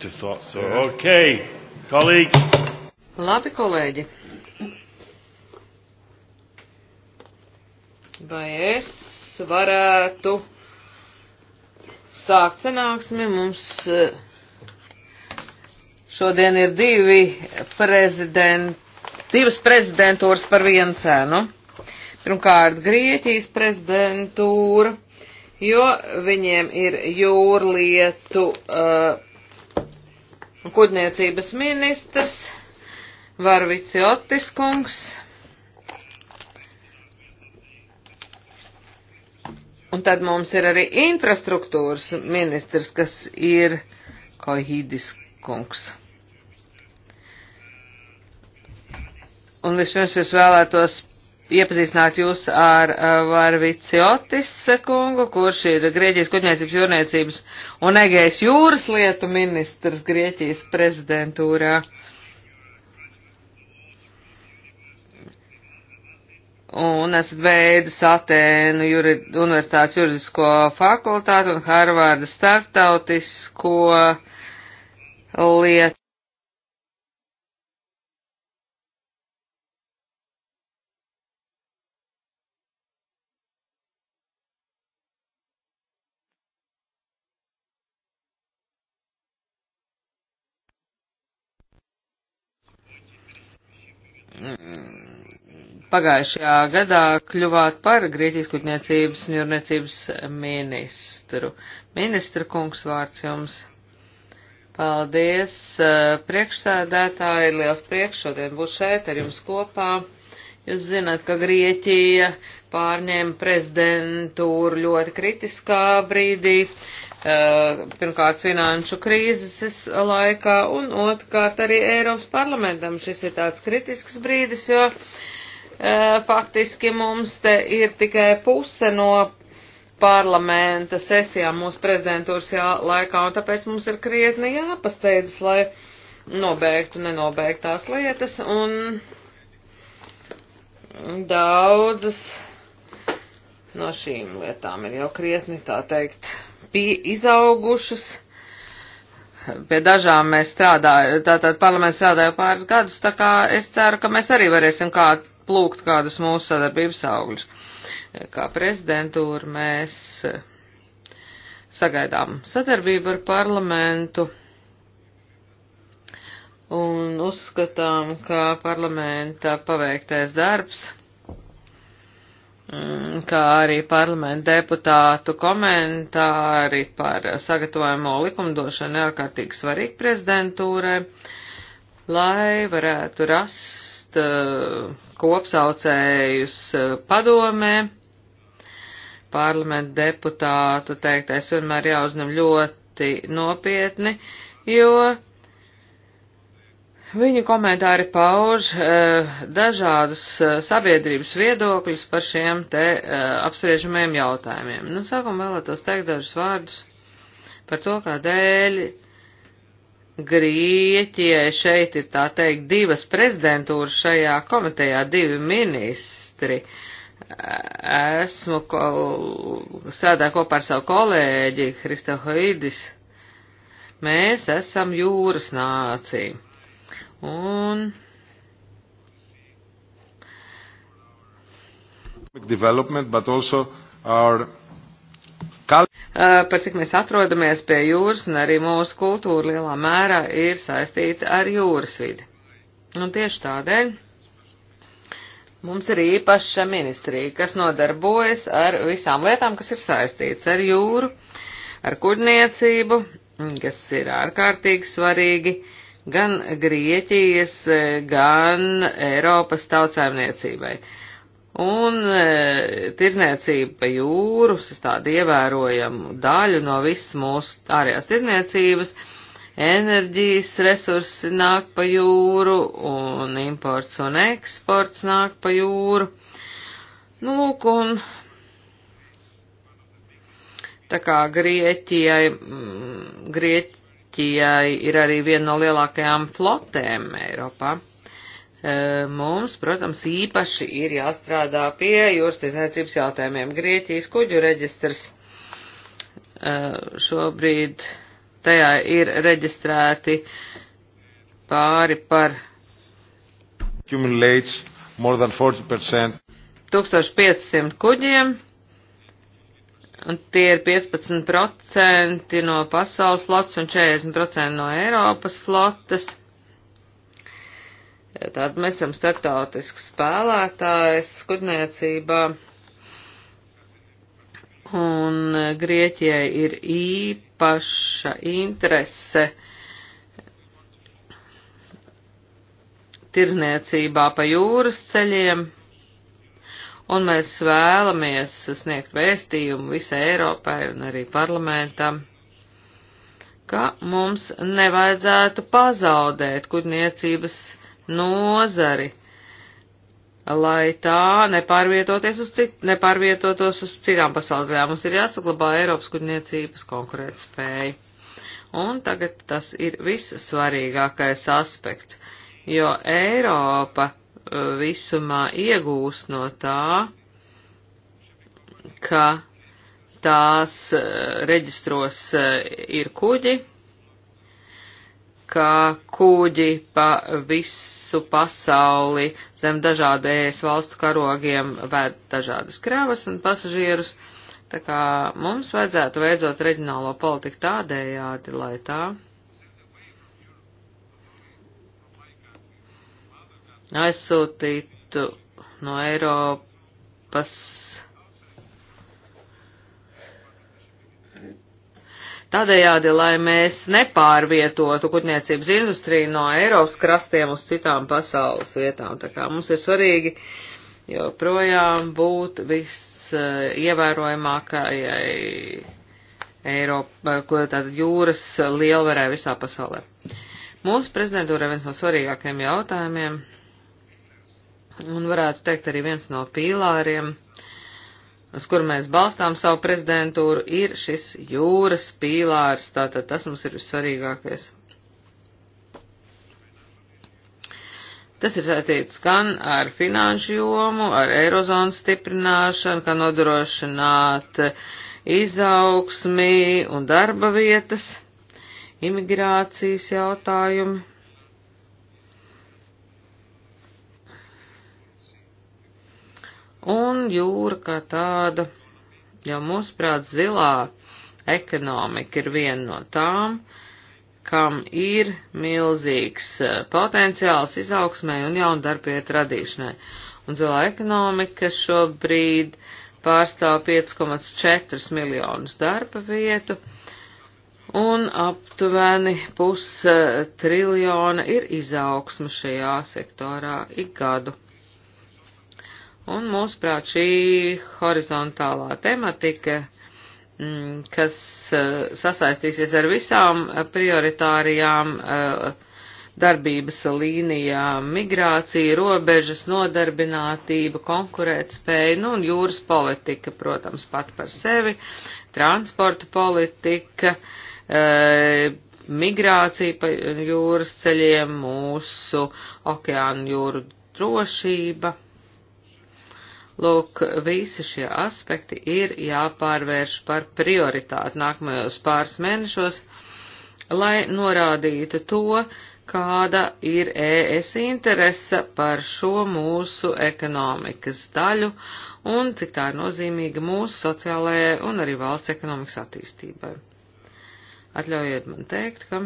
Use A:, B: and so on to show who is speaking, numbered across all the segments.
A: would have
B: thought so. Okay, colleagues. Labi, kolēģi. Vai es varētu sākt sanāksmi? Mums eh, šodien ir divi prezident, divas prezidentūras par vienu cenu. Pirmkārt, Grieķijas prezidentūra jo viņiem ir jūrlietu uh, kuģniecības ministrs Varviciotis kungs. Un tad mums ir arī infrastruktūras ministrs, kas ir Kohīdis kungs. Un vispirms es vēlētos iepazīstināt jūs ar eh, Varviciotis kungu, kurš ir Grieķijas kuģniecības jūrniecības un Egejas jūras lietu ministrs Grieķijas prezidentūrā. Un esat veidus Atēnu juri, universitātes juridisko fakultātu un Harvārdas starptautisko lietu pagājušajā gadā kļuvāt par Grieķijas kuģniecības un jūrniecības ministru. Ministra kungs vārds jums. Paldies, eh, priekšsēdētāji, liels prieks šodien būt šeit ar jums kopā. Jūs zināt, ka Grieķija pārņēma prezidentūru ļoti kritiskā brīdī. Uh, Eh, pirmkārt finanšu krīzes laikā un otrkārt arī Eiropas parlamentam. Šis ir tāds kritisks brīdis, jo eh, faktiski mums te ir tikai puse no parlamenta sesijām mūsu prezidentūras laikā, un tāpēc mums ir krietni jāpasteidzas, lai nobeigtu nenobeigtās lietas, un daudzas no šīm lietām ir jau krietni, tā teikt, pie, izaugušas. Pie dažām mēs strādājam, tātad parlaments strādāja pāris gadus, tā kā es ceru, ka mēs arī varēsim kā plūkt kādus mūsu sadarbības augļus. Kā prezidentūra mēs eh, sagaidām sadarbību ar parlamentu un uzskatām, ka parlamenta paveiktais darbs Mm, kā arī parlamenta deputātu komentāri par sagatavojamo likumdošanu ārkārtīgi svarīgi prezidentūrai, lai varētu rast uh, kopsaucējus uh, padomē. Parlamenta deputātu teiktais vienmēr jāuzņem ļoti nopietni, jo Viņa komentāri pauž eh, dažādus eh, sabiedrības viedokļus par šiem te eh, apspriežamajiem jautājumiem. Nu, sākumā vēlētos teikt dažus vārdus par to, kādēļ Grieķijai šeit ir tā teikt divas prezidentūras šajā komitejā, divi ministri. Esmu kol, strādā kopā ar savu kolēģi Kristohoidis. Mēs esam jūras nācija Un. Development, but also our uh, Par cik mēs atrodamies pie jūras, un arī mūsu kultūra lielā mērā ir saistīta ar jūras vidi. Un tieši tādēļ mums ir īpaša ministrija, kas nodarbojas ar visām lietām, kas ir saistīts ar jūru, ar kuģniecību, kas ir ārkārtīgi svarīgi. Uh, gan Grieķijas, gan Eiropas tautsājumniecībai. Un e, tirzniecība pa jūru sastāda ievērojamu daļu no visas mūsu ārējās tirzniecības, enerģijas resursi nāk pa jūru, un imports un eksports nāk pa jūru. Nu, lūk, un tā kā Grieķijai, Grieķ, Grieķijai ir arī viena no lielākajām flotēm Eiropā. E, mums, protams, īpaši ir jāstrādā pie jūras tiesniecības jautājumiem. Grieķijas kuģu reģistrs e, šobrīd tajā ir reģistrēti pāri par 1500 kuģiem, Un tie ir 15% no pasaules flotas un 40% no Eiropas flotas. Tad mēs esam starptautisks spēlētājs skudniecībā. Un Grieķijai ir īpaša interese tirzniecībā pa jūras ceļiem un mēs vēlamies sniegt vēstījumu visai Eiropai un arī parlamentam, ka mums nevajadzētu pazaudēt kuģniecības nozari, lai tā nepārvietoties uz cit, nepārvietotos uz citām pasaules daļām. Mums ir jāsaglabā Eiropas kuģniecības konkurētspēja. Un tagad tas ir viss svarīgākais aspekts, jo Eiropa visumā iegūs no tā, ka tās eh, reģistros eh, ir kuģi, ka kuģi pa visu pasauli zem dažādējas valstu karogiem vēd dažādas kravas un pasažierus. Tā kā mums vajadzētu veidot reģionālo politiku tādējādi, lai tā aizsūtītu no Eiropas. Tādējādi, lai mēs nepārvietotu kuģniecības industriju no Eiropas krastiem uz citām pasaules vietām. Tā kā mums ir svarīgi joprojām būt visievērojamākajai Eiropa, tātad jūras lielvarē visā pasaulē. Mūsu prezidentūra ir viens no svarīgākajiem jautājumiem un varētu teikt arī viens no pīlāriem, uz kur mēs balstām savu prezidentūru, ir šis jūras pīlārs, tātad tas mums ir vissvarīgākais. Tas ir saistīts gan ar finanšu jomu, ar eirozonas stiprināšanu, kā nodrošināt izaugsmi un darba vietas, imigrācijas jautājumi. Un jūra kā tāda, jau mūsuprāt, zilā ekonomika ir viena no tām, kam ir milzīgs eh, potenciāls izaugsmai un jaunu darbietu radīšanai. Un zilā ekonomika šobrīd pārstāv 5,4 miljonus darba vietu un aptuveni pus triljona ir izaugsma šajā sektorā ik gadu. Un mūsuprāt šī horizontālā tematika, mm, kas eh, sasaistīsies ar visām prioritārijām eh, darbības līnijām - migrācija, robežas, nodarbinātība, konkurētspēja, nu un jūras politika, protams, pat par sevi, transporta politika, eh, migrācija pa jūras ceļiem, mūsu okeānu jūru drošība. Lūk, visi šie aspekti ir jāpārvērš par prioritāti nākamajos pāris mēnešos, lai norādītu to, kāda ir ES interese par šo mūsu ekonomikas daļu un cik tā ir nozīmīga mūsu sociālajai un arī valsts ekonomikas attīstībai. Atļaujiet man teikt, ka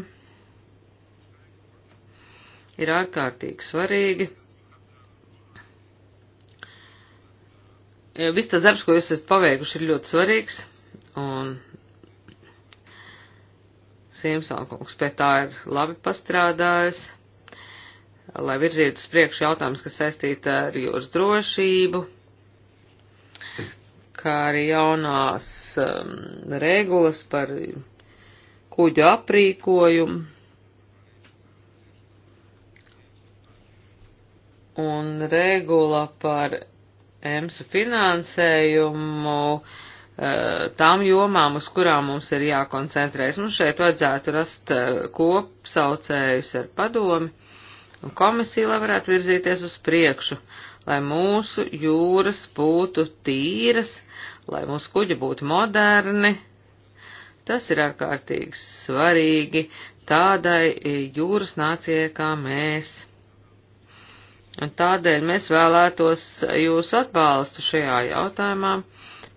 B: ir ārkārtīgi svarīgi Eh, viss tas darbs, ko jūs esat paveikuši, ir ļoti svarīgs, un Simpsonkungs pie tā ir labi pastrādājis, lai virzītu uz priekšu jautājumus, kas saistīti ar jūras drošību, kā arī jaunās um, regulas par kuģu aprīkojumu. Un regula par EMSU finansējumu eh, tām jomām, uz kurām mums ir jākoncentrējas. Mums šeit vajadzētu rast eh, kopsaucējus ar padomi, un komisija, lai varētu virzīties uz priekšu, lai mūsu jūras būtu tīras, lai mūsu kuģi būtu moderni. Tas ir ārkārtīgi svarīgi tādai eh, jūras nācijai kā mēs. Un tādēļ mēs vēlētos jūsu atbalstu šajā jautājumā.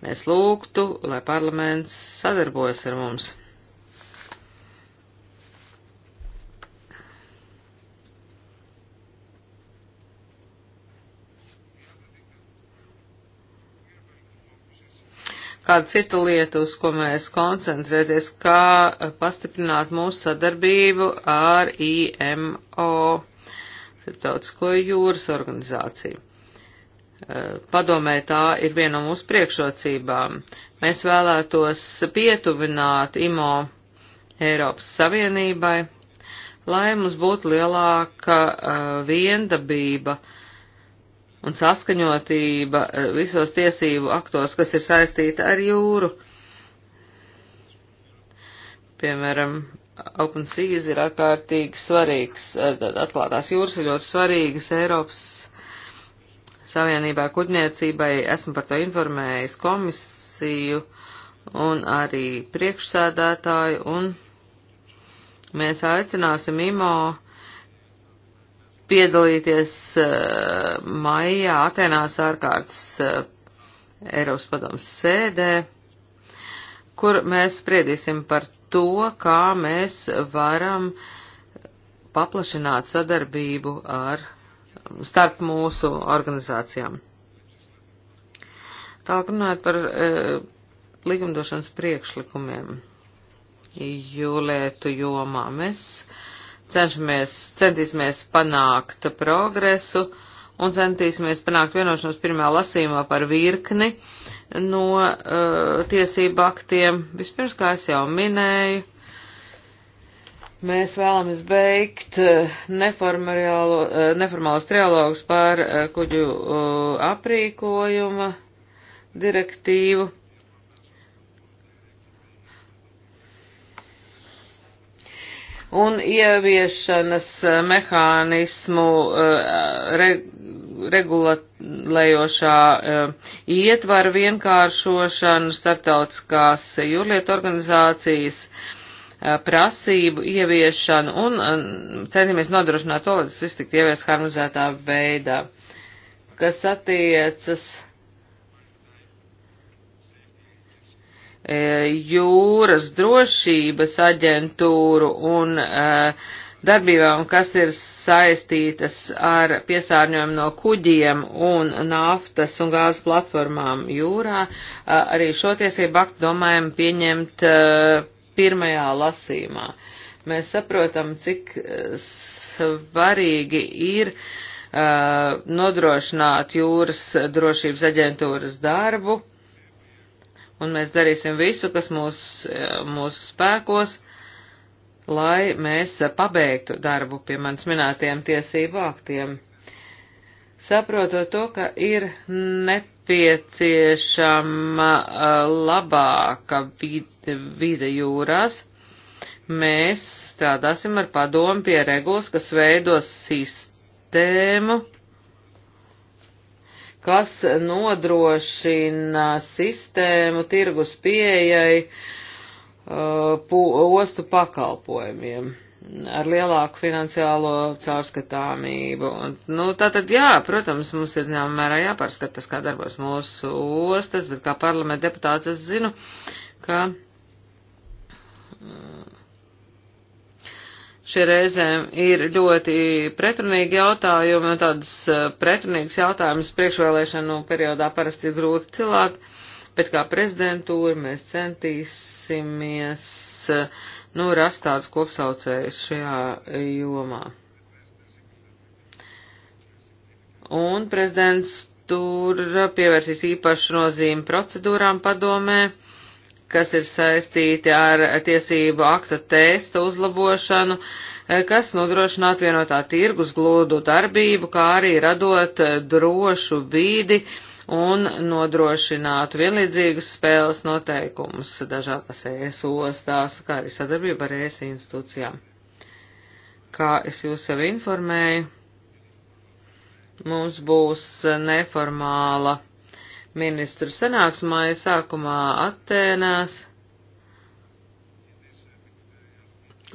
B: Mēs lūgtu, lai parlaments sadarbojas ar mums. kādu citu lietu, uz ko mēs koncentrēties, kā pastiprināt mūsu sadarbību ar IMO starptautisko jūras organizāciju. Eh, padomē tā ir viena no mūsu priekšrocībām. Mēs vēlētos pietuvināt IMO Eiropas Savienībai, lai mums būtu lielāka eh, viendabība un saskaņotība eh, visos tiesību aktos, kas ir saistīta ar jūru. Piemēram, OpenSeas ir ārkārtīgi svarīgs, eh, atklātās jūras ir ļoti svarīgas Eiropas Savienībā kuģniecībai. Esmu par to informējis komisiju un arī priekšsēdētāju, un mēs aicināsim IMO piedalīties uh, maijā Atenās ārkārtas uh, Eiropas padomas sēdē, kur mēs spriedīsim par to, kā mēs varam paplašināt sadarbību ar, starp mūsu organizācijām. Tālāk runājot par e, likumdošanas priekšlikumiem jūlietu jomā. Mēs cenšamies, centīsimies panākt progresu un centīsimies panākt vienošanos pirmā lasījumā par virkni no uh, tiesību aktiem. Vispirms, kā es jau minēju, mēs vēlamies beigt uh, uh, neformālos trialogus par uh, kuģu uh, aprīkojuma direktīvu. un ieviešanas mehānismu eh, re, regulējošā eh, ietvara vienkāršošanu starptautiskās jūrlietu organizācijas eh, prasību ieviešanu un centimies nodrošināt to, lai tas viss tiktu ievies harmonizētā veidā, kas attiecas E, jūras drošības aģentūru un e, darbībām, kas ir saistītas ar piesārņojumu no kuģiem un naftas un gāzes platformām jūrā. E, arī šo tiesību aktu domājam pieņemt pirmajā lasīmā. Mēs saprotam, cik svarīgi ir nodrošināt jūras drošības aģentūras darbu un mēs darīsim visu, kas mūs, mūsu spēkos, lai mēs pabeigtu darbu pie manis minētiem tiesību aktiem. Saprotot to, ka ir nepieciešama uh, labāka vide jūrās, mēs strādāsim ar padomu pie regulas, kas veidos sistēmu kas nodrošina sistēmu tirgus pieejai uh, ostu pakalpojumiem ar lielāku finansiālo caurskatāmību. Un, nu, tātad, jā, protams, mums ir mērā jāpārskatās, kā darbos mūsu ostas, bet kā parlamenta deputāts es zinu, ka mm, šie reizēm ir ļoti pretrunīgi jautājumi, un tādas e, pretrunīgas jautājumas priekšvēlēšanu nu, periodā parasti ir grūti cilāt, bet kā prezidentūra mēs centīsimies e, nu, rast tādus kopsaucējus šajā jomā. Un prezidents tur pievērsīs īpašu nozīmi procedūrām padomē kas ir saistīti ar tiesību aktu testa uzlabošanu, eh, kas nodrošinātu vienotā tirgus glūdu darbību, kā arī radot eh, drošu vīdi un nodrošinātu vienlīdzīgus spēles noteikumus dažādās ES ostās, kā arī sadarbību ar ES institūcijām. Kā es jūs jau informēju, mums būs neformāla ministru sanāksmāja sākumā Atēnās.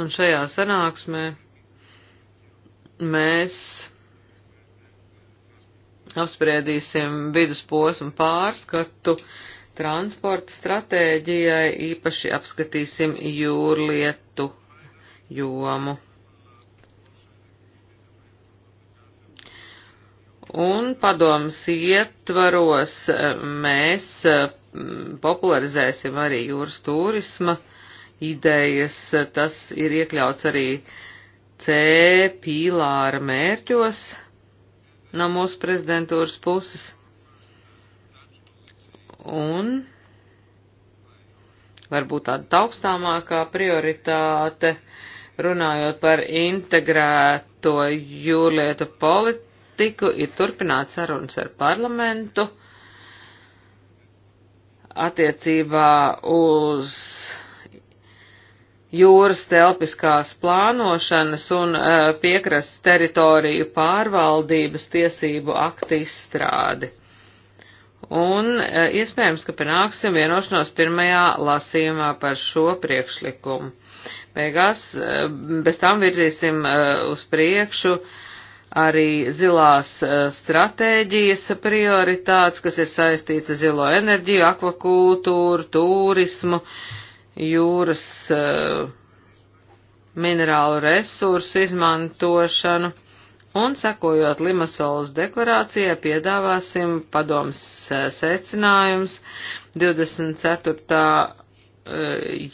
B: Un šajā sanāksmē mēs apspriedīsim vidusposmu pārskatu transporta stratēģijai, īpaši apskatīsim jūrlietu jomu. Un padomas ietvaros eh, mēs eh, popularizēsim arī jūras turisma idejas. Tas ir iekļauts arī C pīlāra mērķos no mūsu prezidentūras puses. Un varbūt tāda taukstāmākā prioritāte, runājot par integrēto jūlietu politiku politiku, ir turpināt sarunas ar parlamentu attiecībā uz jūras telpiskās plānošanas un eh, piekrasts teritoriju pārvaldības tiesību akti izstrādi. Un eh, iespējams, ka panāksim vienošanos pirmajā lasījumā par šo priekšlikumu. Beigās eh, bez tam virzīsim uz priekšu uh, arī zilās eh, stratēģijas prioritātes, kas ir saistīts ar zilo enerģiju, akvakultūru, turismu, jūras eh, minerālu resursu izmantošanu. Un, sekojot Limasolas deklarācijai, piedāvāsim padoms eh, secinājums 24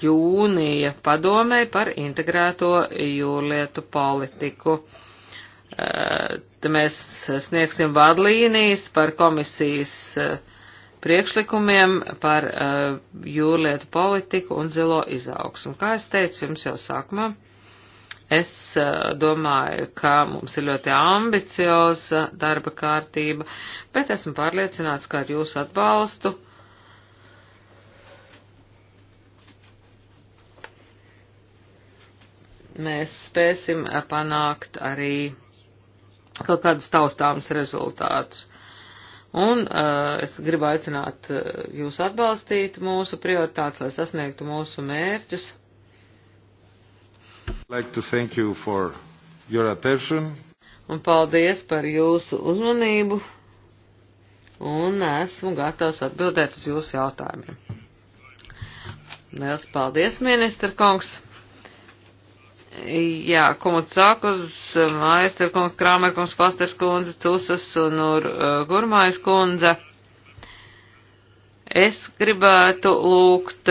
B: jūnija padomē par integrēto jūrlietu politiku. Te mēs sniegsim vadlīnijas par komisijas e, priekšlikumiem par e, jūrlietu politiku un zilo izaugsmu. Kā es teicu jums jau sākumā, es e, domāju, ka mums ir ļoti ambicioza darba kārtība, bet esmu pārliecināts, ka ar jūsu atbalstu mēs spēsim panākt arī kaut kādus taustāmus rezultātus. Un uh, es gribu aicināt uh, jūs atbalstīt mūsu prioritātes, lai sasniegtu mūsu mērķus. Like to thank you for
C: your attention.
B: Un paldies par jūsu uzmanību. Un esmu gatavs atbildēt uz jūsu jautājumiem. Liels paldies, ministra kungs! Jā, kungs Zākus, Maister kungs, Krāmer kungs, Fasters kundze, Cūsas un Ur, uh, Gurmais kundze. Es gribētu lūgt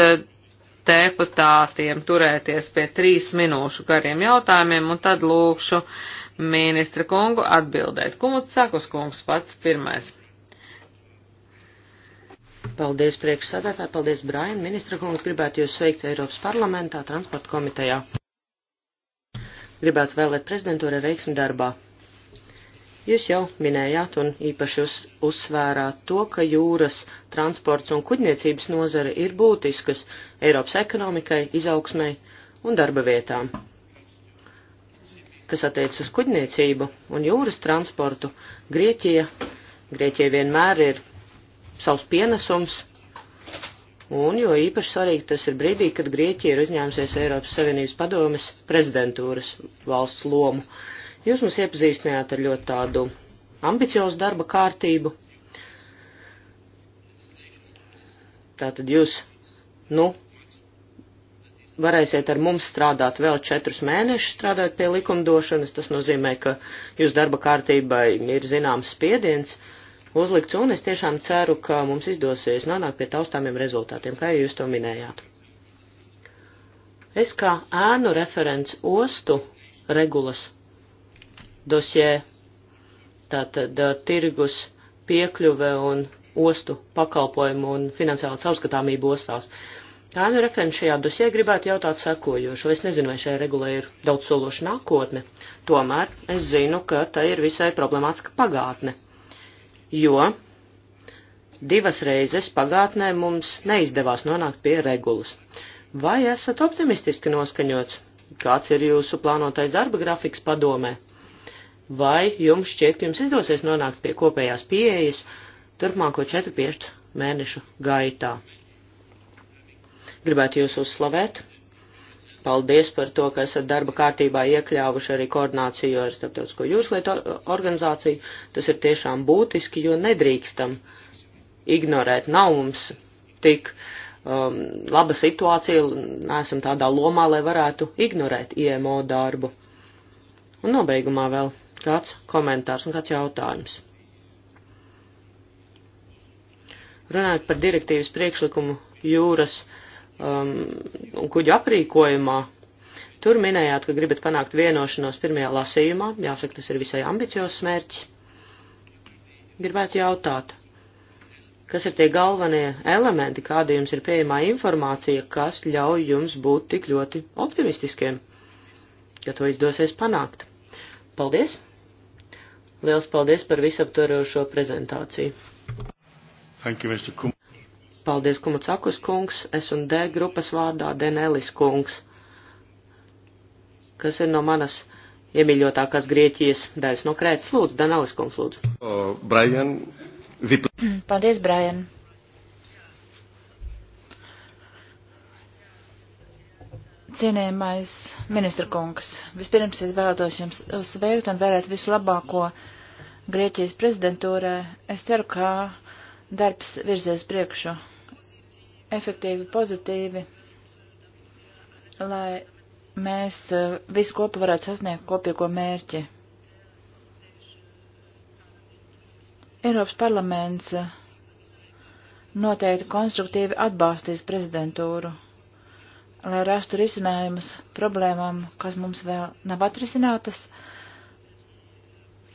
B: deputātiem turēties pie trīs minūšu gariem jautājumiem un tad lūkšu ministra kungu atbildēt. Kungs Zākus kungs pats pirmais.
A: Paldies priekšsēdētāji, paldies Brain. Ministra kungs gribētu jūs sveikt Eiropas parlamentā, transporta komitejā gribētu vēlēt prezidentūrai veiksmi darbā. Jūs jau minējāt un īpaši uz, uzsvērāt to, ka jūras, transports un kuģniecības nozare ir būtiskas Eiropas ekonomikai, izaugsmai un darba vietām. Kas attiec uz kuģniecību un jūras transportu, Grieķija, Grieķija vienmēr ir savs pienesums Un jo īpaši svarīgi tas ir brīdī, kad Grieķija ir uzņēmusies Eiropas Savienības padomes prezidentūras valsts lomu. Jūs mums iepazīstinājāt ar ļoti tādu ambiciozu darba kārtību. Tātad jūs, nu, varēsiet ar mums strādāt vēl četrus mēnešus, strādāt pie likumdošanas. Tas nozīmē, ka jūs darba kārtībai ir zināms spiediens. Uh, uzlikts, un es tiešām ceru, ka mums izdosies nonākt pie taustāmiem rezultātiem, kā jūs to minējāt. Es kā ēnu referents ostu regulas dosjē, tātad tirgus piekļuve un ostu pakalpojumu un finansiāla caurskatāmība ostās. Ēnu referents šajā dosjē gribētu jautāt sekojošo. Es nezinu, vai šajā regulē ir daudz sološa nākotne, tomēr es zinu, ka tā ir visai problemātiska pagātne jo divas reizes pagātnē mums neizdevās nonākt pie regulas. Vai esat optimistiski noskaņots? Kāds ir jūsu plānotais darba grafiks padomē? Vai jums šķiet, ka jums izdosies nonākt pie kopējās pieejas turpmāko 4-5 mēnešu gaitā? Gribētu jūs uzslavēt Paldies par to, ka esat darba kārtībā iekļāvuši arī koordināciju ar Starptautisko jūraslietu organizāciju. Tas ir tiešām būtiski, jo nedrīkstam ignorēt. Nav mums tik um, laba situācija, neesam tādā lomā, lai varētu ignorēt IMO darbu. Un nobeigumā vēl kāds komentārs un kāds jautājums. Runājot par direktīvas priekšlikumu jūras um, un kuģu aprīkojumā. Tur minējāt, ka gribat panākt vienošanos pirmajā lasījumā. Jāsaka, tas ir visai ambiciozs mērķis. Gribētu jautāt, kas ir tie galvenie elementi, kāda jums ir pieejamā informācija, kas ļauj jums būt tik ļoti optimistiskiem, ka to izdosies panākt. Paldies! Liels paldies par visaptverošo prezentāciju! Thank you, Mr. Kum. Paldies, Kumacakus kungs, es un D grupas vārdā Denelis kungs, kas ir no manas iemīļotākās Grieķijas daļas no Krētas. Lūdzu, Denelis kungs, lūdzu.
C: Uh, Brian, zip... Paldies, Brian. Cienējamais ministra kungs, vispirms es vēlētos jums sveikt un vēlēt visu labāko Grieķijas prezidentūrē. Es ceru, ka darbs virzies priekšu efektīvi, pozitīvi, lai mēs eh, visi kopā varētu sasniegt kopīgo mērķi. Eiropas parlaments eh, noteikti konstruktīvi atbalstīs prezidentūru, lai rastu risinājumus problēmām, kas mums vēl nav atrisinātas.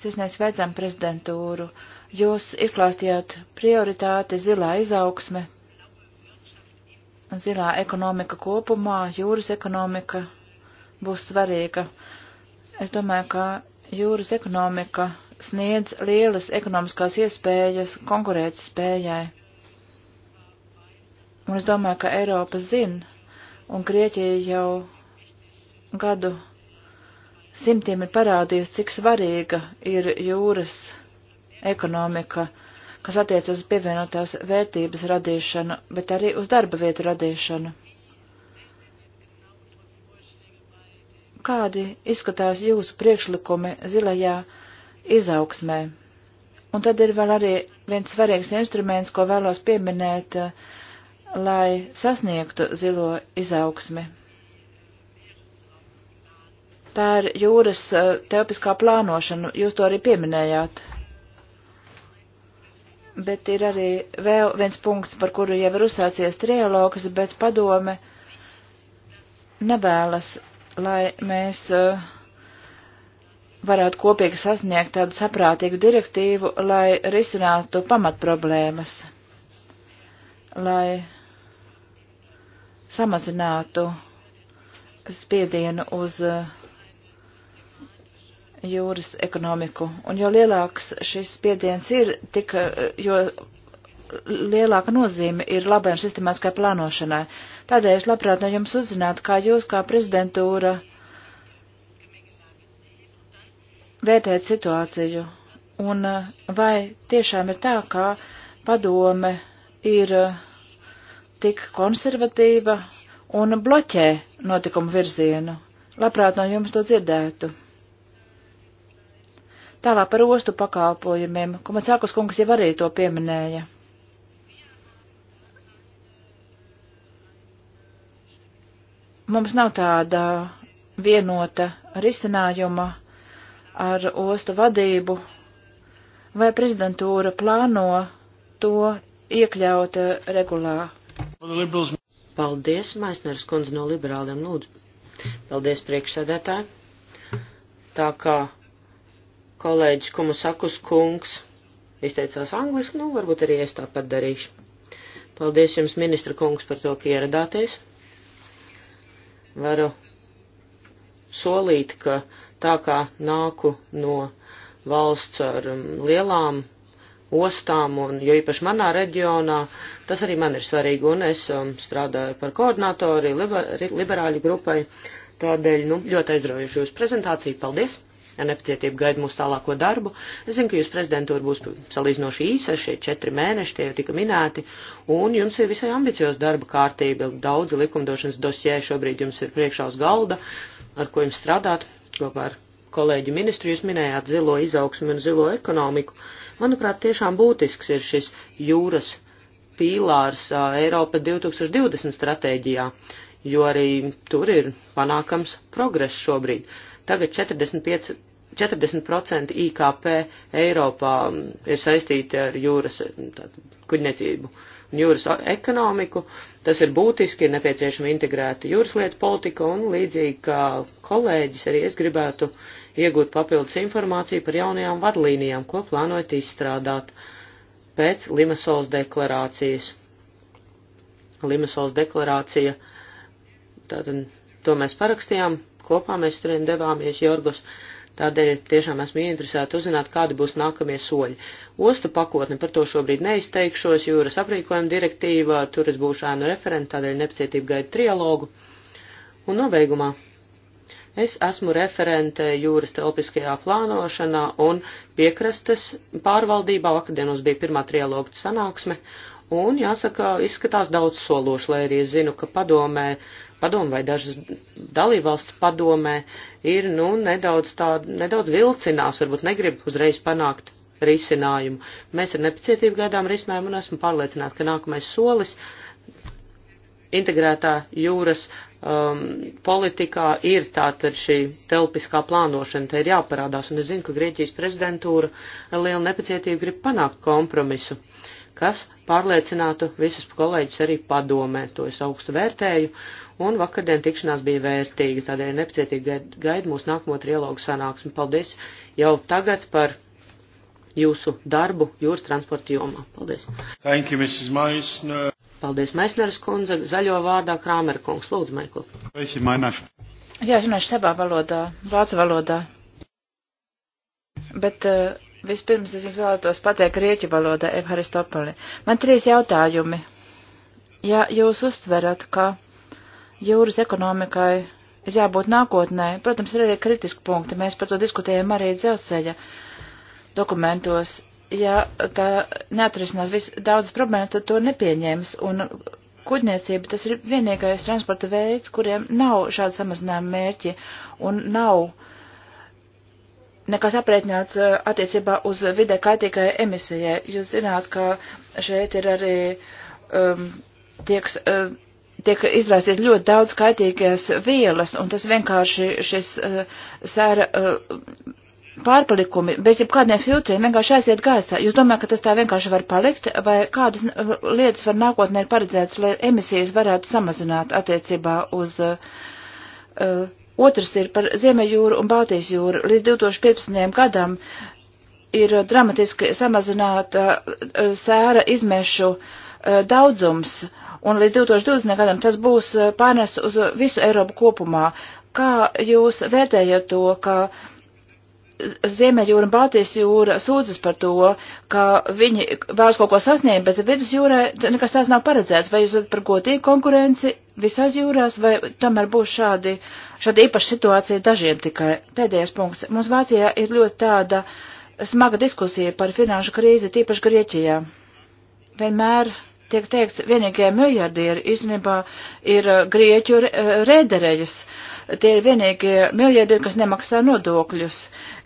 C: Sisnieks veicam prezidentūru. Jūs izklāstījāt prioritāti zilā izaugsme, zilā ekonomika kopumā, jūras ekonomika būs svarīga. Es domāju, ka jūras ekonomika sniedz lielas ekonomiskās iespējas konkurēt spējai. Un es domāju, ka Eiropa zina, un Grieķija jau gadu simtiem ir parādījusi, cik svarīga ir jūras ekonomika kas attiec uz pievienotās vērtības radīšanu, bet arī uz darba vietu radīšanu. Kādi izskatās jūsu priekšlikumi zilajā izaugsmē? Un tad ir vēl arī viens svarīgs instruments, ko vēlos pieminēt, eh, lai sasniegtu zilo izaugsmi. Tā ir jūras eh, telpiskā plānošana, jūs to arī pieminējāt bet ir arī vēl viens punkts, par kuru jau ir uzsācies trialogs, bet padome nevēlas, lai mēs eh, varētu kopīgi sasniegt tādu saprātīgu direktīvu, lai risinātu pamatproblēmas, lai samazinātu spiedienu uz uh, jūras ekonomiku. Un jo lielāks šis spiediens ir, tik, jo lielāka nozīme ir labai un sistemātiskai plānošanai. Tādēļ es labprāt no jums uzzinātu, kā jūs kā prezidentūra vērtēt situāciju. Un eh, vai tiešām ir tā, ka padome ir eh, tik konservatīva un bloķē notikumu virzienu? Labprāt no jums to dzirdētu. Tālāk par ostu pakalpojumiem, ko man sākus kungs jau arī to pieminēja. Mums nav tāda vienota risinājuma ar ostu vadību, vai prezidentūra plāno to iekļaut eh, regulā. Paldies,
A: Maisners kundze no liberāliem lūdzu. Paldies, priekšsēdētāji. Tā kā kolēģis Kumasakus kungs izteicās angliski, nu varbūt arī es tāpat darīšu. Paldies jums, ministra kungs, par to, ka ieradāties. Varu solīt, ka tā kā nāku no valsts ar um, lielām ostām, un jo īpaši manā reģionā, tas arī man ir svarīgi, un es um, strādāju par koordinātori liber, liberāļu grupai, tādēļ, nu, ļoti aizraujuši jūsu prezentāciju, paldies! ar nepacietību gaidu mūsu tālāko darbu. Es zinu, ka jūs prezidentūra būs salīdzinoši īsa, šie četri mēneši tie jau tika minēti, un jums ir visai ambiciozs darba kārtība, daudzi likumdošanas dosjē šobrīd jums ir priekšā uz galda, ar ko jums strādāt kopā ar kolēģi ministru, jūs minējāt zilo izaugsmu un zilo ekonomiku. Manuprāt, tiešām būtisks ir šis jūras pīlārs Eiropa 2020 stratēģijā, jo arī tur ir panākams progress šobrīd. Uh, Tagad 45, 40% IKP Eiropā mm, ir saistīti ar jūras mm, kuģniecību un jūras ekonomiku. Tas ir būtiski, ir nepieciešama integrēta jūras lietu politika un līdzīgi kā kolēģis arī es gribētu iegūt papildus informāciju par jaunajām vadlīnijām, ko plānojat izstrādāt pēc Limasols deklarācijas. Limasols deklarācija, tātad to mēs parakstījām, kopā mēs turien devāmies Jorgos. Tādēļ tiešām esmu ieinteresēta uzzināt, kādi būs nākamie soļi. Ostu pakotne par to šobrīd neizteikšos, jūras aprīkojuma direktīva, tur es būšu ēnu referenta, tādēļ nepacietību gaidu trialogu. Un nobeigumā. Es esmu referente jūras telpiskajā plānošanā un piekrastes pārvaldībā. Vakardien mums bija pirmā trialoga sanāksme, un jāsaka, izskatās daudz sološi, lai arī es zinu, ka padomē padomu vai dažas dalībvalsts padomē ir, nu, nedaudz tā, nedaudz vilcinās, varbūt negrib uzreiz panākt risinājumu. Mēs ar nepacietību gaidām risinājumu un esmu pārliecināta, ka nākamais solis integrētā jūras um, politikā ir tātad šī telpiskā plānošana, te ir jāparādās, un es zinu, ka Grieķijas prezidentūra ar lielu nepacietību grib panākt kompromisu. Uh, kas pārliecinātu visus kolēģus arī padomē. To es augstu vērtēju, un vakardien tikšanās bija vērtīga, tādēļ nepacietīgi gaida gaid mūsu nākamo trilogu sanāksmi. Paldies jau tagad par jūsu darbu jūras transporta jomā. Paldies! Thank you, Mrs. Maisner. Paldies, Maisneras kundze. Zaļo vārdā Krāmer kungs. Lūdzu, Maikl.
C: Jā, zināšu savā valodā, vācu valodā. Bet uh, Vispirms es jums vēlētos pateikt grieķu valodā Evharistopoli. Man trīs jautājumi. Ja jūs uztverat, ka jūras ekonomikai ir jābūt nākotnē, protams, ir arī kritiski punkti, mēs par to diskutējam arī dzelzceļa dokumentos. Ja tā neatrisinās vis, daudz problēmas, tad to nepieņems. Un kuģniecība tas ir vienīgais transporta veids, kuriem nav šāda samazinājuma mērķi un nav uh, nekas aprēķināts eh, attiecībā uz vidē kaitīgai emisijai. Jūs zināt, ka šeit ir arī um, tieks, uh, tiek eh, izraisīt ļoti daudz kaitīgās vielas, un tas vienkārši šis uh, sēra uh, pārpalikumi bez jebkādiem filtriem vienkārši aiziet gaisā. Jūs domājat, ka tas tā vienkārši var palikt, vai kādas lietas var nākotnē paredzētas, lai emisijas varētu samazināt attiecībā uz. Uh, uh, Otrs ir par Ziemeļjūru un Baltijas jūru. Līdz 2015. gadam ir dramatiski samazināta eh, sēra izmešu eh, daudzums, un līdz 2020. gadam tas būs eh, pārnests uz visu Eiropu kopumā. Kā jūs vērtējat to, ka uh, Ziemeļjūra un Baltijas jūra sūdzas par to, ka viņi vēlas kaut ko sasniegt, bet vidusjūrē nekas tāds nav paredzēts. Vai jūs esat par godīgu konkurenci visās jūrās, vai tomēr būs šādi, šāda īpaša situācija dažiem tikai? Pēdējais punkts. Mums Vācijā ir ļoti tāda smaga diskusija par finanšu krīzi, tīpaši Grieķijā. Vienmēr tiek teikts, vienīgie miljardieri īstenībā ir uh, grieķu rēderējas. Uh, Tie ir vienīgie miljardieri, kas nemaksā nodokļus.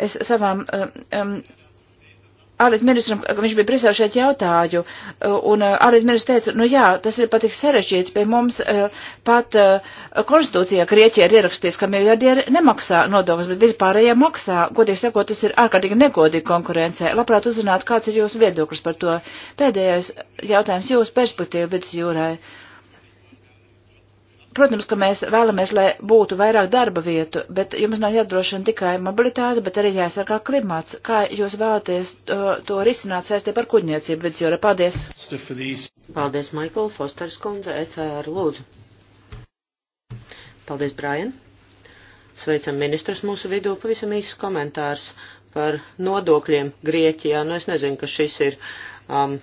C: Es savām um, um ārlietu ministram, viņš bija Briselē šeit jautāju, uh, un uh, ārlietu ministrs teica, nu jā, tas ir patīk sarežģīti, pie mums uh, pat konstitūcijā Grieķija ir ierakstīts, ka miljardieri nemaksā nodokļus, bet vispārējie maksā. Godīgi sakot, tas ir ārkārtīgi negodīgi konkurencē. Labprāt uzzināt, kāds ir jūsu viedoklis par to. Pēdējais jautājums jūsu perspektīva vidusjūrai. jūrai Protams, ka mēs vēlamies, lai būtu vairāk darba vietu, bet jums nav jādrošina tikai mobilitāte, bet arī jāsargā klimats. Kā jūs vēlaties to, uh, to risināt saistībā ar kuģniecību vidusjūra? Paldies! Paldies, Maikl, Fosters kundze, ECR lūdzu.
A: Paldies, Brian. Sveicam ministrus mūsu vidū. Pavisam īsts komentārs par nodokļiem Grieķijā. Nu, es nezinu, ka šis ir um,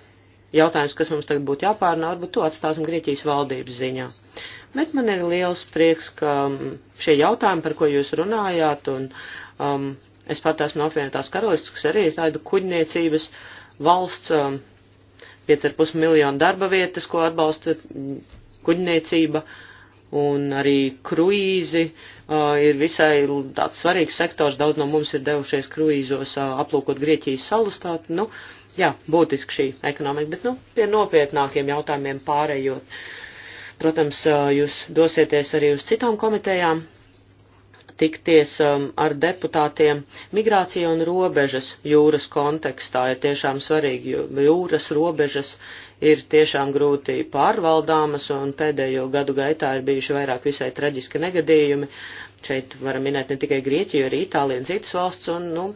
A: jautājums, kas mums tagad būtu jāpārnā. Varbūt to atstāsim Grieķijas valdības ziņā. Uh, Bet man ir liels prieks, ka mm, šie jautājumi, par ko jūs runājāt, un um, es pat esmu no apvienotās karalistas, kas arī ir tāda kuģniecības valsts, um, 5,5 miljonu darba vietas, ko atbalsta mm, kuģniecība, un arī kruīzi uh, ir visai tāds svarīgs sektors, daudz no mums ir devušies kruīzos uh, aplūkot Grieķijas salustātu, nu, jā, būtiski šī ekonomika, bet, nu, pie nopietnākiem jautājumiem pārējot. Uh, Protams, jūs dosieties arī uz citām komitejām tikties um, ar deputātiem migrācija un robežas jūras kontekstā ir tiešām svarīgi, jo jūras robežas ir tiešām grūti pārvaldāmas un pēdējo gadu gaitā ir bijuši vairāk visai traģiski negadījumi. Šeit varam minēt ne tikai Grieķiju, arī Itāliju un citas valsts un, nu,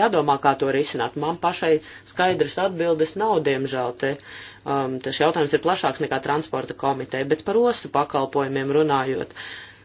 A: jādomā, kā to risināt. Man pašai skaidras atbildes nav, diemžēl, te um, tas jautājums ir plašāks nekā transporta komiteja, bet par ostu pakalpojumiem runājot.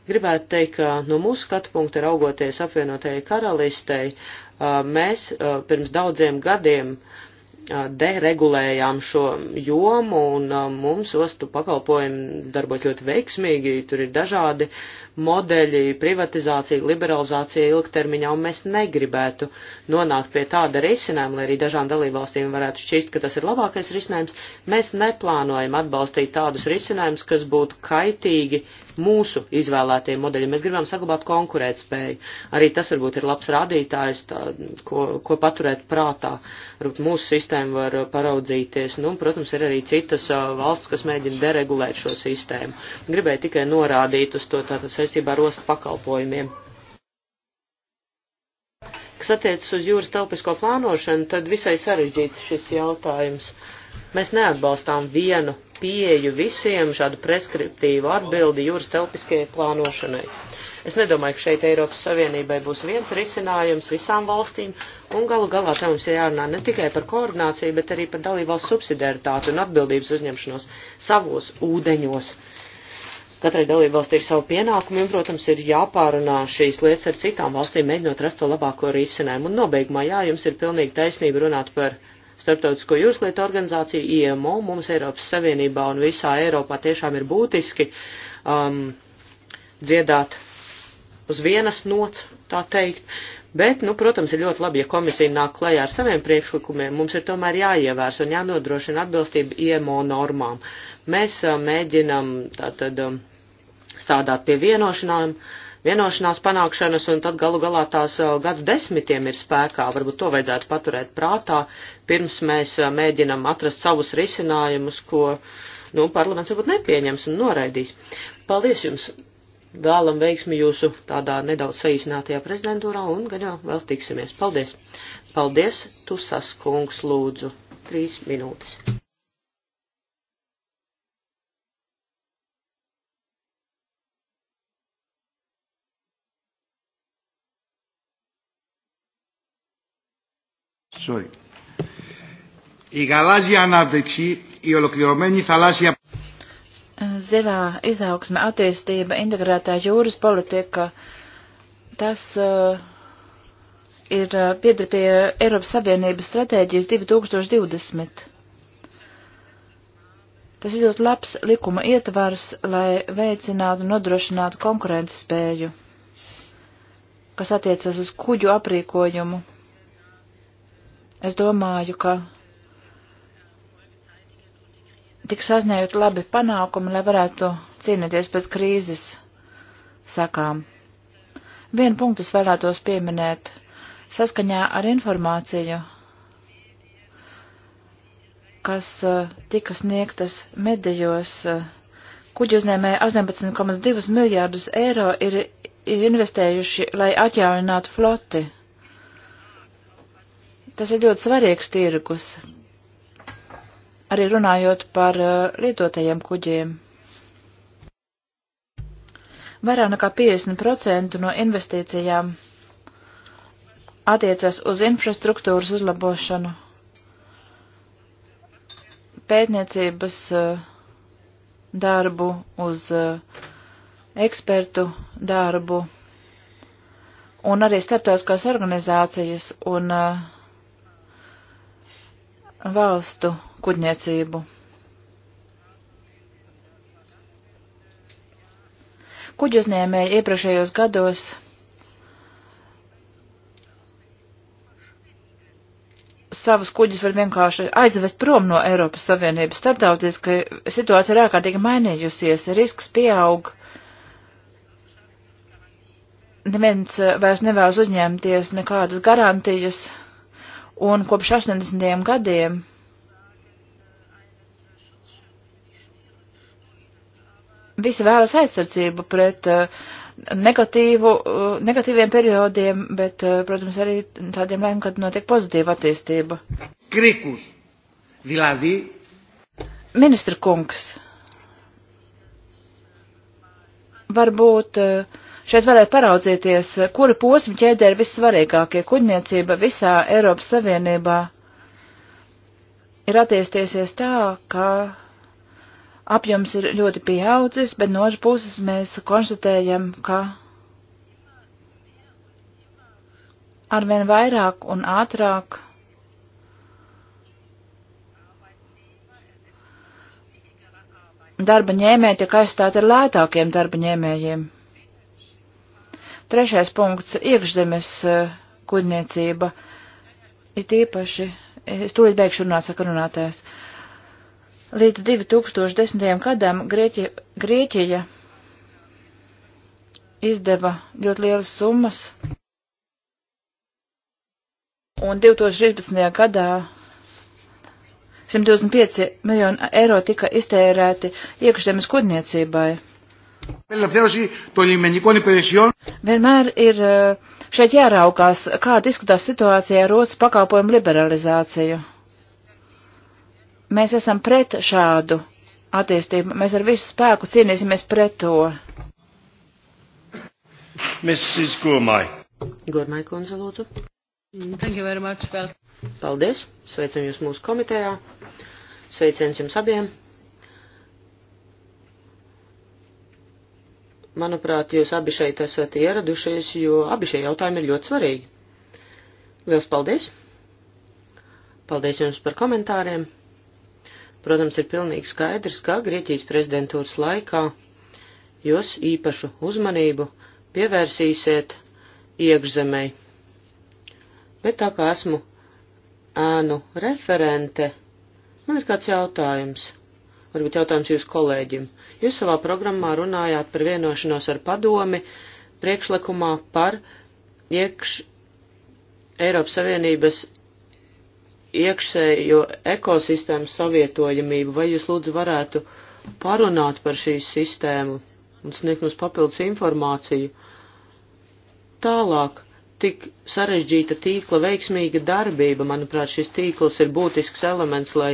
A: Gribētu teikt, ka no mūsu skatu punkta raugoties apvienotajai karalistei, uh, mēs uh, pirms daudziem gadiem uh, deregulējām šo jomu un uh, mums ostu pakalpojumi darbojas ļoti veiksmīgi, tur ir dažādi uh, modeļi privatizācija, liberalizācija ilgtermiņā, un mēs negribētu nonākt pie tāda risinājuma, lai arī dažām dalībvalstīm varētu šķist, ka tas ir labākais risinājums. Mēs neplānojam atbalstīt tādus risinājumus, kas būtu kaitīgi mūsu izvēlētajiem modeļiem. Mēs gribam saglabāt konkurētspēju. Arī tas varbūt ir labs rādītājs, tā, ko, ko paturēt prātā. Varbūt mūsu sistēma var paraudzīties. Nu, un, protams, ir arī citas valsts, kas mēģina deregulēt šo sistēmu. Gribēju tikai norādīt uz to tātad saistībā ar ostu pakalpojumiem. Kas attiecas uz jūras telpisko plānošanu, tad visai sarežģīts šis jautājums. Mēs neatbalstām vienu pieeju visiem šādu preskriptīvu atbildi jūras telpiskajai plānošanai. Es nedomāju, ka šeit Eiropas Savienībai būs viens risinājums visām valstīm, un galu galā te mums ir jārunā ne tikai par koordināciju, bet arī par dalībvalsts subsidiaritāti un atbildības uzņemšanos savos ūdeņos. Uh, Katrai dalībvalstī ir savu pienākumu un, protams, ir jāpārunā šīs lietas ar citām valstīm, mēģinot rast to labāko risinājumu. Un nobeigumā, jā, jums ir pilnīgi taisnība runāt par Starptautisko jūraslietu organizāciju IMO. Mums Eiropas Savienībā un visā Eiropā tiešām ir būtiski um, dziedāt uz vienas nots, tā teikt. Bet, nu, protams, ir ļoti labi, ja komisija nāk klajā ar saviem priekšlikumiem. Mums ir tomēr jāievērs un jānodrošina atbilstība IMO normām. Mēs a, uh, mēģinam tātad um, strādāt pie vienošanām, vienošanās panākšanas, un tad galu galā tās gadu desmitiem ir spēkā. Varbūt to vajadzētu paturēt prātā, pirms mēs mēģinam atrast savus risinājumus, ko nu, parlaments varbūt nepieņems un noraidīs. Paldies jums! Vēlam veiksmi jūsu tādā nedaudz saīsinātajā prezidentūrā un gan jau vēl tiksimies. Paldies! Paldies, Tusas kungs, lūdzu! Trīs minūtes.
C: Sorry. Η γαλάζια ανάπτυξη, η ολοκληρωμένη θαλάσσια. Zilā izaugsme, attīstība, integrētā jūras politika, tas uh, ir uh, piedara pie Eiropas Savienības stratēģijas 2020. Tas ir ļoti labs likuma ietvars, lai veicinātu un nodrošinātu konkurences spēju, kas attiecas uz kuģu aprīkojumu Es domāju, ka tik sasniegt labi panākumi, lai varētu cīnīties pret krīzes sakām. Vienu punktu es vēlētos pieminēt saskaņā ar informāciju, kas eh, tika sniegtas medijos. Eh, kuģi uzņēmēji 18,2 miljārdus eiro ir investējuši, lai atjauninātu floti Tas ir ļoti svarīgs tirgus, arī runājot par uh, lietotajiem kuģiem. Vairāk nekā 50% no investīcijām attiecas uz infrastruktūras uzlabošanu, pētniecības uh, darbu, uz uh, ekspertu darbu, un arī starptautiskās organizācijas un uh, valstu kuģniecību. Kuģi uzņēmēji iepriekšējos gados savus kuģus var vienkārši aizvest prom no Eiropas Savienības. Starptautiski situācija ir ārkārtīgi mainījusies, risks pieaug. Neviens vairs nevēlas uzņemties nekādas garantijas un kopš 80. gadiem visi vēlas aizsardzību pret uh, negatīvu, uh, negatīviem periodiem, bet, uh, protams, arī tādiem laikiem, kad notiek pozitīva attīstība. Krikus, dilādī. Ministra kungs, varbūt uh, Šeit varētu paraudzīties, kuri posmi ķēdē ir vissvarīgākie. Kuģniecība visā Eiropas Savienībā ir attīstīsies tā, ka apjoms ir ļoti pieaudzis, bet no otras puses mēs konstatējam, ka arvien vairāk un ātrāk darba ņēmēji tiek aizstāti ar lētākiem darba ņēmējiem. Trešais punkts - iekšzemes eh, kuģniecība. It īpaši, es tūlīt beigšu runāt, saka runātājs. Līdz 2010. gadam Grieķija, Grieķija izdeva ļoti lielas summas. Un 2016. gadā 125 miljonu eiro tika iztērēti iekšzemes kuģniecībai. Vienmēr ir šeit jāraukās, kāda izskatās situācija ar rotas pakāpojumu liberalizāciju. Mēs esam pret šādu attīstību. Mēs ar visu spēku cīnīsimies pret to. Mrs. Gormai.
A: Gormai kundze, lūdzu. Thank you very much. Well. Paldies. Sveicam jūs mūsu komitejā. Sveiciens jums abiem. Manuprāt, jūs abi šeit esat ieradušies, jo abi šie jautājumi ir ļoti svarīgi. Liels paldies! Paldies jums par komentāriem! Protams, ir pilnīgi skaidrs, ka Grieķijas prezidentūras laikā jūs īpašu uzmanību pievērsīsiet iekšzemēji. Bet tā kā esmu ēnu referente, man ir kāds jautājums. Varbūt jautājums jūs kolēģim. Jūs savā programmā runājāt par vienošanos ar padomi priekšlikumā par iekš Eiropas Savienības iekšējo ekosistēmu savietojamību. Vai jūs lūdzu varētu parunāt par šīs sistēmu un sniegt mums papildus informāciju? Tālāk tik sarežģīta tīkla veiksmīga darbība. Manuprāt, šis tīkls ir būtisks elements, lai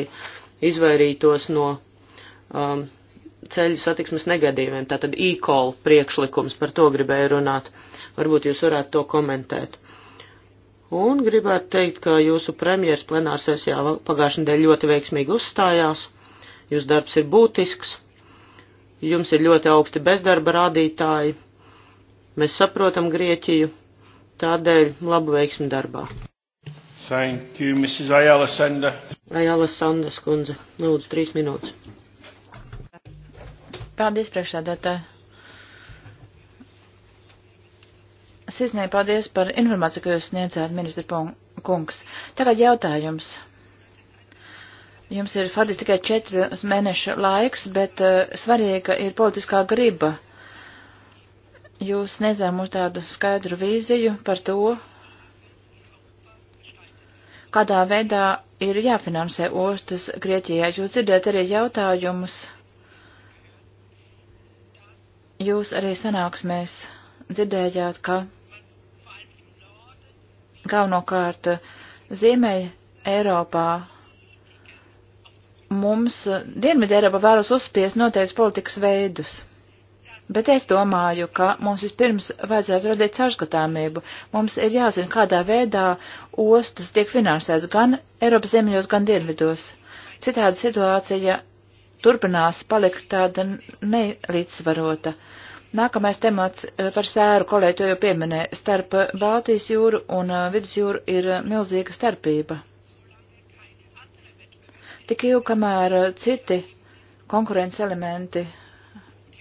A: izvairītos no um, ceļu satiksmes negadījumiem, tātad e-call priekšlikums, par to gribēju runāt. Varbūt jūs varētu to komentēt. Un gribētu teikt, ka jūsu premjeras plenārsesijā pagājušajā nedēļ ļoti veiksmīgi uzstājās, jūsu darbs ir būtisks, jums ir ļoti augsti bezdarba rādītāji, mēs saprotam Grieķiju, tādēļ labu veiksmi darbā. Thank you, Mrs. Ayala Sanda. Ayala Sandas kundze, lūdzu, trīs minūtes.
C: Paldies, priekšsēdētāji. Sisnē, paldies par informāciju, ko jūs sniedzāt, ministra kungs. Tagad jautājums. Jums ir faktiski tikai četri mēnešu laiks, bet uh, svarīga ir politiskā griba. Jūs sniedzāt mums tādu skaidru vīziju par to, kādā veidā ir jāfinansē ostas Grieķijā. Jūs dzirdēt arī jautājumus. Uh, Jūs arī sanāksmēs dzirdējāt, ka galvenokārt Ziemeļa Eiropā mums Dienvidē Eiropa vēlas uzspies noteikts politikas veidus. Bet es domāju, ka mums vispirms vajadzētu radīt sažgatāmību. Mums ir jāzina, kādā veidā ostas tiek finansēts gan Eiropas ziemeļos, gan dienvidos. Citādi situācija turpinās palikt tāda nelīdzsvarota. Nākamais temats eh, par sēru, kolēģi to jau pieminē, starp eh, Baltijas jūru un eh, Vidusjūru ir milzīga starpība. Tik jau, kamēr citi konkurences elementi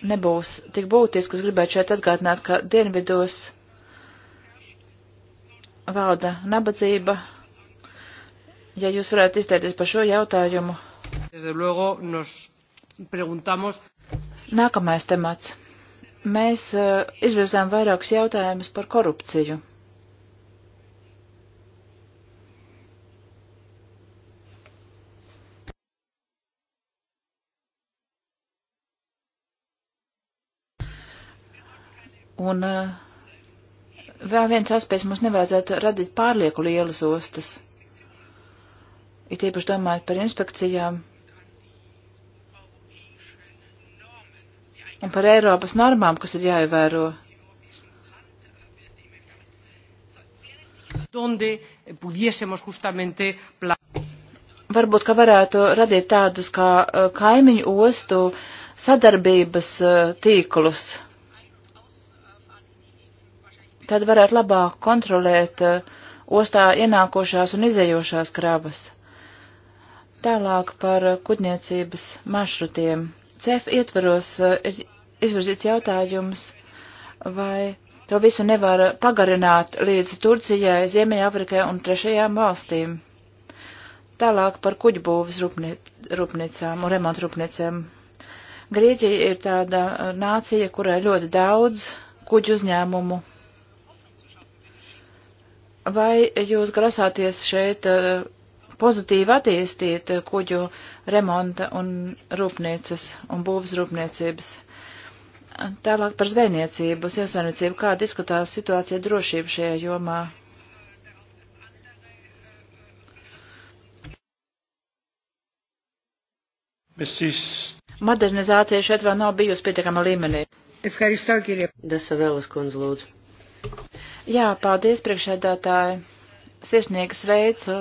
C: nebūs tik būtiski, es gribētu šeit atgādināt, ka dienvidos valda nabadzība. Ja jūs varētu izteikties par šo jautājumu.
A: Desde luego nos preguntamos.
C: Nākamais temats. Mēs uh, izvirzām vairākus jautājumus par korupciju. Un uh, vēl viens aspekts mums nevajadzētu radīt pārlieku lielas ostas. Ir tīpaši domājot par inspekcijām, un par Eiropas normām, kas ir jāievēro. Varbūt, ka varētu radīt tādus kā eh, kaimiņu ostu sadarbības eh, tīklus. Tad varētu labāk kontrolēt eh, ostā ienākošās un izējošās kravas. Tālāk par kuģniecības maršrutiem. CEF ietvaros eh, ir izvirzīts jautājums, vai to visu nevar pagarināt līdz Turcijai, Ziemeļāfrikai un trešajām valstīm. Tālāk par kuģbūvis rūpnīcām un remontrūpnīcām. Grieķija ir tāda eh, nācija, kurai ļoti daudz kuģu uzņēmumu. Vai jūs grasāties šeit eh, pozitīvi attīstīt kuģu remonta un rūpniecas un būvas rūpniecības. Tālāk par zvejniecību, zivsvērniecību, kāda izskatās situācija drošība šajā jomā? Modernizācija šeit vēl nav bijusi pietiekama līmenī.
A: Desavēlas kundze lūdzu.
C: Jā, paldies priekšēdātāji. Sirsnīgi sveicu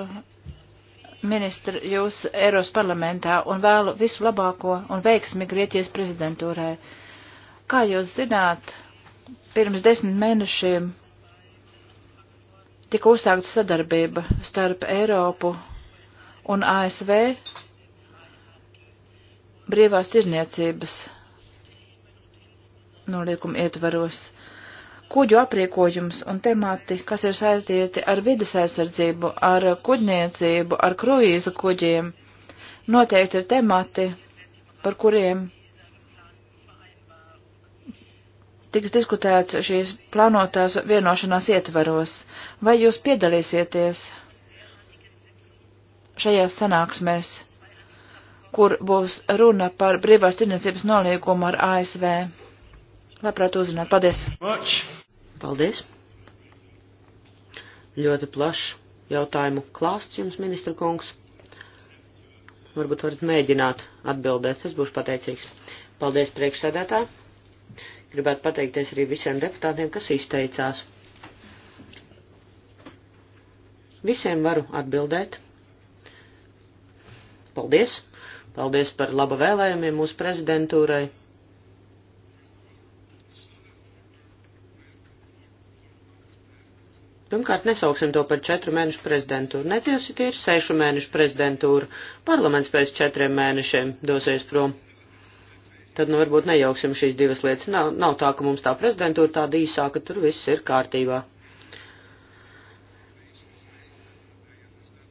C: ministri jūs Eiros parlamentā un vēlu visu labāko un veiksmi Grieķijas prezidentūrai. Kā jūs zināt, pirms desmit mēnešiem tika uzsākta sadarbība starp Eiropu un ASV brīvās tirniecības nolīkuma ietvaros. Uh, kuģu apriekojums un temati, kas ir saistīti ar vides aizsardzību, ar kuģniecību, ar kruīza kuģiem, noteikti ir temati, par kuriem tiks diskutēts šīs plānotās vienošanās ietvaros. Vai jūs piedalīsieties šajās sanāksmēs, kur būs runa par brīvās tirniecības nolīgumu ar ASV? Labprāt uzzināt. Paldies! Much.
A: Paldies! Ļoti plašs jautājumu klāsts jums, ministra kungs. Varbūt varat mēģināt atbildēt, es būšu pateicīgs. Paldies priekšsēdētā. Gribētu pateikties arī visiem deputātiem, kas izteicās. Visiem varu atbildēt. Paldies! Paldies par laba vēlējumiem mūsu prezidentūrai. Pirmkārt, nesauksim to par četru mēnešu prezidentūru. Netiesi, tie ir sešu mēnešu prezidentūra. Parlaments pēc četriem mēnešiem dosies prom. Tad nu varbūt nejauksim šīs divas lietas. Nav, nav tā, ka mums tā prezidentūra tāda īsā, ka tur viss ir kārtībā.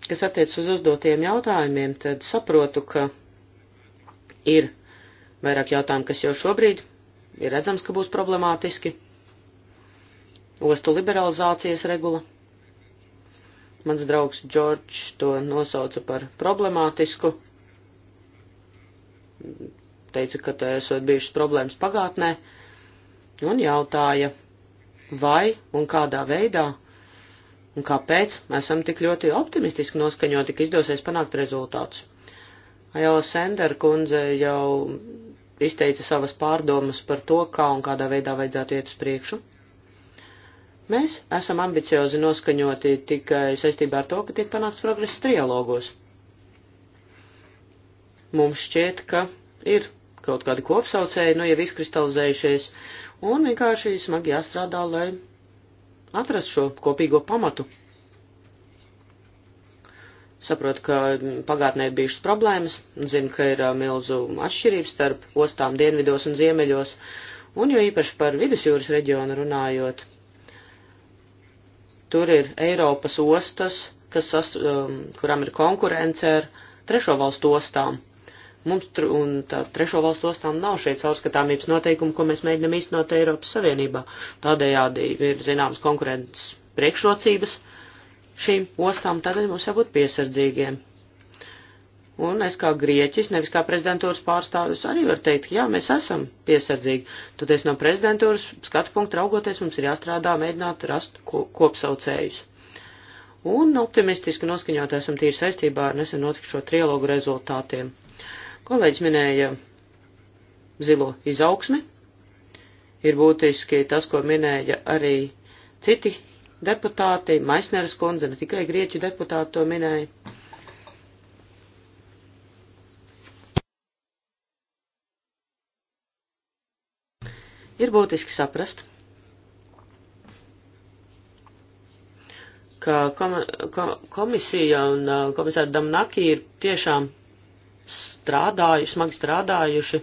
A: Kas attiec uz uzdotiem jautājumiem, tad saprotu, ka ir vairāk jautājumu, kas jau šobrīd ir redzams, ka būs problemātiski ostu liberalizācijas regula. Mans draugs Džordžs to nosauca par problemātisku. Teica, ka te esot bijušas problēmas pagātnē un jautāja, vai un kādā veidā un kāpēc esam tik ļoti optimistiski noskaņoti, ka izdosies panākt rezultātus. Ajala Sender kundze jau izteica savas pārdomas par to, kā un kādā veidā vajadzētu iet uz priekšu. Mēs esam ambiciozi noskaņoti tikai saistībā ar to, ka tiek panāks progress trialogos. Mums šķiet, ka ir kaut kādi kopsaucēji, nu jau izkristalizējušies, un vienkārši smagi jāstrādā, lai atrast šo kopīgo pamatu. Saprotu, ka pagātnē ir bijušas problēmas, zinu, ka ir milzu atšķirības starp ostām dienvidos un ziemeļos, un jo īpaši par vidusjūras reģionu runājot, Tur ir Eiropas ostas, kas, sas, um, kurām ir konkurence ar trešo valstu ostām. Mums tr un tā trešo valstu ostām nav šeit caurskatāmības noteikumu, ko mēs mēģinam īstenot Eiropas Savienībā. Tādējādi ir zināmas konkurences priekšrocības šīm ostām, tādēļ mums jābūt piesardzīgiem. Un es kā grieķis, nevis kā prezidentūras pārstāvis, arī varu teikt, ka jā, mēs esam piesardzīgi. Tad es no prezidentūras skatu punktu raugoties, mums ir jāstrādā, mēģināt rast ko, kopsaucējus. Un optimistiski noskaņot esam tīri saistībā ar nesen notikušo trilogu rezultātiem. Kolēģis minēja zilo izaugsmi. Ir būtiski tas, ko minēja arī citi deputāti, Maisneras kundze, ne tikai grieķu deputāti to minēja Ir būtiski saprast, ka komisija un uh, komisāra Damnaki ir tiešām strādājuši, smagi strādājuši,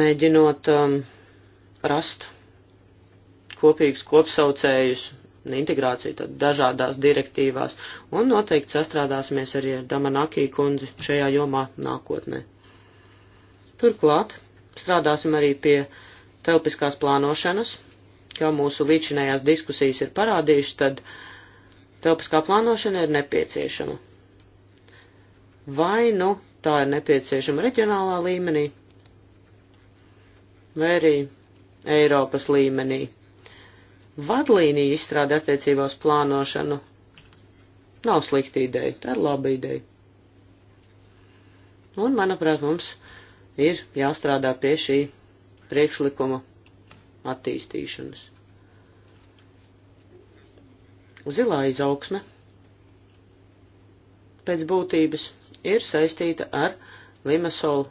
A: mēģinot um, rast kopīgus kopsaucējus un integrāciju tad dažādās direktīvās, un noteikti sastrādāsimies arī ar Damanakī kundzi šajā jomā nākotnē. Turklāt strādāsim arī pie telpiskās plānošanas, kā mūsu līdzinējās diskusijas ir parādījušas, tad telpiskā plānošana ir nepieciešama. Vai nu tā ir nepieciešama reģionālā līmenī, vai arī Eiropas līmenī. Vadlīnija izstrāde attiecībā uz plānošanu nav slikta ideja, tā ir laba ideja. Un, manuprāt, mums ir jāstrādā pie šī priekšlikuma attīstīšanas. Zilā izaugsme pēc būtības ir saistīta ar Limasolu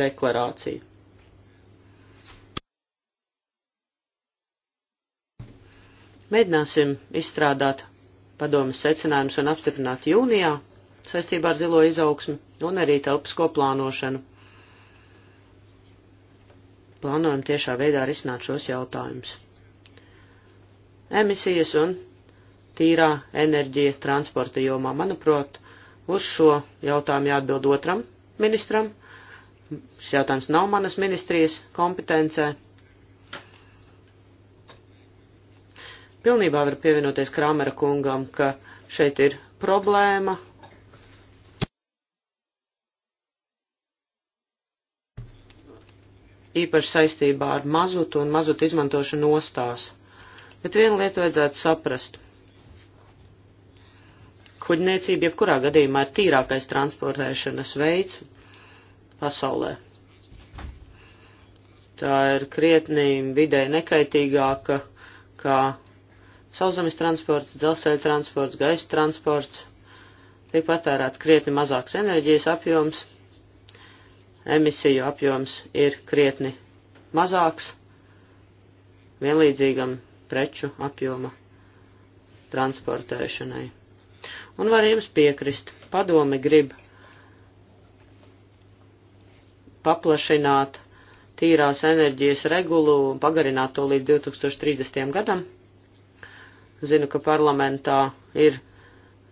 A: deklarāciju. Mēģināsim izstrādāt padomas secinājumus un apstiprināt jūnijā saistībā ar zilo izaugsmi un arī telpisko plānošanu plānojam tiešā veidā risināt šos jautājumus. Emisijas un tīrā enerģija transporta jomā, manuprāt, uz šo jautājumu jāatbild otram ministram. Šis jautājums nav manas ministrijas kompetencē. Pilnībā var pievienoties Krāmera kungam, ka šeit ir problēma īpaši saistībā ar mazutu un mazutu izmantošanu ostās. Bet vienu lietu vajadzētu saprast. Kuģniecība jebkurā gadījumā ir tīrākais transportēšanas veids pasaulē. Tā ir krietnī vidē nekaitīgāka kā sauszemes transports, dzelzceļa transports, gaisa transports. Tiek patērēts krietni mazāks enerģijas apjoms, emisiju apjoms ir krietni mazāks vienlīdzīgam preču apjoma transportēšanai. Un var jums piekrist, padome grib paplašināt tīrās enerģijas regulu un pagarināt to līdz 2030. gadam. Zinu, ka parlamentā ir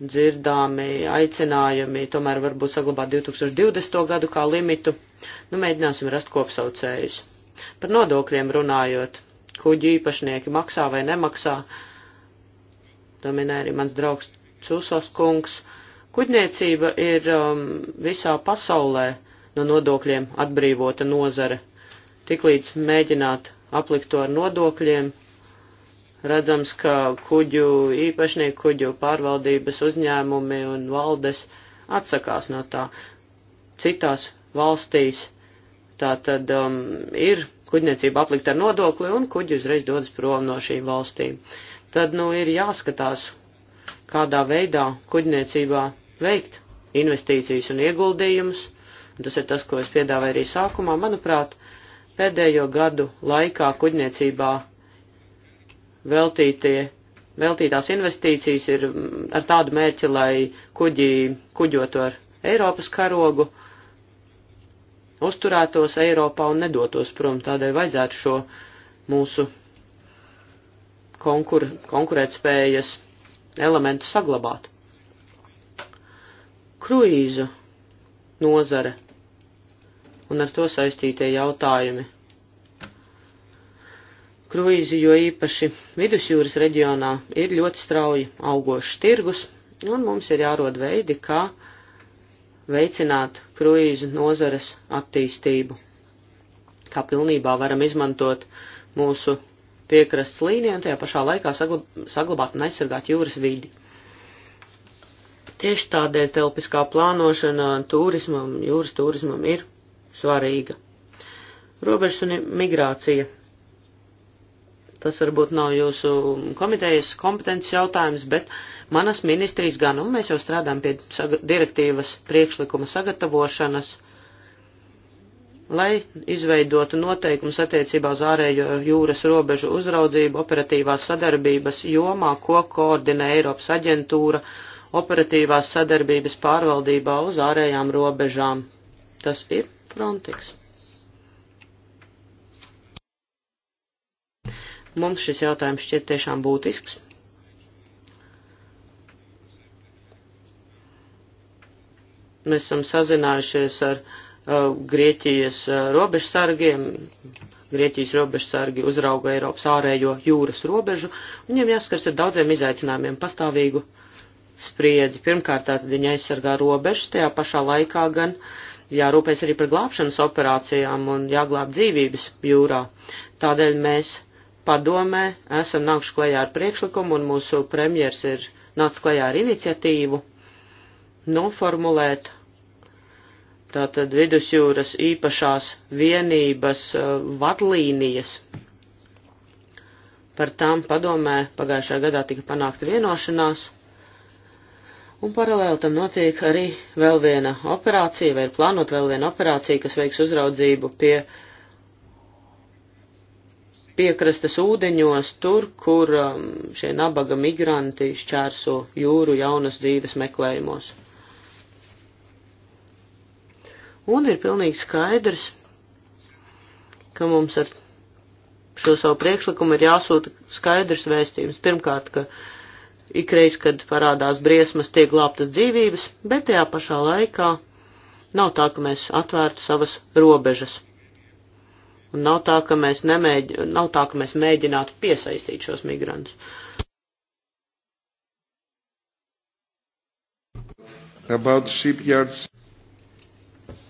A: dzirdāmi aicinājumi tomēr varbūt saglabāt 2020. gadu kā limitu. Nu, mēģināsim rast kopsaucējus. Par nodokļiem runājot, kuģi īpašnieki maksā vai nemaksā, dominē arī mans draugs Cūsos kungs. Kuģniecība ir um, visā pasaulē no nodokļiem atbrīvota nozare. Tiklīdz mēģināt aplikt to ar nodokļiem, Redzams, ka kuģu īpašnieki, kuģu pārvaldības uzņēmumi un valdes atsakās no tā. Citās valstīs tā tad um, ir kuģniecība aplikt ar nodokli un kuģi uzreiz dodas prom no šīm valstīm. Tad, nu, ir jāskatās, kādā veidā kuģniecībā veikt investīcijas un ieguldījumus. Tas ir tas, ko es piedāvēju arī sākumā. Manuprāt, pēdējo gadu laikā kuģniecībā veltītie, veltītās investīcijas ir mm, ar tādu mērķi, lai kuģi kuģotu ar Eiropas karogu, uzturētos Eiropā un nedotos prom. Tādēļ vajadzētu šo mūsu konkur, konkurētspējas elementu saglabāt. Kruīzu nozare un ar to saistītie jautājumi. Kruīzi, jo īpaši vidusjūras reģionā ir ļoti strauji augošs tirgus, un mums ir jārod veidi, kā veicināt kruīzu nozares attīstību, kā pilnībā varam izmantot mūsu piekrastes līniju un tajā pašā laikā saglabāt un aizsargāt jūras vidi. Tieši tādēļ telpiskā plānošana turismam, jūras turismam ir svarīga. Robežas un migrācija Tas varbūt nav jūsu komitejas kompetences jautājums, bet manas ministrijas gan, un mēs jau strādājam pie direktīvas priekšlikuma sagatavošanas, lai izveidotu noteikums attiecībā uz ārējo jūras robežu uzraudzību operatīvās sadarbības jomā, ko koordinē Eiropas aģentūra operatīvās sadarbības pārvaldībā uz ārējām robežām. Tas ir Frontex. Mums šis jautājums šķiet tiešām būtisks. Mēs esam sazinājušies ar uh, Grieķijas uh, robežsargiem. Grieķijas robežsargi uzrauga Eiropas ārējo jūras robežu. Viņiem jāskars ar daudziem izaicinājumiem pastāvīgu spriedzi. Pirmkārt, tātad viņi aizsargā robežas, tajā pašā laikā gan jārūpēs arī par glābšanas operācijām un jāglāb dzīvības jūrā. Tādēļ mēs padomē esam nākuši klajā ar priekšlikumu un mūsu premjers ir nācis klajā ar iniciatīvu noformulēt tātad vidusjūras īpašās vienības uh, vadlīnijas. Par tām padomē pagājušajā gadā tika panākta vienošanās. Un paralēli tam notiek arī vēl viena operācija, vai ir plānot vēl viena operācija, kas veiks uzraudzību pie uh, piekrastes ūdeņos, tur, kur um, šie nabaga migranti šķērso jūru jaunas dzīves meklējumos. Un ir pilnīgi skaidrs, ka mums ar šo savu priekšlikumu ir jāsūta skaidrs vēstījums. Pirmkārt, ka ikreiz, kad parādās briesmas, tiek glābtas dzīvības, bet tajā pašā laikā nav tā, ka mēs atvērtu savas robežas Un nav tā, ka mēs, nemēģ... nav tā, ka mēs mēģinātu piesaistīt šos migrantus.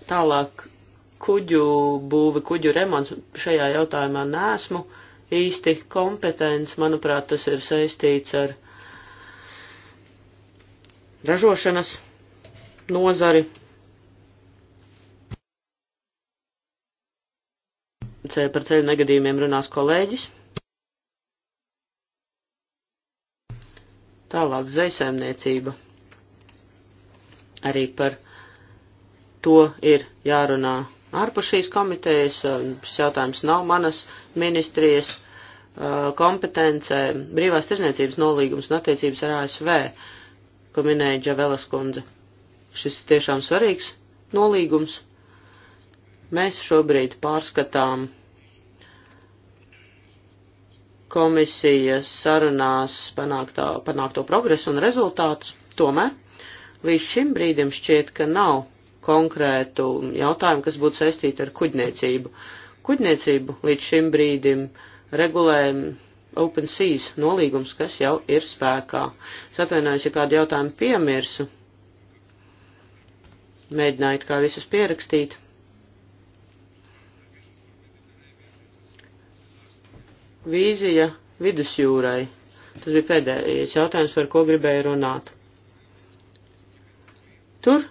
A: Tālāk, kuģu būve, kuģu remonts šajā jautājumā nesmu īsti kompetents. Manuprāt, tas ir saistīts ar ražošanas nozari, Ceļu par ceļu negadījumiem runās kolēģis. Tālāk zvejsaimniecība. Arī par to ir jārunā ārpus šīs komitejas. Šis jautājums nav manas ministrijas uh, kompetencē. Brīvās tirzniecības nolīgums un attiecības ar ASV, ko minēja Džavelas kundze. Šis ir tiešām svarīgs nolīgums. Mēs šobrīd pārskatām komisijas sarunās panāktā, panākto progresu un rezultātus. Tomēr līdz šim brīdim šķiet, ka nav konkrētu jautājumu, kas būtu saistīti ar kuģniecību. Kuģniecību līdz šim brīdim regulē Open Seas nolīgums, kas jau ir spēkā. Es atvainojos, ja kādu jautājumu piemirsu. Mēģinājiet kā visus pierakstīt. vīzija vidusjūrai. Tas bija pēdējais jautājums, par ko gribēju runāt. Tur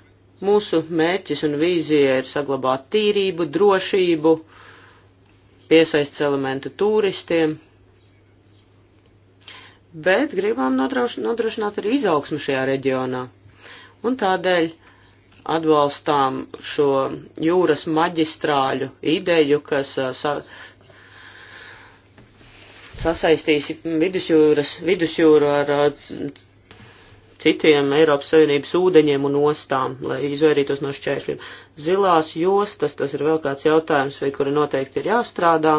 A: mūsu mērķis un vīzija ir saglabāt tīrību, drošību, piesaists elementu turistiem, bet gribam nodrošināt arī izaugsmu šajā reģionā. Un tādēļ atbalstām šo jūras maģistrāļu ideju, kas uh, sa sasaistīsi vidusjūras, vidusjūru ar uh, citiem Eiropas Savienības ūdeņiem un ostām, lai izvairītos no šķēršļiem. Zilās jostas, tas ir vēl kāds jautājums, vai kura noteikti ir jāstrādā.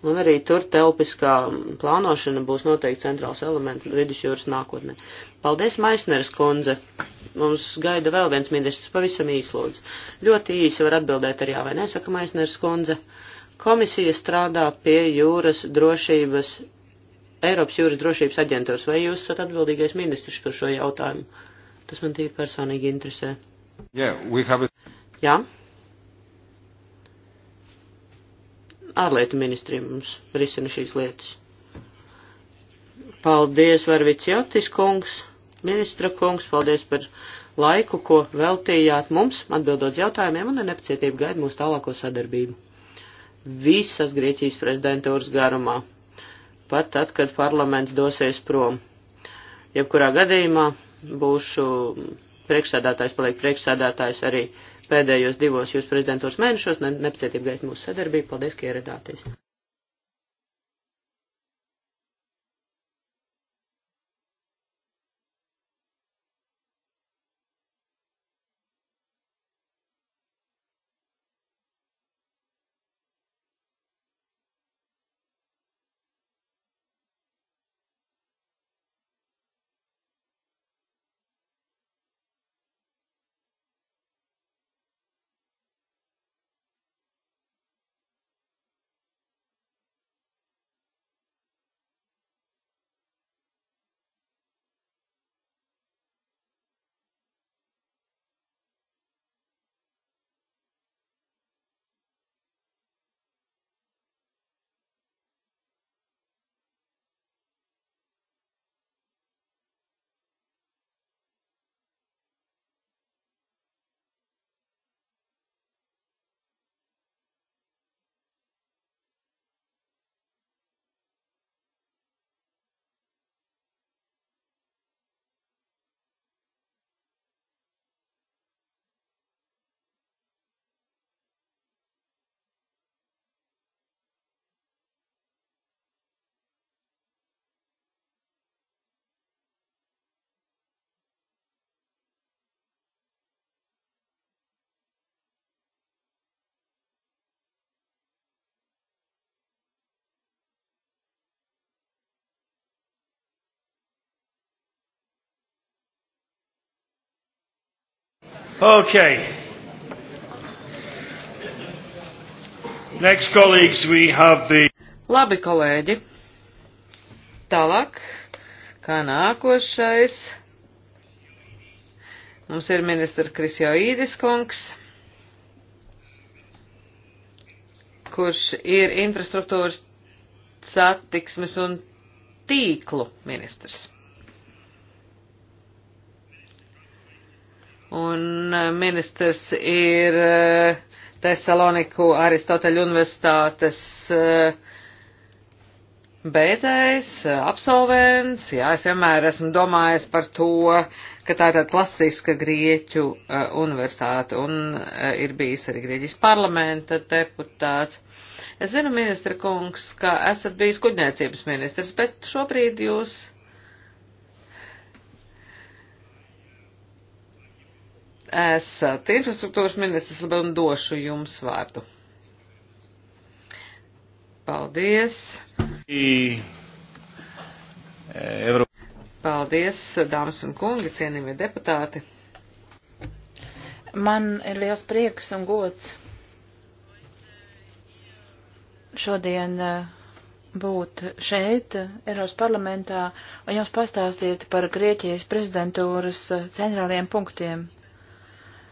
A: Un arī tur telpiskā plānošana būs noteikti centrāls elements vidusjūras nākotnē. Paldies, Maisneres kundze! Mums gaida vēl viens ministrs, pavisam īslūdzu. Ļoti īsi var atbildēt arī jā vai nesaka Maisneres kundze. Uh, Komisija strādā pie jūras drošības, Eiropas jūras drošības aģentūras. Vai jūs esat atbildīgais ministrs par šo jautājumu? Tas man tīri personīgi interesē. Yeah, a... Jā. Ārlietu ministrija mums risina šīs lietas. Paldies, Varvicjotis kungs, ministra kungs, paldies par laiku, ko veltījāt mums, atbildot jautājumiem, un ar nepacietību gaidu mūsu tālāko sadarbību visas Grieķijas prezidentūras garumā, pat tad, kad parlaments dosies prom. Jebkurā gadījumā būšu priekšsēdētājs, paliek priekšsēdētājs arī pēdējos divos jūsu prezidentūras mēnešos, nepacietību gaist mūsu sadarbību. Paldies, ka ieradāties!
C: Okay. Next,
B: colleagues, we have the... Labi, kolēģi. Tālāk, kā nākošais, mums ir ministrs Krisjau Īdis kungs, kurš ir infrastruktūras satiksmes un tīklu ministrs. un eh, ministrs ir eh, Tesaloniku Aristoteļu universitātes eh, beidzējs, absolvents. Jā, es vienmēr esmu domājis par to, ka tā ir tāda klasiska Grieķu universitāte un ir bijis arī Grieķijas parlamenta deputāts. Es zinu, ministra kungs, ka esat bijis kuģniecības ministrs, bet šobrīd jūs esat infrastruktūras ministrs, labi, un došu jums vārdu. Paldies. E, Paldies, dāmas un kungi, cienījamie deputāti.
C: Man ir liels prieks un gods šodien e, būt šeit, Eiropas parlamentā, un jums pastāstīt par Grieķijas prezidentūras e, centrālajiem punktiem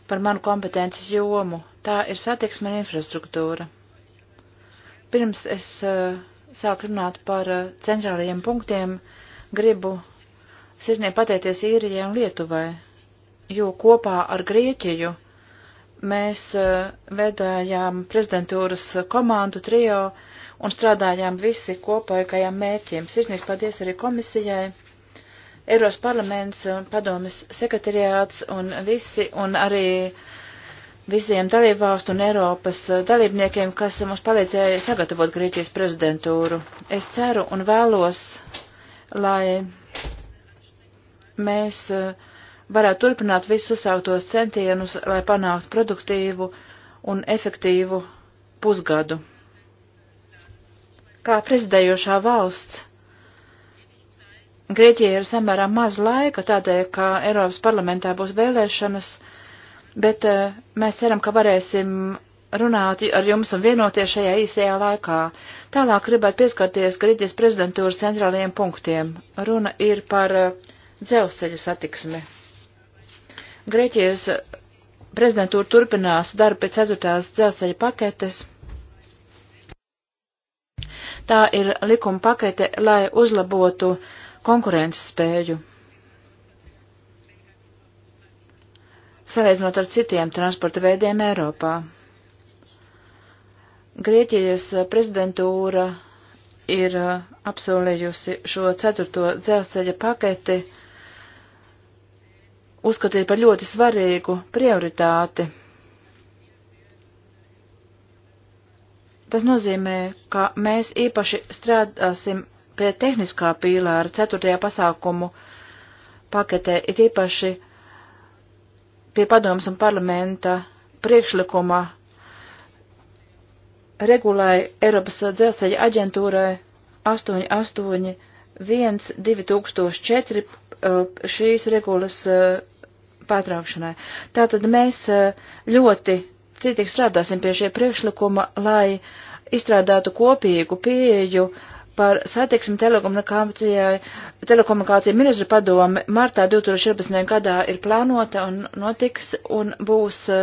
C: par manu kompetences jomu. Tā ir satiksme un infrastruktūra. Pirms es uh, sāku runāt par uh, centrālajiem punktiem, gribu sirsnīgi pateikties Īrijai un Lietuvai, jo kopā ar Grieķiju mēs uh, veidojām prezidentūras komandu trio un strādājām visi kopīgajām mērķiem. Sirsnīgs paldies arī komisijai Eiros parlaments un padomis sekretariāts un visi, un arī visiem dalībvalstu un Eiropas dalībniekiem, kas mums palīdzēja sagatavot Grieķijas prezidentūru. Es ceru un vēlos, lai mēs uh, varētu turpināt visus uzsāktos centienus, lai panāktu produktīvu un efektīvu pusgadu. Kā prezidējošā valsts Grieķija ir samērā maz laika tādēļ, ka Eiropas parlamentā būs vēlēšanas, bet uh, mēs ceram, ka varēsim runāt ar jums un vienoties šajā īsajā laikā. Tālāk gribētu pieskarties Grieķijas prezidentūras centrālajiem punktiem. Runa ir par uh, dzelzceļa satiksmi. Grieķijas prezidentūra turpinās darbu pēc ceturtās dzelzceļa paketes. Tā ir likuma pakete, lai uzlabotu uh, konkurences spēju. Salīdzinot ar citiem transporta veidiem Eiropā. Grieķijas prezidentūra ir uh, apsolījusi šo ceturto dzelzceļa paketi uzskatīt par ļoti svarīgu prioritāti. Tas nozīmē, ka mēs īpaši strādāsim pie tehniskā pīlāra, ceturtajā pasākumu paketē, it īpaši pie padomas un parlamenta priekšlikuma regulēja Eiropas dzelzceļa aģentūrai 881-2004 uh, šīs regulas uh, pārtraukšanai. Tātad mēs uh, ļoti citīgi strādāsim pie šie priekšlikuma, lai izstrādātu kopīgu pieeju uh, par satiksmi telekomunikāciju ministru padomi martā 2014. gadā ir plānota un notiks un būs, eh,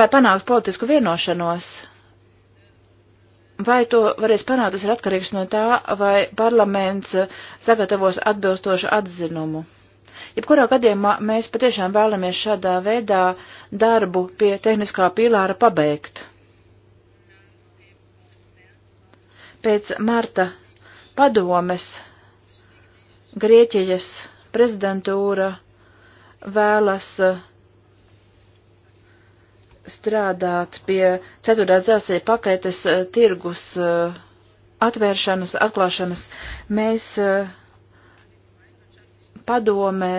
C: lai panāktu politisku vienošanos. Vai to varēs panākt, tas ir atkarīgs no tā, vai parlaments eh, sagatavos atbilstošu atzinumu. Jebkurā gadījumā mēs patiešām vēlamies šādā veidā darbu pie tehniskā pīlāra pabeigt. pēc Marta padomes Grieķijas prezidentūra vēlas eh, strādāt pie ceturtā dzelzceļa paketes eh, tirgus eh, atvēršanas, atklāšanas. Mēs padomē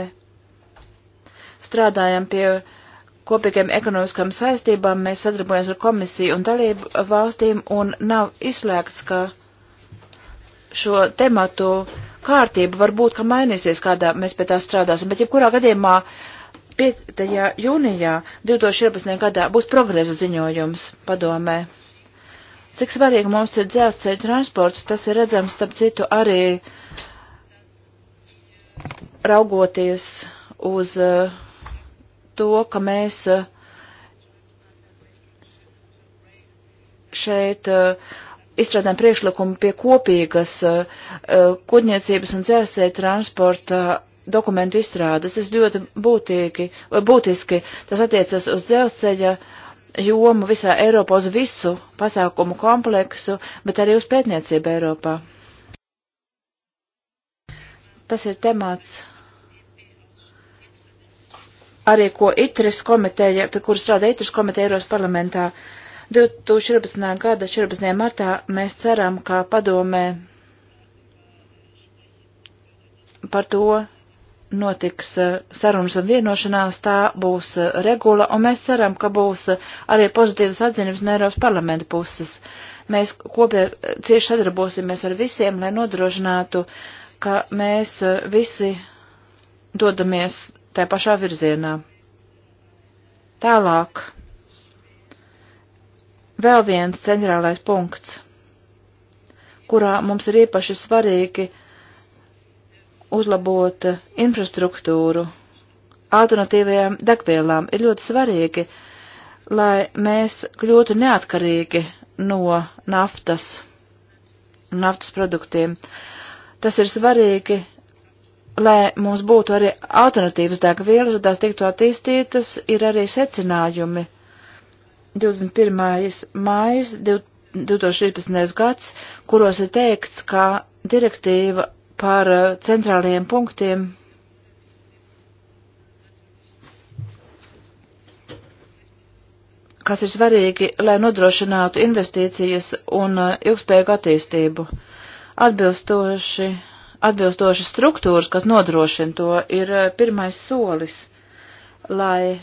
C: strādājam pie kopīgiem ekonomiskām saistībām mēs sadarbojamies ar komisiju un dalību valstīm un nav izslēgts, ka šo tematu kārtība varbūt, ka mainīsies, kādā mēs pie tā strādāsim, bet jebkurā gadījumā 5. jūnijā 2014. gadā būs progresa ziņojums padomē. Cik svarīgi mums ir dzelzceļa transports, tas ir redzams, starp citu, arī raugoties uz uh, to, ka mēs eh, šeit eh, izstrādājam priekšlikumu pie kopīgas eh, kuģniecības un dzelzceļa transporta dokumentu izstrādes. Tas ļoti būtīgi, būtiski. Tas attiecas uz dzelzceļa jomu visā Eiropā, uz visu pasākumu kompleksu, bet arī uz pētniecību Eiropā. Tas ir temats, arī ko ITRES komiteja, pie kuras strādā ITRES komiteja Eiros parlamentā. 2014. gada 14. martā mēs ceram, ka padomē par to notiks eh, sarunas un vienošanās, tā būs eh, regula, un mēs ceram, ka būs eh, arī pozitīvas atzinības no Eiropas parlamenta puses. Mēs kopie cieši sadarbosimies ar visiem, lai nodrošinātu, ka mēs visi dodamies tā pašā virzienā. Tālāk. Vēl viens centrālais punkts, kurā mums ir īpaši svarīgi uzlabot infrastruktūru. Alternatīvajām degvielām ir ļoti svarīgi, lai mēs kļūtu neatkarīgi no naftas, naftas produktiem. Tas ir svarīgi lai mums būtu arī alternatīvas degvielas, un tās tiktu attīstītas, ir arī secinājumi. 21. mājas 2016. gads, kuros ir teikts, ka direktīva par uh, centrālajiem punktiem kas ir svarīgi, lai nodrošinātu investīcijas un uh, ilgspējīgu attīstību. Atbilstoši atbilstošas struktūras, kas nodrošina to, ir eh, pirmais solis, lai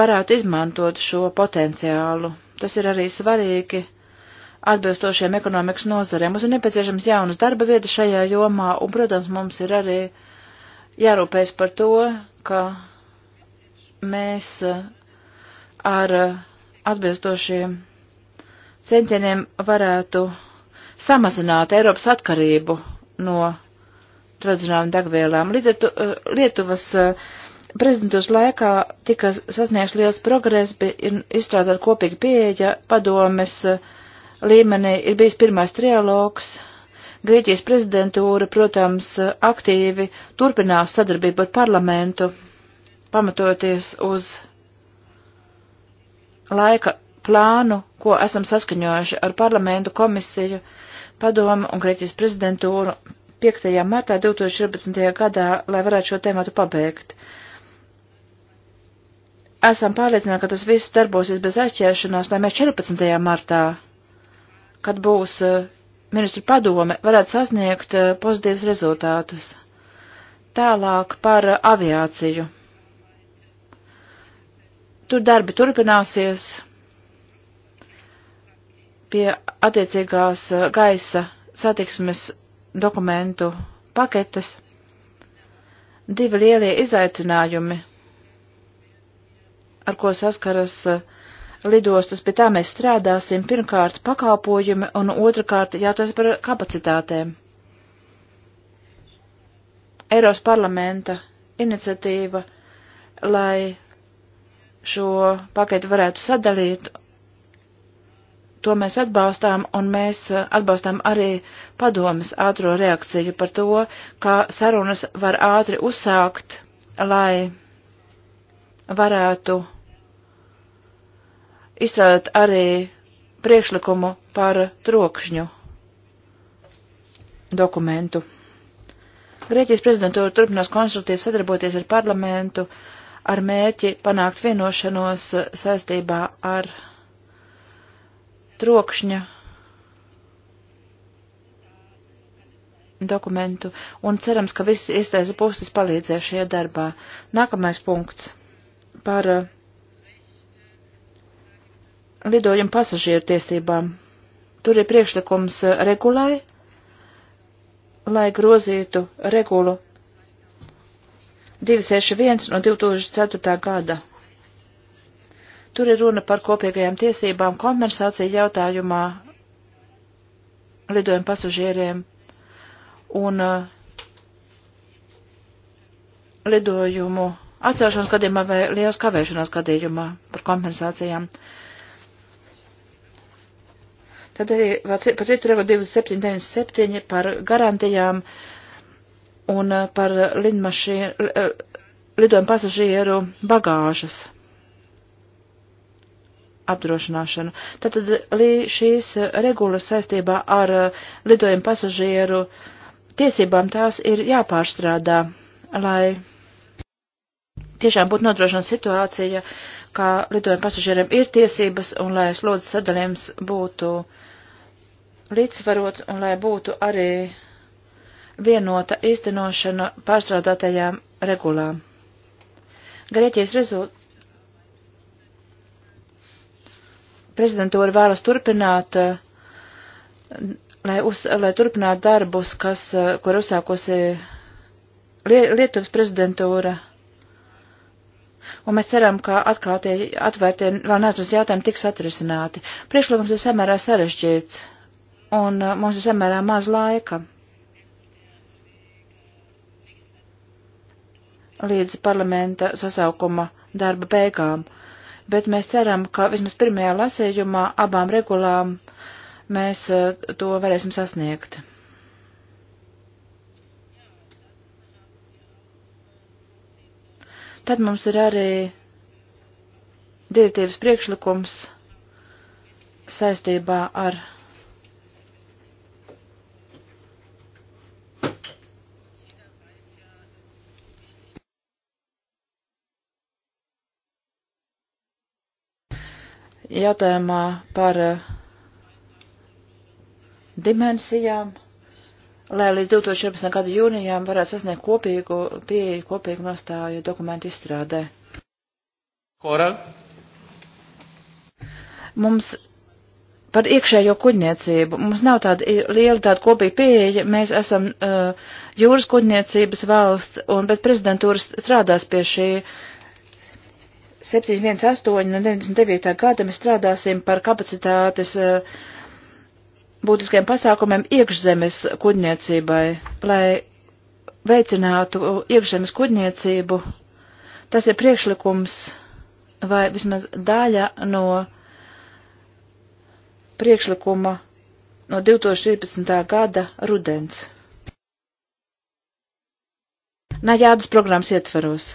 C: varētu izmantot šo potenciālu. Tas ir arī svarīgi atbilstošiem ekonomikas nozarēm. Mums ir nepieciešams jaunas darba vietas šajā jomā, un, protams, mums ir arī jārūpēs par to, ka mēs eh, ar eh, atbilstošiem centieniem varētu samazināt Eiropas atkarību no tradicionālām degvielām. Lietu, eh, Lietuvas eh, prezidentūras laikā tika sasniegts liels progress, ir izstrādāt kopīga pieeja padomes eh, līmenī, ir bijis pirmais trialogs. Grieķijas prezidentūra, protams, aktīvi turpinās sadarbību ar parlamentu, pamatoties uz laika plānu, ko esam saskaņojuši ar parlamentu komisiju, uh, padomu un Grieķijas prezidentūru 5. martā 2014. gadā, lai varētu šo tēmatu pabeigt. Esam pārliecināti, ka tas viss darbosies bez aizķēršanās, lai mēs 14. martā, kad būs eh, ministru padome, varētu sasniegt eh, pozitīvus rezultātus. Tālāk par eh, aviāciju. Tur darbi turpināsies pie attiecīgās eh, gaisa satiksmes dokumentu paketes. Divi lielie izaicinājumi, ar ko saskaras eh, lidostas, pie tā mēs strādāsim, pirmkārt pakalpojumi un otrkārt jātās par kapacitātēm. Eiros parlamenta iniciatīva, lai šo paketu varētu sadalīt to mēs atbalstām, un mēs eh, atbalstām arī padomas ātro reakciju par to, kā sarunas var ātri uzsākt, lai varētu izstrādāt arī priekšlikumu par trokšņu dokumentu. Grieķijas prezidentūra turpinās konsultēties sadarboties ar parlamentu ar mērķi panākt vienošanos saistībā ar trokšņa dokumentu un cerams, ka visi iestādes puses palīdzēs šajā darbā. Nākamais punkts par eh, lidojumu pasažieru tiesībām. Tur ir priekšlikums eh, regulai, lai grozītu regulu 261 no 2004. gada. Tur ir runa par kopīgajām tiesībām kompensāciju jautājumā lidojumu pasažieriem un uh, lidojumu atcelšanas gadījumā vai liels kavēšanās gadījumā par kompensācijām. Tad arī par citu regulu 2797 par garantijām un eh, par lidmašīnu, eh, lidojumu pasažieru bagāžas apdrošināšanu. Tātad šīs regulas saistībā ar uh, lidojumu pasažieru tiesībām tās ir jāpārstrādā, lai tiešām būtu nodrošina situācija, ka lidojuma pasažieriem ir tiesības un lai slodzes sadalījums būtu līdzsvarots un lai būtu arī vienota īstenošana pārstrādātajām regulām. Grieķijas rezult prezidentūra vēlas turpināt, eh, lai, uz, lai turpinātu darbus, kas, eh, kur uzsākusi Lietuvas prezidentūra. Un mēs ceram, ka atklātie, atvērtie vēl neatrastie jautājumi tiks atrisināti. Priekšlikums ir samērā sarežģīts, un eh, mums ir samērā maz laika. līdz parlamenta sasaukuma darba beigām bet mēs ceram, ka vismaz pirmajā lasējumā abām regulām mēs eh, to varēsim sasniegt. Tad mums ir arī direktīvas priekšlikums saistībā ar jautājumā par eh, dimensijām, lai līdz 2014. gada jūnijām varētu sasniegt kopīgu pieeju, kopīgu nostāju dokumentu izstrādē. Koral. Mums par iekšējo kuģniecību. Mums nav tāda liela tāda kopīga pieeja, mēs esam uh, jūras kuģniecības valsts, un, bet prezidentūra strādās pie šī uh, 718 no 99. gada mēs strādāsim par kapacitātes eh, būtiskiem pasākumiem iekšzemes kuģniecībai, lai veicinātu iekšzemes kuģniecību. Tas ir priekšlikums vai vismaz daļa no priekšlikuma no 2013. gada rudens. Nā, jādas programmas ietveros.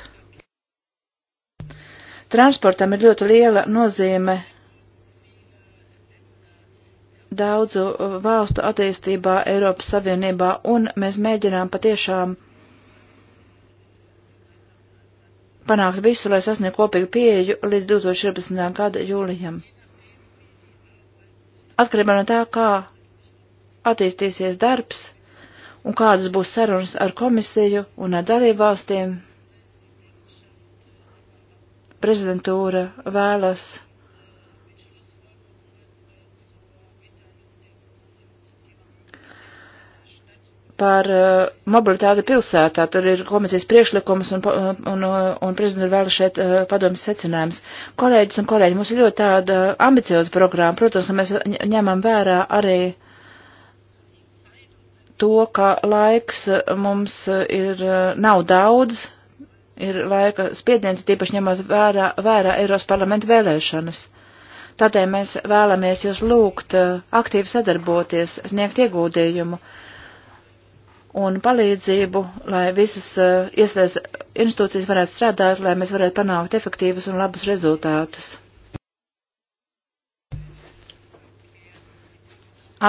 C: Transportam ir ļoti liela nozīme daudzu uh, valstu attīstībā Eiropas Savienībā, un mēs mēģinām patiešām panākt visu, lai sasniegtu kopīgu pieeju līdz 2014. gada jūlijam. Atkarībā no tā, kā attīstīsies darbs un kādas būs sarunas ar komisiju un ar dalībvalstīm, prezidentūra vēlas par uh, mobilitāti pilsētā. Tur ir komisijas priekšlikums un, uh, un, uh, un prezidents vēl šeit uh, padomjas secinājums. Kolēģis un kolēģi, mums ir ļoti tāda ambicioza programma. Protams, ka mēs ņemam vērā arī to, ka laiks mums ir, uh, nav daudz, ir laika spiediens, tīpaši ņemot vērā, vērā Eiros parlamentu vēlēšanas. Tādēļ mēs vēlamies jūs lūgt eh, aktīvi sadarboties, sniegt ieguldījumu un palīdzību, lai visas eh, iesaistās institūcijas varētu strādāt, lai mēs varētu panākt efektīvus un labus rezultātus.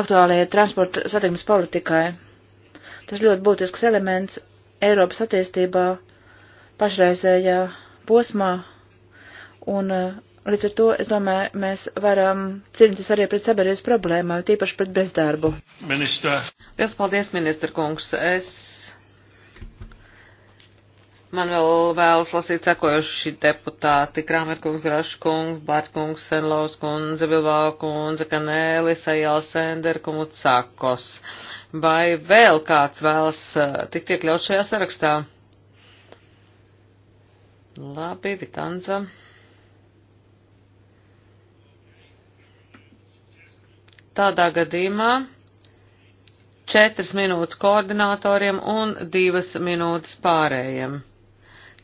C: Aktuālajai transporta satikmes politikai. Tas ļoti būtisks elements Eiropas attīstībā pašreizējā posmā, un eh, līdz ar to, es domāju, mēs varam cīnīties arī pret sabiedrības problēmām, tīpaši pret bezdarbu. Ministra. Liels paldies, ministra kungs. Es Man vēl vēlas
B: lasīt sekojuši deputāti Kramerkungs, Graškungs, Bartkungs, Senlovs kundze, Bilbao kundze, Kanēlis, Ajāls, Senderkungs, Cakos. Vai vēl kāds vēlas eh, tikt iekļaut šajā sarakstā? Labi, Vitanza. Tādā gadījumā četras minūtes koordinatoriem un divas minūtes pārējiem.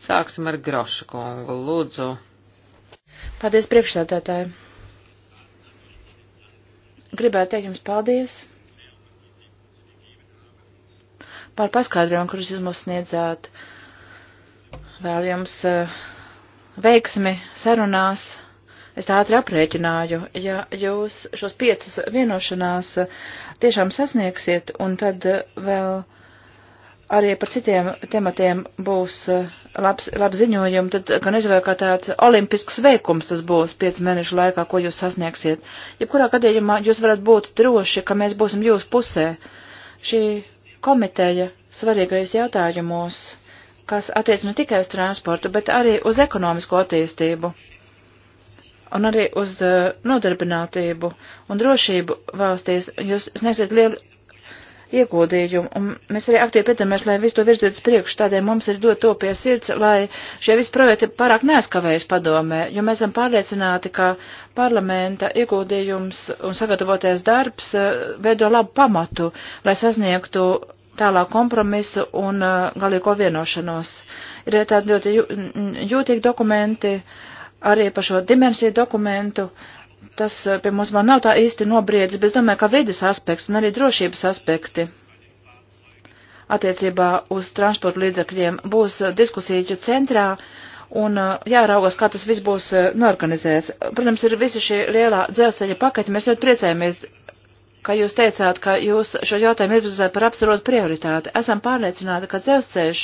B: Sāksim ar Grošu kungu, lūdzu.
C: Paldies priekšstādātāji. Gribētu teikt jums paldies par paskaidrojumu, kurus jūs mums sniedzāt. Uh, Vēl jums eh, veiksmi sarunās. Es tā ātri aprēķināju, ja jūs šos piecas vienošanās eh, tiešām sasniegsiet, un tad eh, vēl arī par citiem tematiem būs labs, labs ziņojumi, tad gan izvēl kā tāds olimpisks veikums tas būs piecu mēnešu laikā, ko jūs sasniegsiet. Jebkurā gadījumā jūs varat būt droši, ka mēs būsim jūs pusē. Šī komiteja svarīgais jautājumos kas attiec ne tikai uz transportu, bet arī uz ekonomisko attīstību un arī uz eh, nodarbinātību un drošību valstīs. Jūs sniegsiet lielu ieguldījumu, un mēs arī aktīvi pietāmies, lai visu to virzītu uz priekšu, tādēļ mums ir dot to pie sirds, lai šie visi projekti pārāk neaizkavējas padomē, jo mēs esam pārliecināti, ka parlamenta ieguldījums un sagatavoties darbs eh, veido labu pamatu, lai sasniegtu tālāk kompromisu un uh, galīgo vienošanos. Ir tādi ļoti jū, jūtīgi dokumenti, arī par šo dimensiju dokumentu. Tas uh, pie mums vēl nav tā īsti nobriedzis, bet domāju, ka vides aspekts un arī drošības aspekti attiecībā uz transporta līdzakļiem būs uh, diskusiju centrā un uh, jāraugas, kā tas viss būs norganizēts. Protams, ir visi šie lielā dzelzceļa pakaļi, mēs ļoti priecājamies ka jūs teicāt, ka jūs šo jautājumu izvirzāt par absolūtu prioritāti. Esam pārliecināti, ka dzelzceļš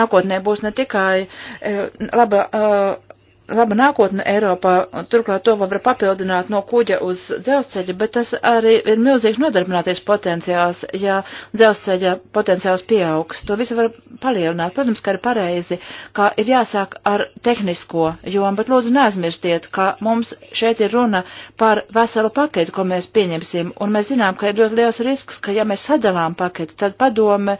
C: nākotnē būs ne tikai e, laba e, laba nākotne Eiropā, un turklāt to var papildināt no kuģa uz dzelzceļa, bet tas arī ir milzīgs nodarbināties potenciāls, ja dzelzceļa potenciāls pieaugs. To visu var palielināt. Protams, ka ir pareizi, ka ir jāsāk ar tehnisko jomu, bet lūdzu neaizmirstiet, ka mums šeit ir runa par veselu paketu, ko mēs pieņemsim, un mēs zinām, ka ir ļoti liels risks, ka ja mēs sadalām paketu, tad padome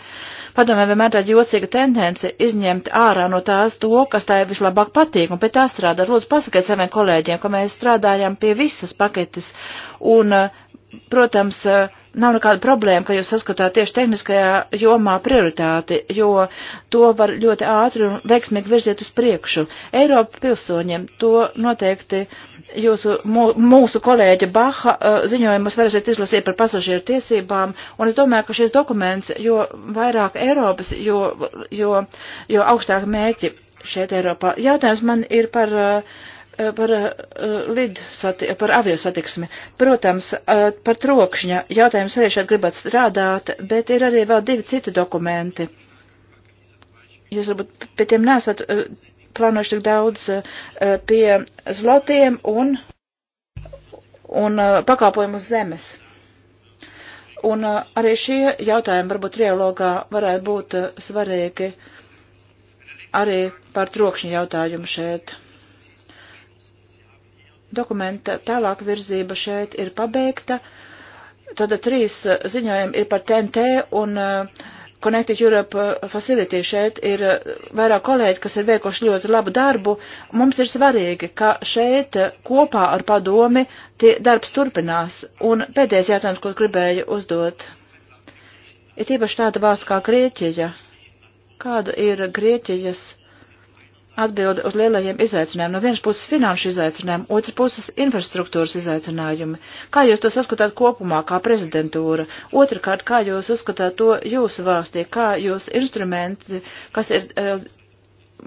C: Padomē vienmēr tāda jocīga tendence izņemt ārā no tās to, kas tā ir vislabāk patīk, un pie tā strādā. Lūdzu, pasakiet saviem kolēģiem, ka mēs strādājam pie visas paketes, un, eh, protams, eh, nav nekāda problēma, ka jūs saskatāt tieši tehniskajā jomā prioritāti, jo to var ļoti ātri un veiksmīgi virziet uz priekšu. Eiropa pilsoņiem to noteikti jūsu, mūsu kolēģa Baha uh, ziņojumus varēsiet izlasīt par pasažieru tiesībām, un es domāju, ka šis dokuments, jo vairāk Eiropas, jo, jo, jo augstāk mērķi šeit Eiropā. Jautājums man ir par, uh, par, uh, sati, par aviosatiksmi. Protams, par trokšņa jautājums arī šeit gribat strādāt, bet ir arī vēl divi citi dokumenti. Jūs varbūt pie tiem nesat plānojuši tik daudz eh, pie zlotiem un, un eh, pakalpojumu uz zemes. Un eh, arī šie jautājumi varbūt trialogā varētu būt svarīgi arī par trokšņu jautājumu šeit. Dokumenta tālāk virzība šeit ir pabeigta. Tad trīs ziņojumi ir par TNT un uh, Connected Europe uh, Facility šeit ir uh, vairāk kolēģi, kas ir veikuši ļoti labu darbu. Mums ir svarīgi, ka šeit uh, kopā ar padomi tie darbs turpinās. Un pēdējais jautājums, ko gribēju uzdot, ir tīpaši tāda valsts kā Grieķija. Kāda ir Grieķijas atbildi uz lielajiem izaicinājumiem. No vienas puses finanšu izaicinājumi, otras puses infrastruktūras izaicinājumi. Kā jūs to saskatāt kopumā, kā prezidentūra? Otrakārt, kā jūs uzskatāt to jūsu valstī, kā jūs instrumenti, kas ir e,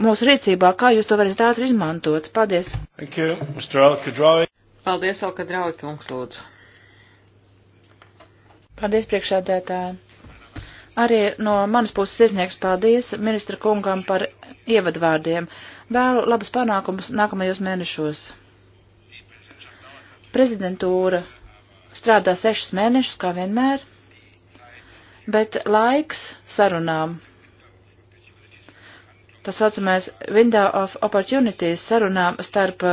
C: mūsu rīcībā, kā jūs to varat ātri izmantot? Paldies! Thank you, Mr. Alkadraui. Paldies,
B: Alkadraui, kungs, lūdzu.
C: Paldies, priekšādētāji. Arī no manas puses izniegs paldies ministra kungam par ievadvārdiem. Vēlu labus panākumus nākamajos mēnešos. Prezidentūra strādā sešus mēnešus, kā vienmēr, bet laiks sarunām. Tas saucamais window of opportunities sarunām starp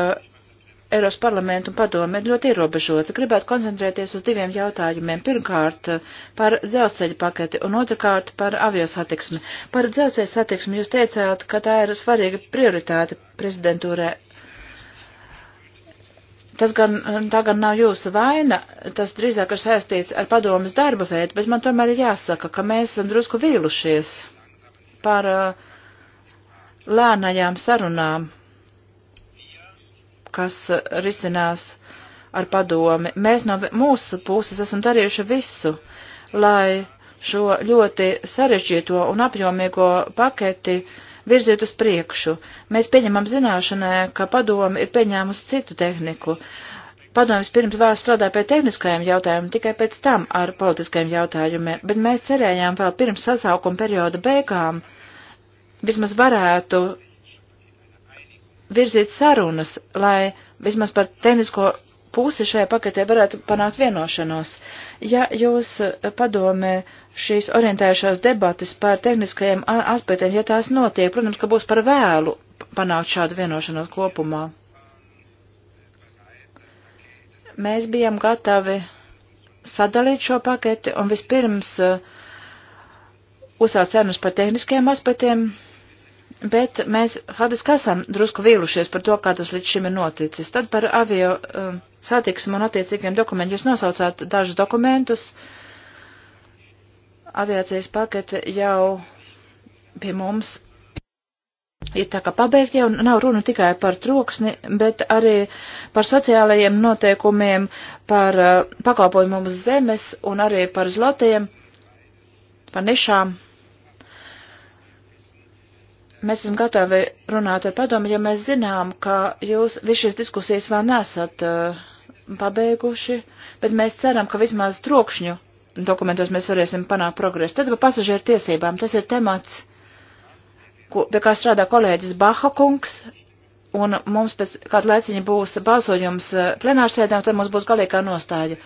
C: Eiros parlamentu un padomu ir ļoti ierobežots. Gribētu koncentrēties uz diviem jautājumiem. Pirmkārt, par dzelzceļa paketi un otrkārt par aviosatiksmi. Par dzelzceļa satiksmi jūs teicāt, ka tā ir svarīga prioritāte prezidentūrē. Tas gan, tā gan nav jūsu vaina, tas drīzāk ir saistīts ar padomas darba veidu, bet man tomēr ir jāsaka, ka mēs esam drusku vīlušies par uh, lēnajām sarunām kas eh, risinās ar padomi. Mēs no mūsu puses esam darījuši visu, lai šo ļoti sarežģīto un apjomīgo paketi virziet uz priekšu. Mēs pieņemam zināšanē, ka padomi ir pieņēmusi citu tehniku. Padomjas pirms vēl strādāja pie tehniskajiem jautājumiem, tikai pēc tam ar politiskajiem jautājumiem, bet mēs cerējām vēl pirms sasaukuma perioda beigām vismaz varētu virzīt sarunas, lai vismaz par tehnisko pusi šajā paketē varētu panākt vienošanos. Ja jūs eh, padomē šīs orientējušās debatas par tehniskajiem aspektiem, ja tās notiek, protams, ka būs par vēlu panākt šādu vienošanos kopumā. Mēs bijām gatavi sadalīt šo paketi un vispirms eh, uzsākt sarunas par tehniskajiem aspektiem bet mēs faktiski esam drusku vīlušies par to, kā tas līdz šim ir noticis. Tad par avio um, satiksmu un attiecīgiem dokumentiem jūs nosaucāt dažus dokumentus. Aviācijas pakete jau pie mums ir tā kā pabeigt jau nav runa tikai par troksni, bet arī par sociālajiem noteikumiem, par uh, pakalpojumu uz zemes un arī par zlotiem, par nišām mēs esam gatavi runāt ar padomu, jo mēs zinām, ka jūs visu šīs diskusijas vēl nesat uh, pabeiguši, bet mēs ceram, ka vismaz trokšņu dokumentos mēs varēsim panākt progresu. Tad par pasažieru tiesībām tas ir temats, ko, pie kā strādā kolēģis Baha kungs, un mums pēc kāda laiciņa būs balsojums uh, plenārsēdē, un tad mums būs galīgā nostāja.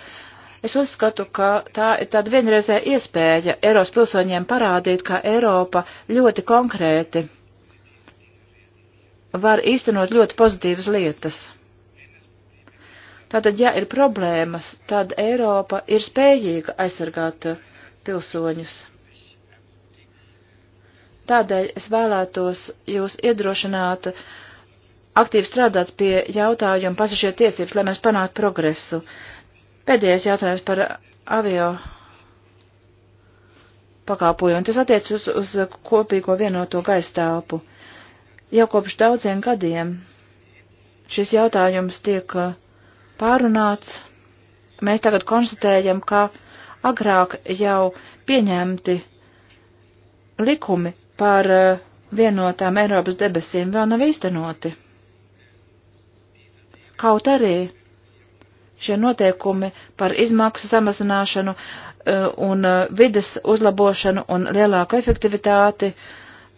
C: Es uzskatu, ka tā ir tāda vienreizē iespēja Eiropas pilsoņiem parādīt, ka Eiropa ļoti konkrēti var īstenot ļoti pozitīvas lietas. Tātad, ja ir problēmas, tad Eiropa ir spējīga aizsargāt uh, pilsoņus. Tādēļ es vēlētos jūs iedrošināt uh, aktīvi strādāt pie jautājuma pasažieru tiesības, lai mēs panāktu progresu. Pēdējais jautājums par uh, avio pakāpojumu. Tas attiec uz, uz kopīgo vienoto gaistālpu. Jau kopš daudziem gadiem šis jautājums tiek uh, pārunāts. Mēs tagad konstatējam, ka agrāk jau pieņemti likumi par uh, vienotām Eiropas debesīm vēl nav īstenoti. Kaut arī šie noteikumi par izmaksu samazināšanu uh, un vides uzlabošanu un lielāku efektivitāti uh,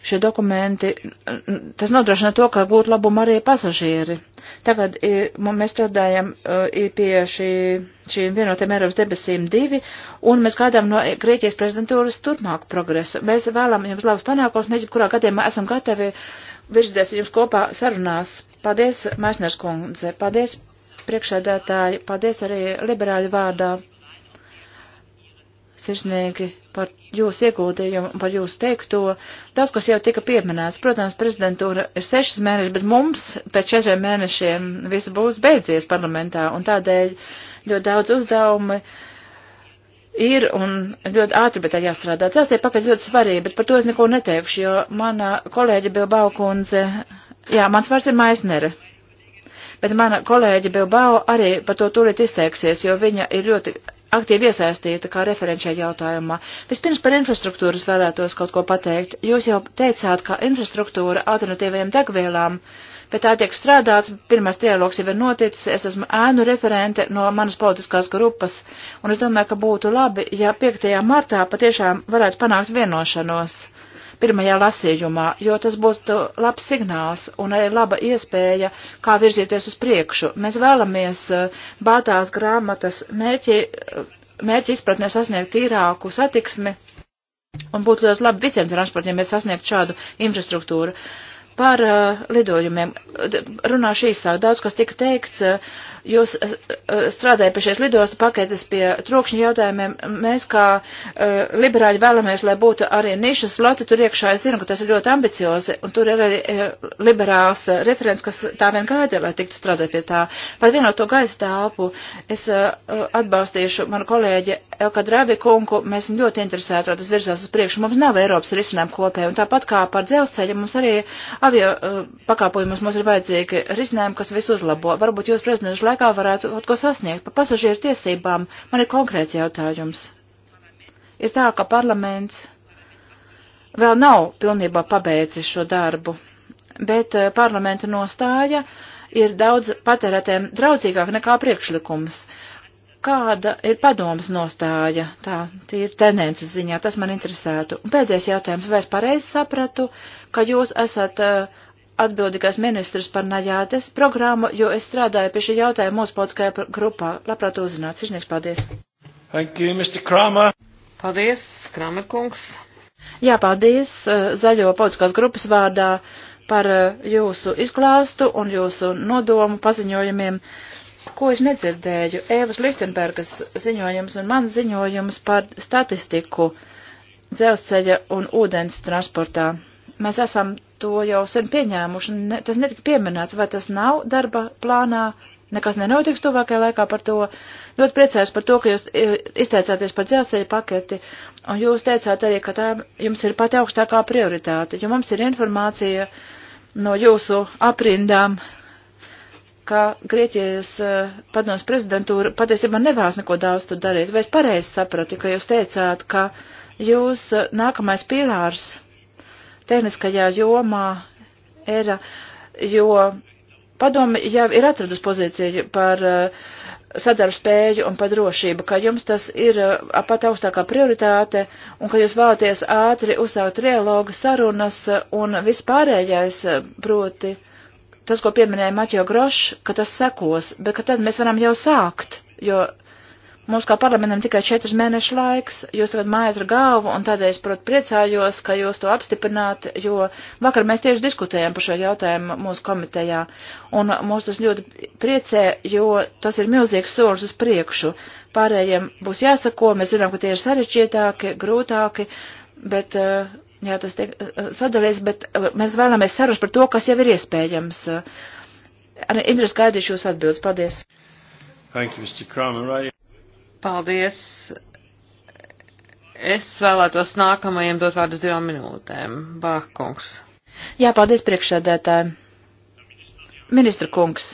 C: šie dokumenti, tas nodrošina to, ka gūtu labumu arī pasažieri. Tagad ir, mēs strādājam e, ir pie šī, šīm vienotiem Eiropas debesīm divi, un mēs gaidām no Grieķijas prezidentūras turpmāku progresu. Mēs vēlam jums labus panākums, mēs jebkurā gadījumā esam gatavi virzīties jums kopā sarunās. Paldies, Maisners kundze, paldies priekšēdētāji, paldies arī liberāļu vārdā sirsnīgi par jūsu ieguldījumu, par jūsu teikto. Daudz, kas jau tika pieminēts. Protams, prezidentūra ir sešas mēnešas, bet mums pēc četriem mēnešiem viss būs beidzies parlamentā, un tādēļ ļoti daudz uzdevumi ir un ļoti ātri, bet tā jāstrādā. Celstie pakaļ ļoti svarīgi, bet par to es neko neteikšu, jo mana kolēģa Bilbao kundze, jā, mans vārds ir Maisnere bet mana kolēģe Bilbao arī par to tūlīt izteiksies, jo viņa ir ļoti aktīvi iesaistīta kā referenčē jautājumā. Vispirms par infrastruktūras vēlētos kaut ko pateikt. Jūs jau teicāt, ka infrastruktūra alternatīvajiem degvielām, pie tā tiek strādāts, pirmais trialogs jau ir noticis, es esmu ēnu referente no manas politiskās grupas, un es domāju, ka būtu labi, ja 5. martā patiešām varētu panākt vienošanos pirmajā lasījumā, jo tas būtu labs signāls un arī laba iespēja, kā virzīties uz priekšu. Mēs vēlamies eh, bātās grāmatas mērķi, eh, mērķi izpratnē sasniegt tīrāku satiksmi un būtu ļoti labi visiem transportiem, ja sasniegt šādu infrastruktūru. Par uh, lidojumiem runāšu īsāk. Daudz, kas tika teikts, uh, Jūs strādājat pie šīs lidostu paketes, pie trokšņa jautājumiem. Mēs kā uh, liberāļi vēlamies, lai būtu arī nišas sloti tur iekšā. Es zinu, ka tas ir ļoti ambiciozi, un tur ir arī uh, liberāls uh, referents, kas tā vien gaida, lai tiktu strādāt pie tā. Par vienoto gaisa tāpu es atbalstīšu manu kolēģi Elka Dravi kungu. Mēs esam ļoti interesēti, lai tas virzās uz priekšu. Mums nav Eiropas risinājumu kopēju, un tāpat kā par dzelzceļu mums arī avio pakāpojumus mums ir vajadzīgi risinājumi, kas visu uzlabo. Varbūt jūs prezidents laikā varētu kaut ko sasniegt. Par pasažieru tiesībām man ir konkrēts jautājums. Ir tā, ka parlaments vēl nav pilnībā pabeidzis šo darbu, bet eh, parlamenta nostāja ir daudz patērētēm draudzīgāk nekā priekšlikums. Kāda ir padomas nostāja? Tā, tā ir tendences ziņā, tas man interesētu. Un pēdējais jautājums, vai es pareizi sapratu, ka jūs esat uh, atbildīgais ministrs par Najātes programmu, jo es strādāju pie šī jautājuma mūsu politiskajā grupā. Labprāt uzzināt. Sirsnieks, paldies.
B: Thank you, Mr. Kramer. Paldies,
C: Kramer kungs. Jā, paldies eh, zaļo politiskās grupas vārdā par eh, jūsu izklāstu un jūsu nodomu paziņojumiem, ko es nedzirdēju. Ēvas Lichtenbergas ziņojums un mans ziņojums par statistiku dzelzceļa un ūdens transportā. Mēs esam to jau sen pieņēmuši. Ne, tas netika pieminēts, vai tas nav darba plānā. Nekas nenotiks tuvākajā laikā par to. Ļoti priecājos par to, ka jūs e, izteicāties par dzelzceļa paketi, un jūs teicāt arī, ka tā jums ir pati augstākā prioritāte, jo mums ir informācija no jūsu aprindām, ka Grieķijas uh, padomas prezidentūra patiesībā nevēlas neko daudz tur darīt. Vai es pareizi sapratu, ka jūs teicāt, ka jūs uh, nākamais pīlārs tehniskajā jomā era, jo padomi jau ir atradus pozīciju par eh, sadarbspēju un par drošību, ka jums tas ir eh, pat augstākā prioritāte un ka jūs vēlaties ātri uzsākt trialogu sarunas eh, un vispārējais proti tas, ko pieminēja Maķo Grošs, ka tas sekos, bet ka tad mēs varam jau sākt, jo Mums kā parlamentam tikai četras mēnešu laiks, jūs tagad mājas ar galvu, un tādēļ es, protams, priecājos, ka jūs to apstiprināt, jo vakar mēs tieši diskutējām par šo jautājumu mūsu komitejā, un mūs tas ļoti priecē, jo tas ir milzīgs solis uz priekšu. Pārējiem būs jāsako, mēs zinām, ka tie ir sarežģītāki, grūtāki, bet uh, jā, tas tiek eh, sadalīts, bet eh, mēs vēlamies sarunas par to, kas jau ir iespējams. Arī Indras gaidīšu jūs atbildes. Paldies. Thank you, Mr. Kramer. Paldies. Es
B: vēlētos nākamajiem dot vārdus divām minūtēm. Bākungs.
C: Jā, paldies priekšsēdētāji. Ministra kungs,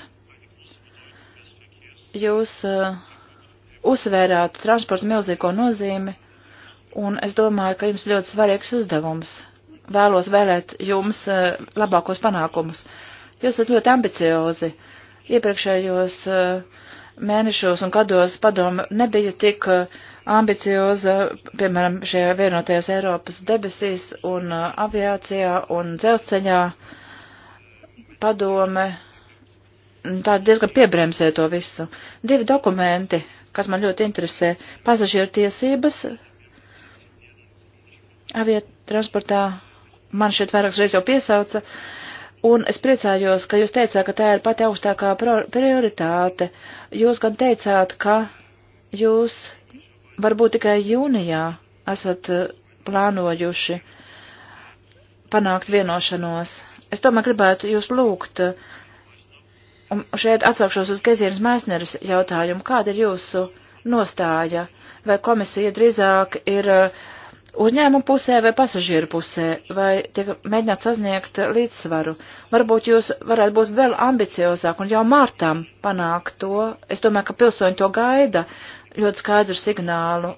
C: jūs uh, uzsvērāt transporta milzīgo nozīmi, un es domāju, ka jums ļoti svarīgs uzdevums. Vēlos vēlēt jums uh, labākos panākumus. Jūs esat ļoti ambiciozi. Iepriekšējos uh, mēnešos un gados padoma nebija tik uh, ambicioza, piemēram, šajā vienotajās Eiropas debesīs un uh, aviācijā un dzelzceļā padome mm, tā diezgan piebremzē to visu. Divi dokumenti, kas man ļoti interesē, pasažieru tiesības avietransportā, man šeit vairākas reizes jau piesauca, uh, Un es priecājos, ka jūs teicāt, ka tā ir pati augstākā prioritāte. Jūs gan teicāt, ka jūs varbūt tikai jūnijā esat eh, plānojuši panākt vienošanos. Es tomēr gribētu jūs lūgt, eh, un šeit atsaukšos uz Gezīnas Maisneres jautājumu, kāda ir jūsu nostāja, vai komisija drīzāk ir uh, uzņēmumu pusē vai pasažieru pusē, vai tiek mēģināt sasniegt līdzsvaru. Varbūt jūs varētu būt vēl ambiciozāk un jau mārtām panākt to. Es domāju, ka pilsoņi to gaida ļoti skaidru signālu,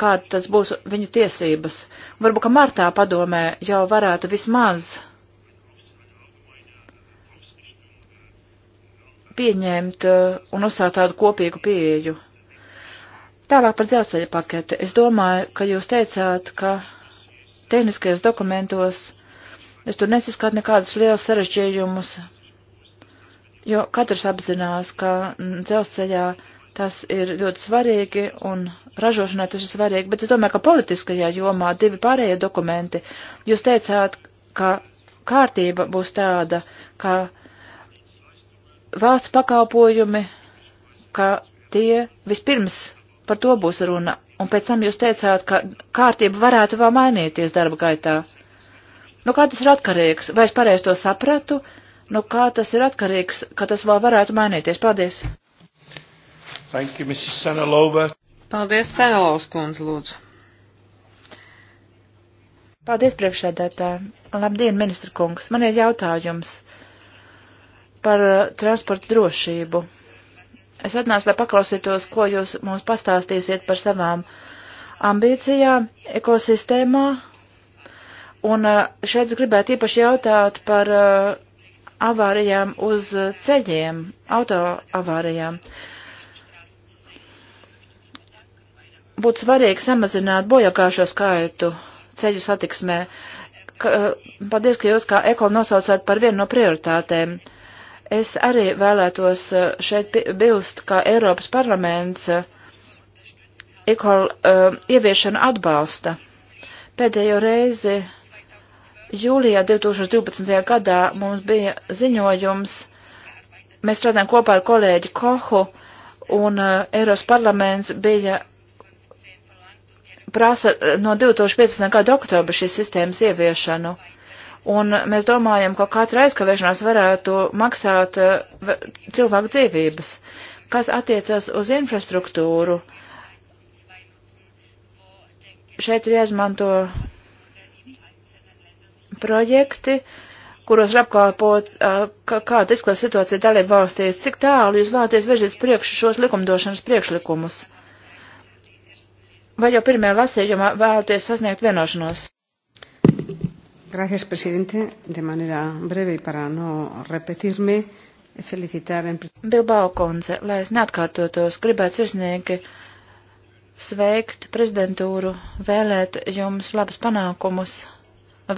C: kāda tas būs viņu tiesības. Varbūt, ka martā padomē jau varētu vismaz pieņemt uh, un uzsākt tādu kopīgu pieeju Tālāk par dzelzceļa paketi. Es domāju, ka jūs teicāt, ka tehniskajos dokumentos es tur nesaskatu nekādus lielus sarežģījumus, jo katrs apzinās, ka dzelzceļā tas ir ļoti svarīgi un ražošanai tas ir svarīgi, bet es domāju, ka politiskajā jomā divi pārējie dokumenti, jūs teicāt, ka kārtība būs tāda, ka vārds pakalpojumi, ka tie vispirms Par to būs runa. Un pēc tam jūs teicāt, ka kārtība varētu vēl mainīties darba gaitā. Nu, kā tas ir atkarīgs? Vai es pareizi to sapratu? Nu, kā tas ir atkarīgs, ka tas vēl varētu mainīties? Paldies!
B: Thank you, Mrs. Senelova. Paldies, Senelovs kundze, lūdzu.
C: Paldies, priekšsēdētāji. Labdien, ministra kungs. Man ir jautājums par eh, transporta drošību. Es atnācu, lai paklausītos, ko jūs mums pastāstīsiet par savām ambīcijām ekosistēmā. Un eh, šeit es gribētu īpaši jautāt par eh, avārijām uz ceļiem, autoavārijām. Būtu svarīgi samazināt bojākāšo skaitu ceļu satiksmē. Ka, eh, paldies, ka jūs kā eko nosaucāt par vienu no prioritātēm. Uh, Es arī vēlētos eh, šeit bilst, kā Eiropas parlaments ekol eh, uh, eh, ieviešanu atbalsta. Pēdējo reizi jūlijā 2012. gadā mums bija ziņojums, mēs strādājam kopā ar kolēģi Kohu, un uh, Eiropas parlaments bija prasa no 2015. gada oktobra šīs sistēmas ieviešanu. Uh, Un mēs domājam, ka katra aizkavēšanās varētu maksāt eh, cilvēku dzīvības. Kas attiecas uz infrastruktūru, šeit ir jāizmanto projekti, kuros ir apkārpot, eh, kāda izklāst situācija dalību valstīs, cik tālu jūs vēlaties virzīt priekš šos likumdošanas priekšlikumus. Vai jau pirmajā lasījumā vēlaties sasniegt vienošanos? Gracias, presidente. De manera breve y para no repetirme, felicitar en... Bilbao konce, lai es neatkārtotos, gribētu sirsnieki sveikt prezidentūru, vēlēt jums labus panākumus,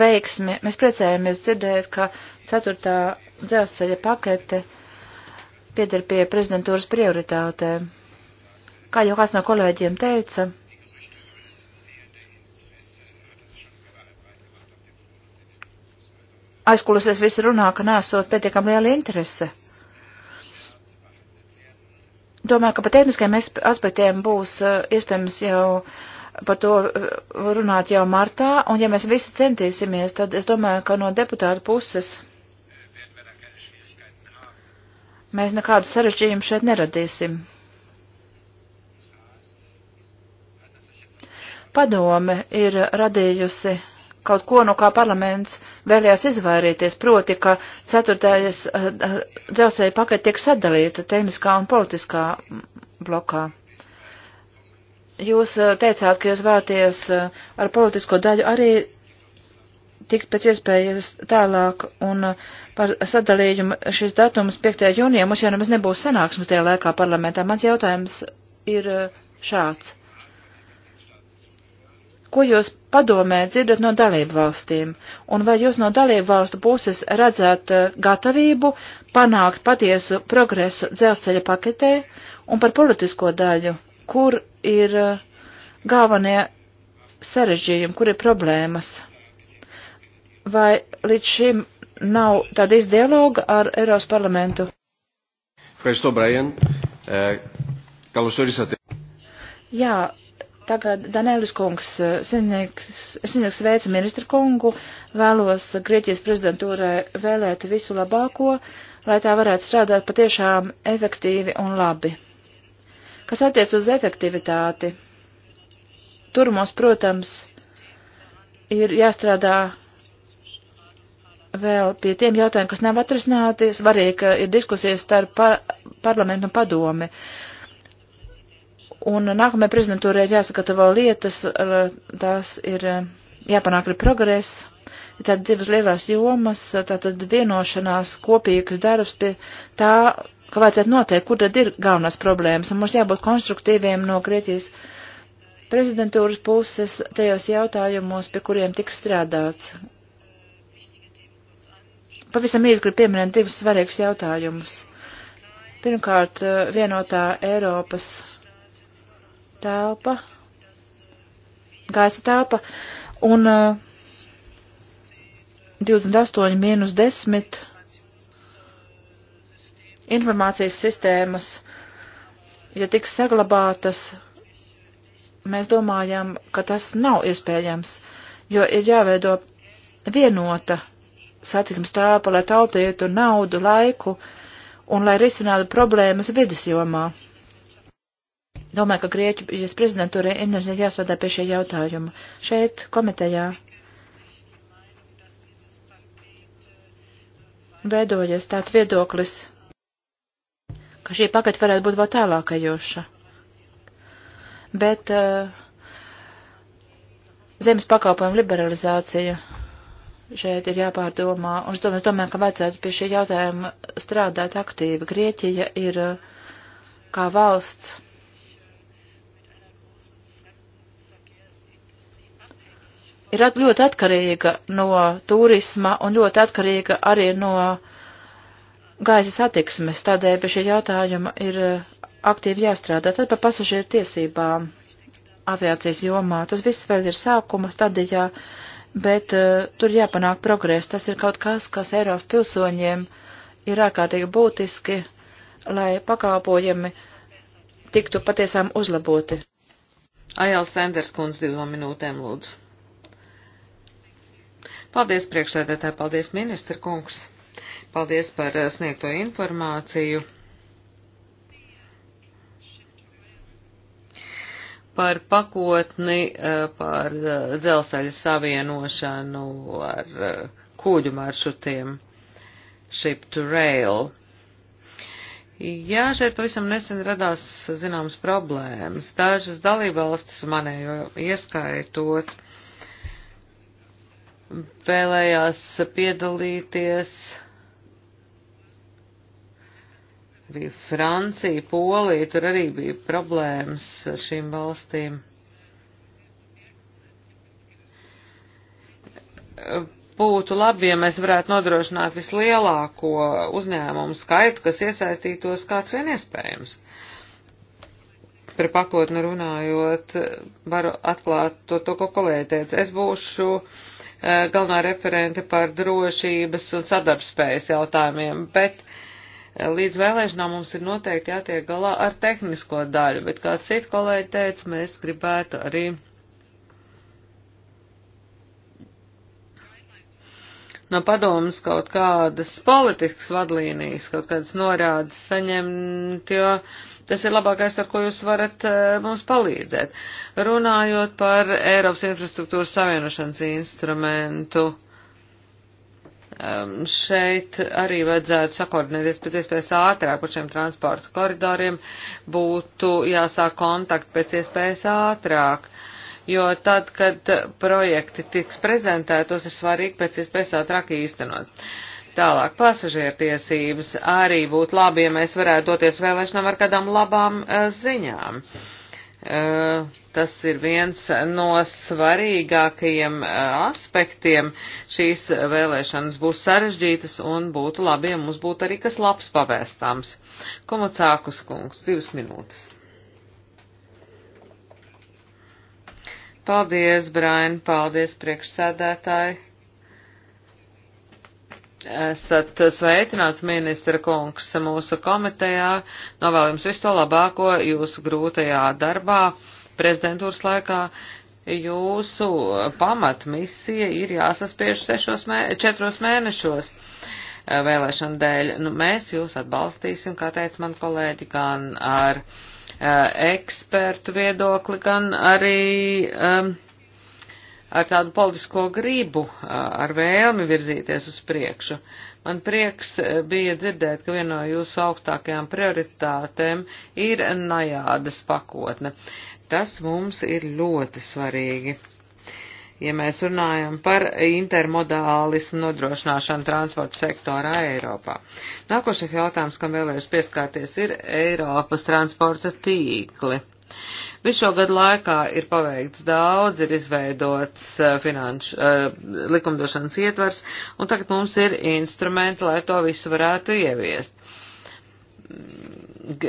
C: veiksmi. Mēs priecējamies dzirdēt, ka ceturtā dzelzceļa pakete pieder pie prezidentūras prioritātēm. Kā jau kāds no kolēģiem teica, aizkulisēs visi runā, ka nesot pietiekam liela interese. Domāju, ka par tehniskiem aspektiem būs eh, iespējams jau par to eh, runāt jau martā, un ja mēs visi centīsimies, tad es domāju, ka no deputāta puses mēs nekādu sarežģījumu šeit neradīsim. Padome ir radījusi kaut ko, no kā parlaments vēlējās izvairīties, proti, ka ceturtais eh, eh, dzelzceļa paketi tiek sadalīta tehniskā un politiskā blokā. Jūs eh, teicāt, ka jūs vēlaties ar politisko daļu arī tikt pēc iespējas tālāk un par sadalījumu šis datums 5. jūnijā. Mums jau nemaz nebūs sanāksmes tajā laikā parlamentā. Mans jautājums ir šāds. Ko jūs padomē dzirdat no dalību valstīm? Un vai jūs no dalību valstu puses redzat eh, gatavību panākt patiesu progresu dzelzceļa paketē un par politisko daļu, kur ir eh, galvenie sarežģījumi, kur ir problēmas? Vai līdz šim nav tāda izdialoga ar Eiropas parlamentu? Ευχαριστώ, Brian. Ε, καλώς ορίσατε. Jā, Tagad Danēlis kungs, eh, sirdnieks sveicu ministru kungu, vēlos Grieķijas prezidentūrai vēlēt visu labāko, lai tā varētu strādāt patiešām efektīvi un labi. Kas attiec uz efektivitāti, tur mums, protams, ir jāstrādā vēl pie tiem jautājumiem, kas nav atrisināti. Svarīgi ir diskusijas starp par parlamentu un padomi. Uh, Un nākamajai prezidentūrai ir jāsagatavo lietas, tās ir jāpanāk arī progress. Ir tādas divas lielās jomas, tātad vienošanās, kopīgs darbs pie tā, ka vajadzētu noteikt, kur tad ir galvenās problēmas. Un mums jābūt konstruktīviem no Grieķijas prezidentūras puses tajos jautājumos, pie kuriem tiks strādāts. Pavisam īsti gribu pieminēt divus svarīgus jautājumus. Pirmkārt, vienotā Eiropas telpa, gaisa telpa, un uh, 28 mīnus 10 informācijas sistēmas, ja tiks saglabātas, mēs domājam, ka tas nav iespējams, jo ir jāveido vienota satiksmes telpa, lai taupītu naudu, laiku un lai risinātu problēmas vidas jomā. Domāju, ka Grieķijas prezidentūrai enerģija jāsādā pie šie jautājumi. Šeit komitejā veidojas tāds viedoklis, ka šī pakete varētu būt vēl tālākajoša. Bet uh, zemes pakalpojumu liberalizācija šeit ir jāpārdomā, un es domāju, es domāju, ka vajadzētu pie šī jautājuma strādāt aktīvi. Grieķija ir uh, kā valsts ir at, ļoti atkarīga no turisma un ļoti atkarīga arī no gaisa satiksmes. Tādēļ pie šī jautājuma ir eh, aktīvi jāstrādā. Tad par pasažieru tiesībām aviācijas jomā. Tas viss vēl ir sākuma stadijā, bet uh, tur jāpanāk progress. Tas ir kaut kas, kas Eiropas pilsoņiem ir ārkārtīgi būtiski, lai pakāpojumi tiktu patiesām uzlaboti. Ajāls Sanders kundz divām
B: minūtēm lūdzu. Paldies priekšsēdētāji, paldies ministra kungs, paldies par eh, sniegto informāciju. Par pakotni, eh, par eh, dzelzceļa savienošanu ar kuģu maršrutiem Ship to Rail. Jā, šeit pavisam nesen radās zināmas problēmas. Dažas dalībvalstis manējo ieskaitot vēlējās piedalīties. Bija Francija, Polija, tur arī bija problēmas ar šīm valstīm. Būtu labi, ja mēs varētu nodrošināt vislielāko uzņēmumu skaitu, kas iesaistītos kāds vien iespējams. Par pakotni runājot, varu atklāt to, to ko kolēģi teica. Es būšu uh, Eh, galvenā referente par drošības un sadarbspējas jautājumiem, bet eh, līdz vēlēšanām mums ir noteikti jātiek galā ar tehnisko daļu, bet kā citi kolēģi teica, mēs gribētu arī no padomas kaut kādas politiskas vadlīnijas, kaut kādas norādes saņemt, jo Tas ir labākais, ar ko jūs varat eh, mums palīdzēt. Runājot par Eiropas infrastruktūras savienošanas instrumentu, ehm, šeit arī vajadzētu sakoordinēties pēc iespējas ātrāk par šiem transporta koridoriem, būtu jāsāk kontakt pēc iespējas ātrāk. Jo tad, kad projekti tiks prezentētos, ir svarīgi pēc iespējas ātrāk īstenot. Uh, Tālāk pasažiertiesības arī būtu labi, ja mēs varētu doties vēlēšanām ar kādām labām uh, ziņām. Uh, tas ir viens no svarīgākajiem uh, aspektiem. Šīs vēlēšanas būs sarežģītas un būtu labi, ja mums būtu arī kas labs pavēstāms. Komocākus kungs, divas minūtes. Paldies, Brain, paldies, priekšsēdētāji. Esat sveicināts, ministra kungs, mūsu komitejā. Novēlu jums visu to labāko jūsu grūtajā darbā prezidentūras laikā. Jūsu pamatmisija ir jāsaspiež sešos mē, četros mēnešos vēlēšana dēļ. Nu, mēs jūs atbalstīsim, kā teica man kolēģi, gan ar uh, ekspertu viedokli, gan arī. Um, ar tādu politisko gribu, ar vēlmi virzīties uz priekšu. Man prieks bija dzirdēt, ka viena no jūsu augstākajām prioritātēm ir najādas pakotne. Tas mums ir ļoti svarīgi. Ja mēs runājam par intermodālismu nodrošināšanu transporta sektorā Eiropā. Nākošais jautājums, kam vēlējos pieskārties, ir Eiropas transporta tīkli. Visu šo gadu laikā ir paveikts daudz, ir izveidots eh, finanšu eh, likumdošanas ietvers, un tagad mums ir instrumenti, lai to visu varētu ieviest.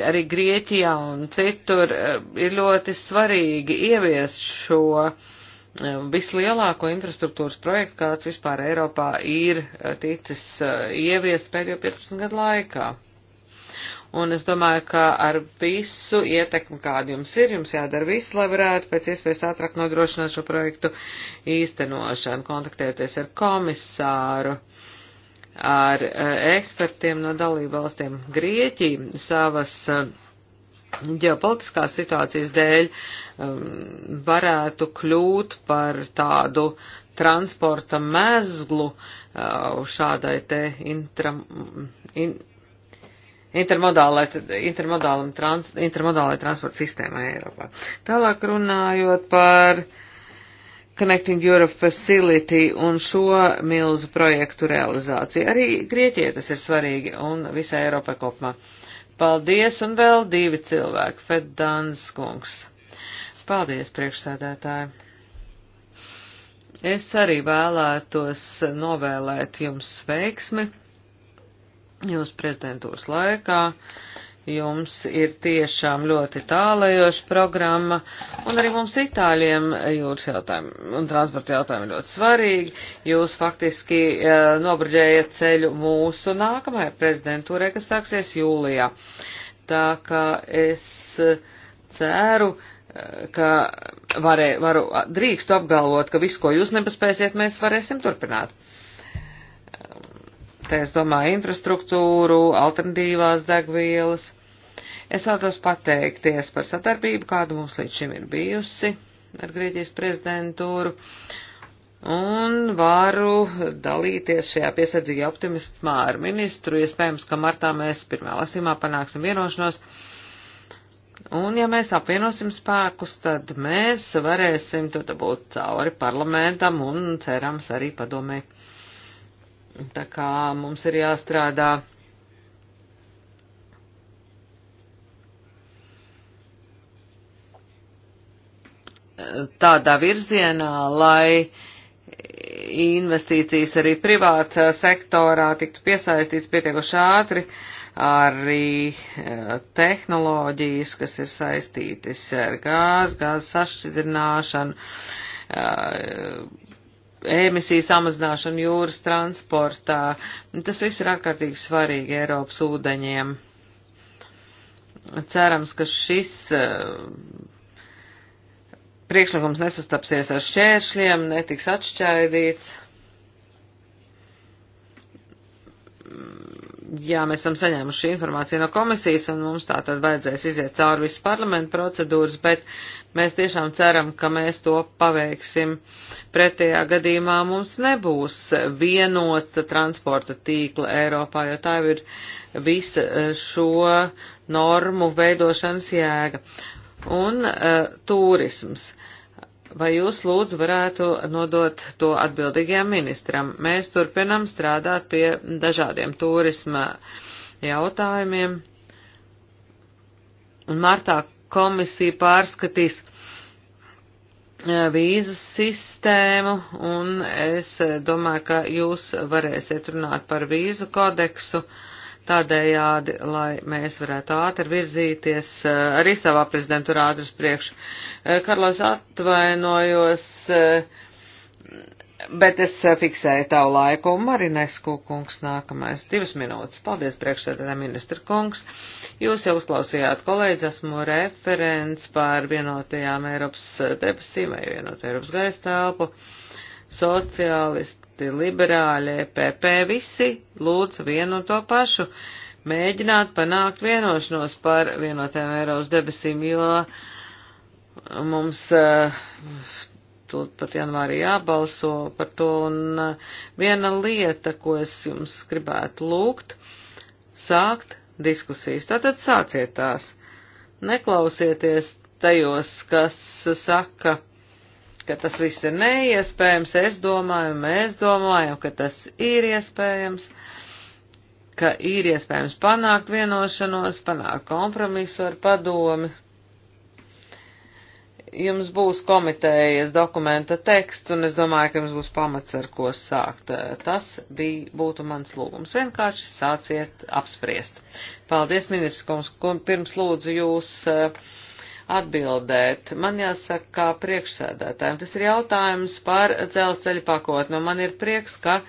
B: Arī Grieķijā un citur eh, ir ļoti svarīgi ieviest šo vislielāko infrastruktūras projektu, kāds vispār Eiropā ir ticis ieviest pēdējo 15 gadu laikā. Un es domāju, ka ar visu ietekmi, kādu jums ir, jums jādara viss, lai varētu pēc iespējas ātrāk nodrošināt šo projektu īstenošanu, kontaktēties ar komisāru, ar eh, ekspertiem no dalību valstiem. Grieķija savas eh, ģeopolitiskās situācijas dēļ um, varētu kļūt par tādu transporta mezglu uh, šādai te intram, in, intermodālai trans, transporta sistēmai Eiropā. Tālāk runājot par Connecting Europe Facility un šo milzu projektu realizāciju. Arī Grieķijai tas ir svarīgi un visai Eiropai kopumā. Paldies un vēl divi cilvēki. Fedans kungs. Paldies, priekšsēdētāji. Es arī vēlētos novēlēt jums veiksmi Jūs prezidentūras laikā jums ir tiešām ļoti tālajoša programma, un arī mums itāļiem jūras jautājumi un transporta jautājumi ļoti svarīgi. Jūs faktiski uh, nobruģējat ceļu mūsu nākamajai prezidentūrai, kas sāksies jūlijā. Tā kā es eh, ceru, eh, ka varē, varu drīkst apgalvot, ka visu, ko jūs nepaspēsiet, mēs varēsim turpināt. Te es domāju infrastruktūru, alternatīvās degvielas. Es vēlos pateikties par sadarbību, kāda mums līdz šim ir bijusi ar Grieķijas prezidentūru. Un varu dalīties šajā piesardzīgi optimismā ar ministru. Iespējams, ka martā mēs pirmā lasīmā panāksim vienošanos. Un, ja mēs apvienosim spēkus, tad mēs varēsim to dabūt cauri parlamentam un cerams arī padomē. Tā kā mums ir jāstrādā. Tādā virzienā, lai investīcijas arī privāta sektorā tiktu piesaistīts pietiekoši ātri, arī e, tehnoloģijas, kas ir saistītas ar gāzi, gāzes sašķidrināšanu, e, emisiju samazināšanu jūras transportā. Tas viss ir ārkārtīgi svarīgi Eiropas ūdeņiem. Cerams, ka šis eh, priekšlikums nesastapsies ar šķēršļiem, netiks atšķaidīts. Jā, mēs esam saņēmuši informāciju no komisijas, un mums tā tad vajadzēs iziet cauri visu parlamentu procedūras, bet mēs tiešām ceram, ka mēs to paveiksim. Pretējā gadījumā mums nebūs vienota transporta tīkla Eiropā, jo tā jau ir visa eh, šo normu veidošanas jēga. Un uh, turisms. Uh, Vai jūs lūdzu varētu nodot to atbildīgajam ministram? Mēs turpinam strādāt pie dažādiem turisma jautājumiem. Un martā komisija pārskatīs e, vīzas sistēmu, un es e, domāju, ka jūs varēsiet runāt par vīzu kodeksu. Uh, tādējādi, lai mēs varētu ātri virzīties eh, arī savā prezidentūrā ātri uz priekšu. Eh, Karlos atvainojos, eh, bet es fiksēju tavu laiku. Marinesku kungs nākamais divas minūtes. Paldies, priekšsēdētā ministra kungs. Jūs jau uzklausījāt kolēģis, esmu referents par vienotajām Eiropas debesīm vai vienotu Eiropas gaistālpu. Sociālisti demokrāti, liberāļi, EPP, visi lūdz vienu un to pašu - mēģināt panākt vienošanos par vienotēm Eiropas debesīm, jo mums uh, eh, tūlīt pat janvārī jābalso par to, un uh, viena lieta, ko es jums gribētu lūgt, sākt diskusijas. Tātad sāciet tās. Neklausieties tajos, kas saka, ka tas viss ir neiespējams, es domāju, mēs domājam, ka tas ir iespējams, ka ir iespējams panākt vienošanos, panākt kompromisu ar padomi. Jums būs komitejas dokumenta teksts, un es domāju, ka jums būs pamats, ar ko sākt. Tas bija, būtu mans lūgums. Vienkārši sāciet apspriest. Paldies, ministrs Kungs, pirms lūdzu jūs uh, atbildēt. Man jāsaka, kā priekšsēdētājiem, tas ir jautājums par dzelzceļa pakotni, un man ir prieks, ka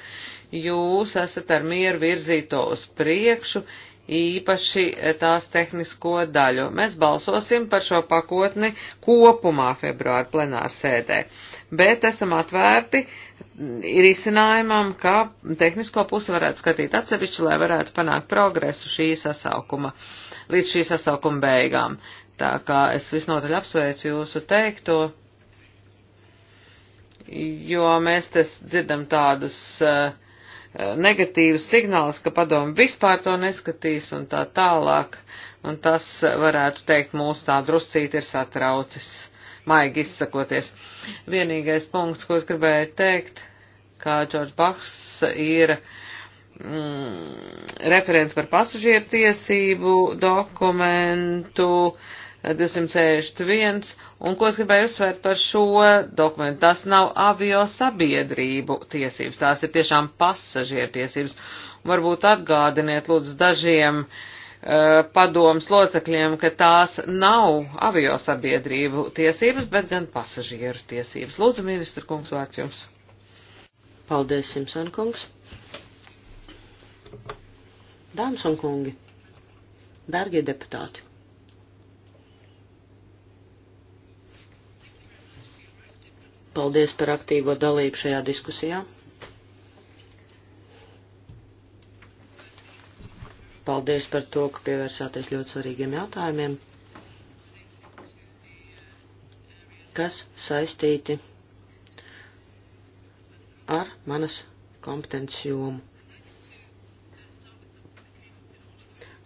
B: jūs esat ar mieru virzīto uz priekšu, īpaši tās tehnisko daļu. Mēs balsosim par šo pakotni kopumā februāra plenāra sēdē, bet esam atvērti ir izcinājumam, ka tehnisko pusi varētu skatīt atsevišķi, lai varētu panākt progresu šī sasaukuma, līdz šī sasaukuma beigām. Uh, Tā kā es visnotaļ apsveicu jūsu teikto, jo mēs te dzirdam tādus uh, negatīvus signālus, ka padomu vispār to neskatīs un tā tālāk, un tas varētu teikt mūs tā druscīt ir satraucis, maigi izsakoties. Vienīgais punkts, ko es gribēju teikt, kā Džordž Baks ir mm, referents par pasažieru tiesību dokumentu, 261, un ko es gribēju uzsvērt par šo dokumentu, tas nav avio sabiedrību tiesības, tās ir tiešām pasažieru tiesības. Varbūt atgādiniet lūdzu dažiem uh, eh, padoms locekļiem, ka tās nav avio sabiedrību tiesības, bet gan pasažieru tiesības. Lūdzu, ministra
A: kungs, vārds jums. Paldies, Simpson kungs. Dāmas un kungi, dārgie deputāti. Paldies par aktīvo dalību šajā diskusijā. Paldies par to, ka pievērsāties ļoti svarīgiem jautājumiem, kas saistīti ar manas kompetences jomu.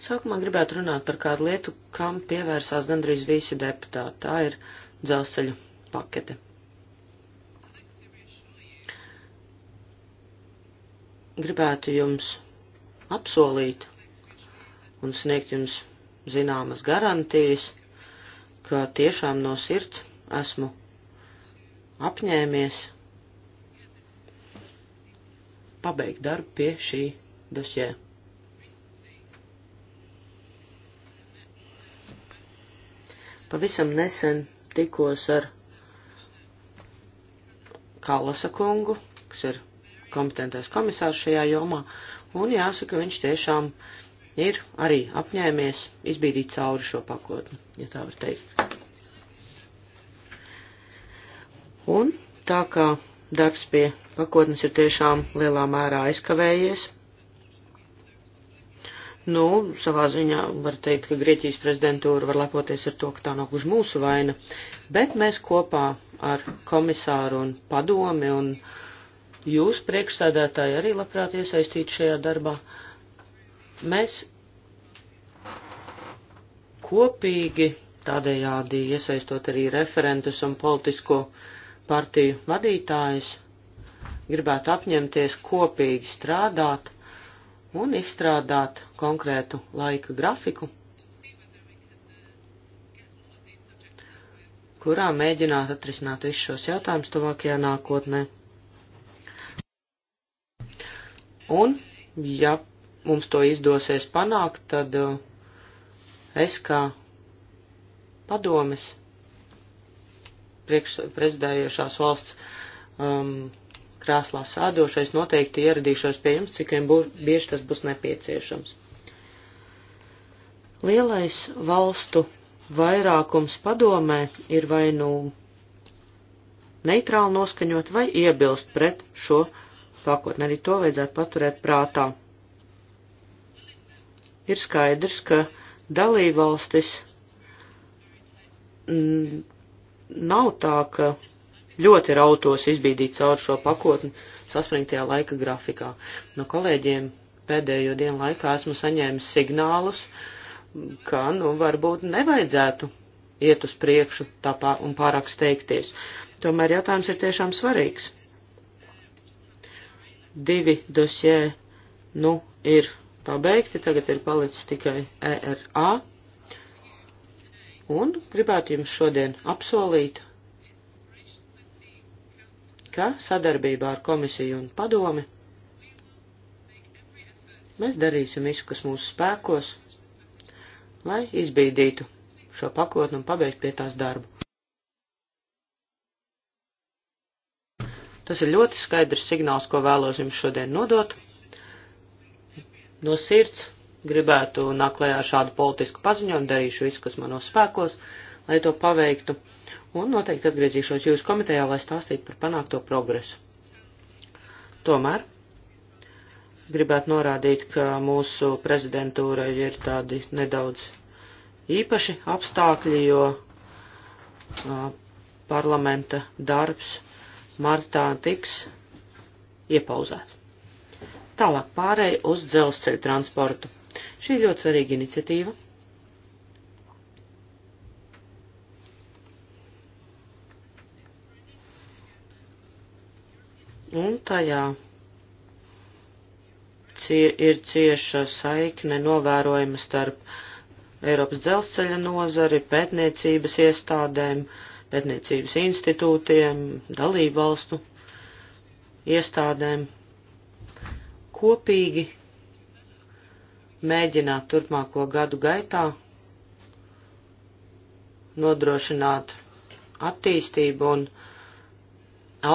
A: Sākumā gribētu runāt par kādu lietu, kam pievērsās gandrīz visi deputāti. Tā ir dzelzceļa pakete. gribētu jums apsolīt un sniegt jums zināmas garantijas, ka tiešām no sirds esmu apņēmies pabeigt darbu pie šī dosjē. Pavisam nesen tikos ar Kalasa kungu, kas ir kompetentais komisārs šajā jomā, un jāsaka, viņš tiešām ir arī apņēmies izbīdīt cauri šo pakotni, ja tā var teikt. Un tā kā darbs pie pakotnes ir tiešām lielā mērā aizkavējies, nu, savā ziņā var teikt, ka Grieķijas prezidentūra var lepoties ar to, ka tā nav gluži mūsu vaina, bet mēs kopā ar komisāru un padomi un uh, Jūs, priekšsādātāji, arī labprāt iesaistītu šajā darbā. Mēs kopīgi tādējādi iesaistot arī referentus un politisko partiju vadītājus gribētu apņemties kopīgi strādāt un izstrādāt konkrētu laika grafiku, kurā mēģināt atrisināt visus šos jautājumus tuvākajā nākotnē. Un, ja mums to izdosies panākt, tad uh, es kā padomes priekšprezidējošās valsts um, krāslā sēdošais noteikti ieradīšos pie jums, cik vien būs, bieži tas būs nepieciešams. Lielais valstu vairākums padomē ir vai nu neitrāli noskaņot vai iebilst pret šo pakotni. Arī to vajadzētu paturēt prātā. Ir skaidrs, ka dalībvalstis nav tā, ka ļoti rautos izbīdīt caur šo pakotni saspringtajā laika grafikā. No kolēģiem pēdējo dienu laikā esmu saņēmis signālus, ka, nu, varbūt nevajadzētu iet uz priekšu tā pā, un pārāk steigties. Tomēr jautājums ir tiešām svarīgs. Divi dosjē nu ir pabeigti, tagad ir palicis tikai ERA. Un gribētu jums šodien apsolīt, ka sadarbībā ar komisiju un padomi mēs darīsim visu, kas mūsu spēkos, lai izbīdītu šo pakotni un pabeigtu pie tās darbu. Tas ir ļoti skaidrs signāls, ko vēlos jums šodien nodot. No sirds gribētu nākt klajā šādu politisku paziņojumu, darīšu visu, kas manos spēkos, lai to paveiktu, un noteikti atgriezīšos jūsu komitejā, lai stāstītu par panākto progresu. Tomēr gribētu norādīt, ka mūsu prezidentūra ir tādi nedaudz īpaši apstākļi, jo uh, parlamenta darbs martā tiks iepauzēts. Tālāk pārēja uz dzelzceļa transportu. Šī ir ļoti svarīga iniciatīva. Un tajā cie, ir cieša saikne novērojama starp Eiropas dzelzceļa nozari, pētniecības iestādēm, uh, pētniecības institūtiem, dalību valstu iestādēm kopīgi mēģināt turpmāko gadu gaitā nodrošināt attīstību un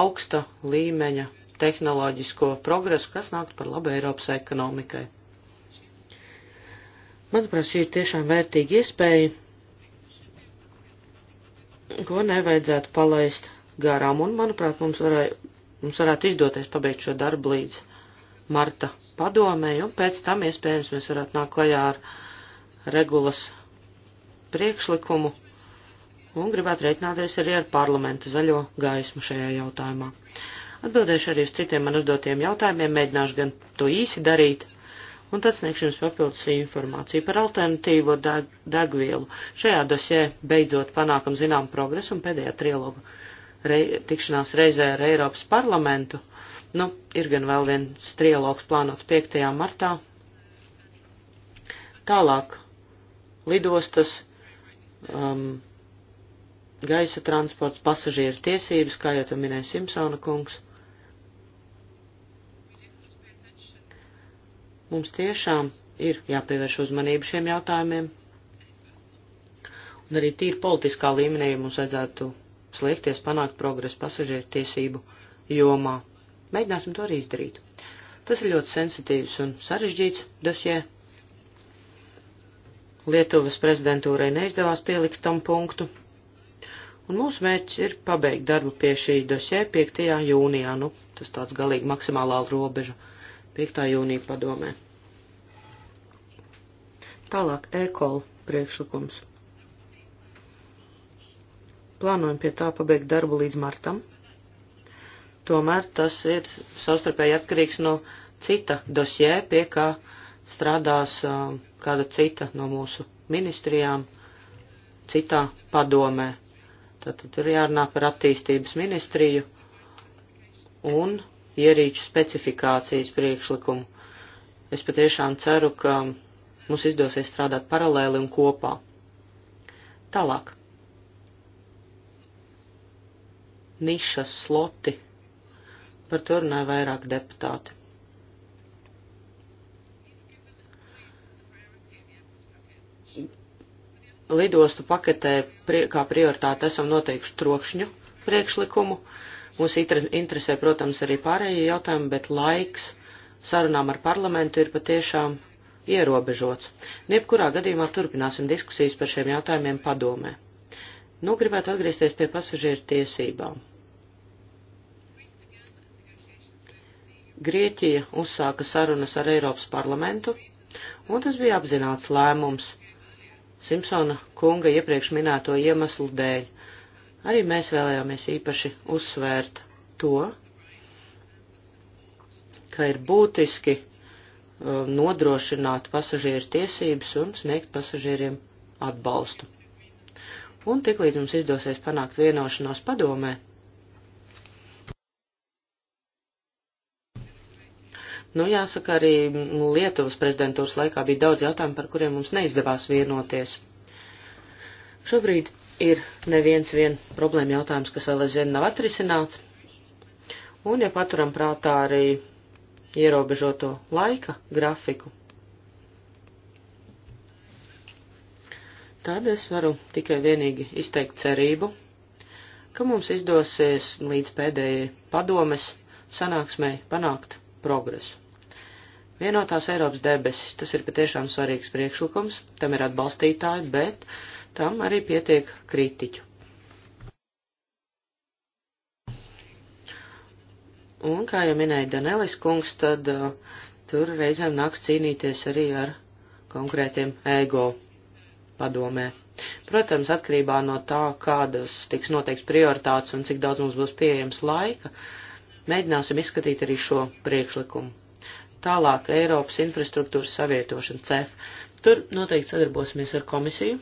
A: augsta līmeņa tehnoloģisko progresu, kas nāk par labu Eiropas ekonomikai. Manuprāt, šī ir tiešām vērtīga iespēja ko nevajadzētu palaist garām, un, manuprāt, mums, varēja, mums varētu izdoties pabeigt šo darbu līdz marta padomēju, un pēc tam iespējams mēs varētu nākt klajā ar regulas priekšlikumu, un gribētu reiķināties arī ar parlamenta zaļo gaismu šajā jautājumā. Atbildēšu arī uz citiem man uzdotiem jautājumiem, mēģināšu gan to īsi darīt, un tad sniegšu jums papildus informāciju par alternatīvo deg degvielu. Šajā dosē beidzot panākam zinām progresu un pēdējā trilogu rei tikšanās reizē ar Eiropas parlamentu. Nu, ir gan vēl viens trilogs plānots 5. martā. Tālāk lidostas, um, gaisa transports, pasažieru tiesības, kā jau to minēja Simpsona kungs. Mums tiešām ir jāpievērš uzmanību šiem jautājumiem. Un arī tīri politiskā līmenī mums vajadzētu sliekties panākt progresu pasažieru tiesību jomā. Mēģināsim to arī izdarīt. Tas ir ļoti sensitīvs un sarežģīts dosie. Lietuvas prezidentūrai neizdevās pielikt tam punktu, un mūsu mērķis ir pabeigt darbu pie šī dosie 5. jūnijā, nu, tas tāds galīgi maksimālā robeža. 5. jūnija padomē. Tālāk e-kola priekšlikums. Plānojam pie tā pabeigt darbu līdz martam. Tomēr tas ir savstarpēji atkarīgs no cita dosjē, pie kā strādās uh, kāda cita no mūsu ministrijām, citā padomē. Tātad ir jārunā par attīstības ministriju un ierīču specifikācijas priekšlikumu. Es patiešām ceru, ka mums izdosies strādāt paralēli un kopā. Tālāk. Nišas sloti. Par to runāja vairāk deputāti. Lidostu paketē prie, kā prioritāte esam noteikuši trokšņu priekšlikumu. Uh, Mūs interesē, protams, arī pārējie jautājumi, bet laiks sarunām ar parlamentu ir patiešām ierobežots. Niepkurā gadījumā turpināsim diskusijas par šiem jautājumiem padomē. Nu, gribētu atgriezties pie pasažieru tiesībām. Grieķija uzsāka sarunas ar Eiropas parlamentu, un tas bija apzināts lēmums Simpsona kunga iepriekš minēto iemeslu dēļ Arī mēs vēlējāmies īpaši uzsvērt to, ka ir būtiski um, nodrošināt pasažieru tiesības un sniegt pasažieriem atbalstu. Un tiklīdz mums izdosies panākt vienošanos padomē, Nu, jāsaka, arī Lietuvas prezidentūras laikā bija daudz jautājumu, par kuriem mums neizdevās vienoties. Šobrīd ir neviens vien problēma jautājums, kas vēl aizvien nav atrisināts. Un, ja paturam prātā arī ierobežoto laika grafiku, tad es varu tikai vienīgi izteikt cerību, ka mums izdosies līdz pēdējai padomes sanāksmēji panākt progresu. Vienotās Eiropas debesis, tas ir patiešām svarīgs priekšlikums, tam ir atbalstītāji, bet tam arī pietiek kritiķu. Un, kā jau minēja Danelis kungs, tad uh, tur reizēm nāks cīnīties arī ar konkrētiem ego padomē. Protams, atkarībā no tā, kādas tiks noteikts prioritātes un cik daudz mums būs pieejams laika, mēģināsim izskatīt arī šo priekšlikumu. Tālāk Eiropas infrastruktūras savietošana CEF. Tur noteikti sadarbosimies ar komisiju,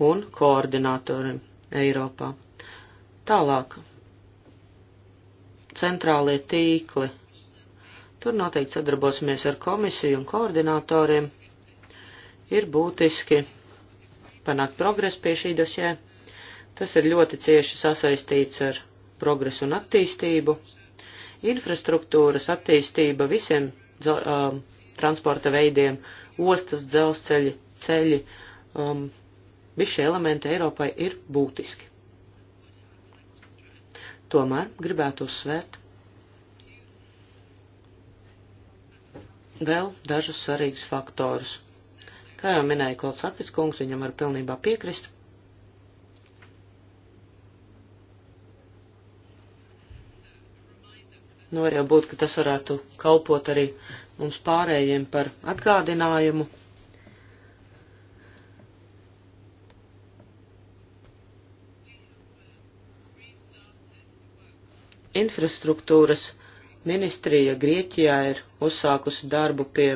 A: un koordinatoriem Eiropā. Tālāk. Centrālie tīkli. Tur noteikti sadarbosimies ar komisiju un koordinatoriem. Ir būtiski panākt progresu pie šī dosē. Tas ir ļoti cieši sasaistīts ar progresu un attīstību. Infrastruktūras attīstība visiem um, transporta veidiem, ostas, dzelzceļi, ceļi, um, Visi šie elementi Eiropai ir būtiski. Tomēr gribētu uzsvērt vēl dažus svarīgus faktorus. Kā jau minēja Kolts Akis kungs, viņam var pilnībā piekrist. Nu, var jau būt, ka tas varētu kalpot arī mums pārējiem par atgādinājumu infrastruktūras ministrija Grieķijā ir uzsākusi darbu pie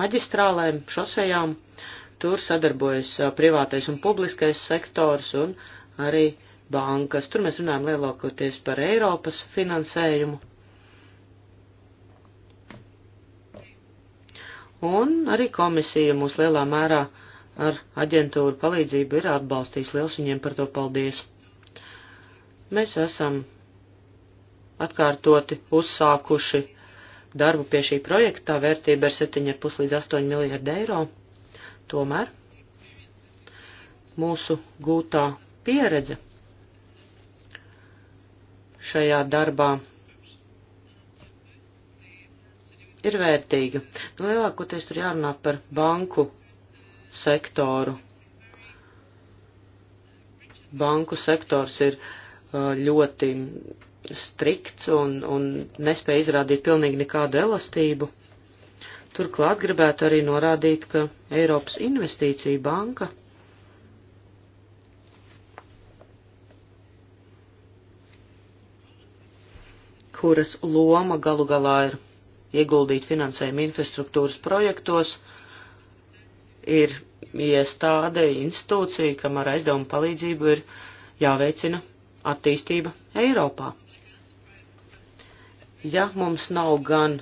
A: maģistrālēm, šosejām. Tur sadarbojas privātais un publiskais sektors un arī bankas. Tur mēs runājam lielākoties par Eiropas finansējumu. Un arī komisija mūs lielā mērā ar aģentūru palīdzību ir atbalstījis. Liels viņiem par to paldies! Mēs esam atkārtoti uzsākuši darbu pie šī projekta, tā vērtība ir 7,5 līdz 8 miljārdi eiro. Tomēr mūsu gūtā pieredze šajā darbā ir vērtīga. Lielākoties tur jārunā par banku sektoru. Banku sektors ir ļoti strikts un, un nespēja izrādīt pilnīgi nekādu elastību. Turklāt gribētu arī norādīt, ka Eiropas investīcija banka kuras loma galu galā ir ieguldīt finansējumu infrastruktūras projektos, ir iestāde, institūcija, kam ar aizdevumu palīdzību ir jāveicina attīstība Eiropā. Ja mums nav gan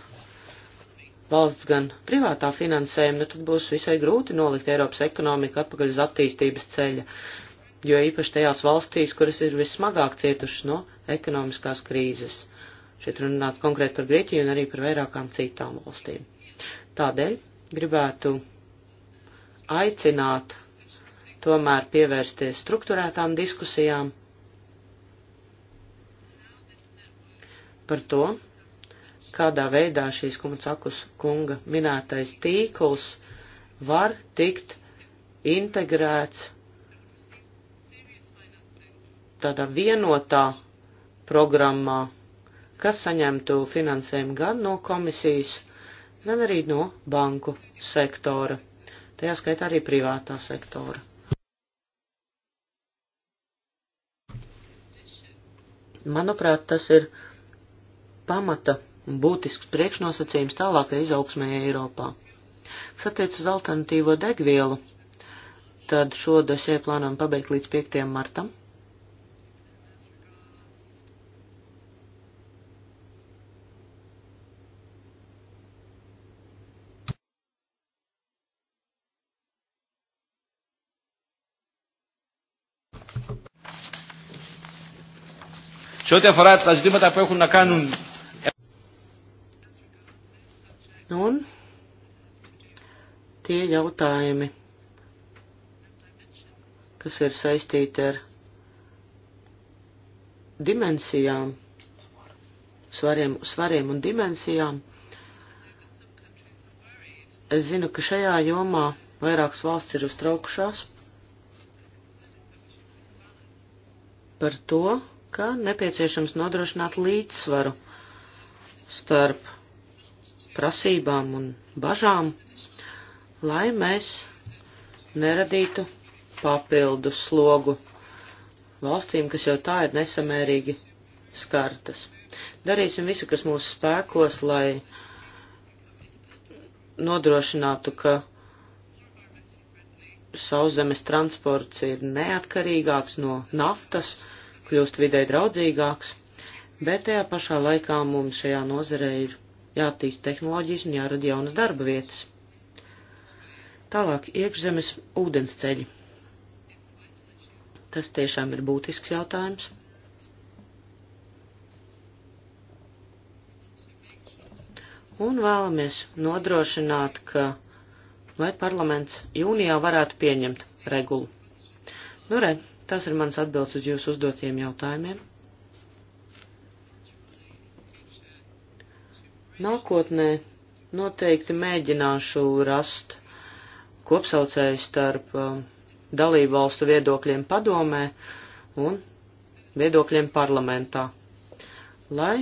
A: valsts, gan privātā finansējuma, nu tad būs visai grūti nolikt Eiropas ekonomiku atpakaļ uz attīstības ceļa, jo īpaši tajās valstīs, kuras ir vissmagāk cietušas no ekonomiskās krīzes. Šeit runāt konkrēti par Grieķiju un arī par vairākām citām valstīm. Tādēļ gribētu aicināt tomēr pievērsties struktūrētām diskusijām par to, kādā veidā šīs Kumacakus kunga minētais tīkls var tikt integrēts tādā vienotā programmā, kas saņemtu finansējumu gan no komisijas, gan arī no banku sektora, tajā skaitā arī privātā sektora. Manuprāt, tas ir pamata un būtisks priekšnosacījums tālākai izaugsmē Eiropā. Kas attiec uz alternatīvo degvielu, tad šo dosie plānojam pabeigt līdz 5. martam.
C: Σε ό,τι αφορά τα ζητήματα που έχουν να κάνουν
A: Un tie jautājumi, kas ir saistīti ar dimensijām, svariem, svariem un dimensijām, es zinu, ka šajā jomā vairākas valsts ir uztraukušās par to, ka nepieciešams nodrošināt līdzsvaru starp prasībām un bažām, lai mēs neradītu papildu slogu valstīm, kas jau tā ir nesamērīgi skartas. Darīsim visu, kas mūsu spēkos, lai nodrošinātu, ka sauszemes transports ir neatkarīgāks no naftas, kļūst vidē draudzīgāks, bet tajā pašā laikā mums šajā nozarē ir jātīst tehnoloģijas un jārada jaunas darba vietas. Tālāk iekšzemes ūdensceļi. Tas tiešām ir būtisks jautājums. Un vēlamies nodrošināt, ka, lai parlaments jūnijā varētu pieņemt regulu. Nu re, tas ir mans atbilds uz jūsu uzdotiem jautājumiem. Nākotnē noteikti mēģināšu rast kopsaucēju starp um, dalību valstu viedokļiem padomē un viedokļiem parlamentā, lai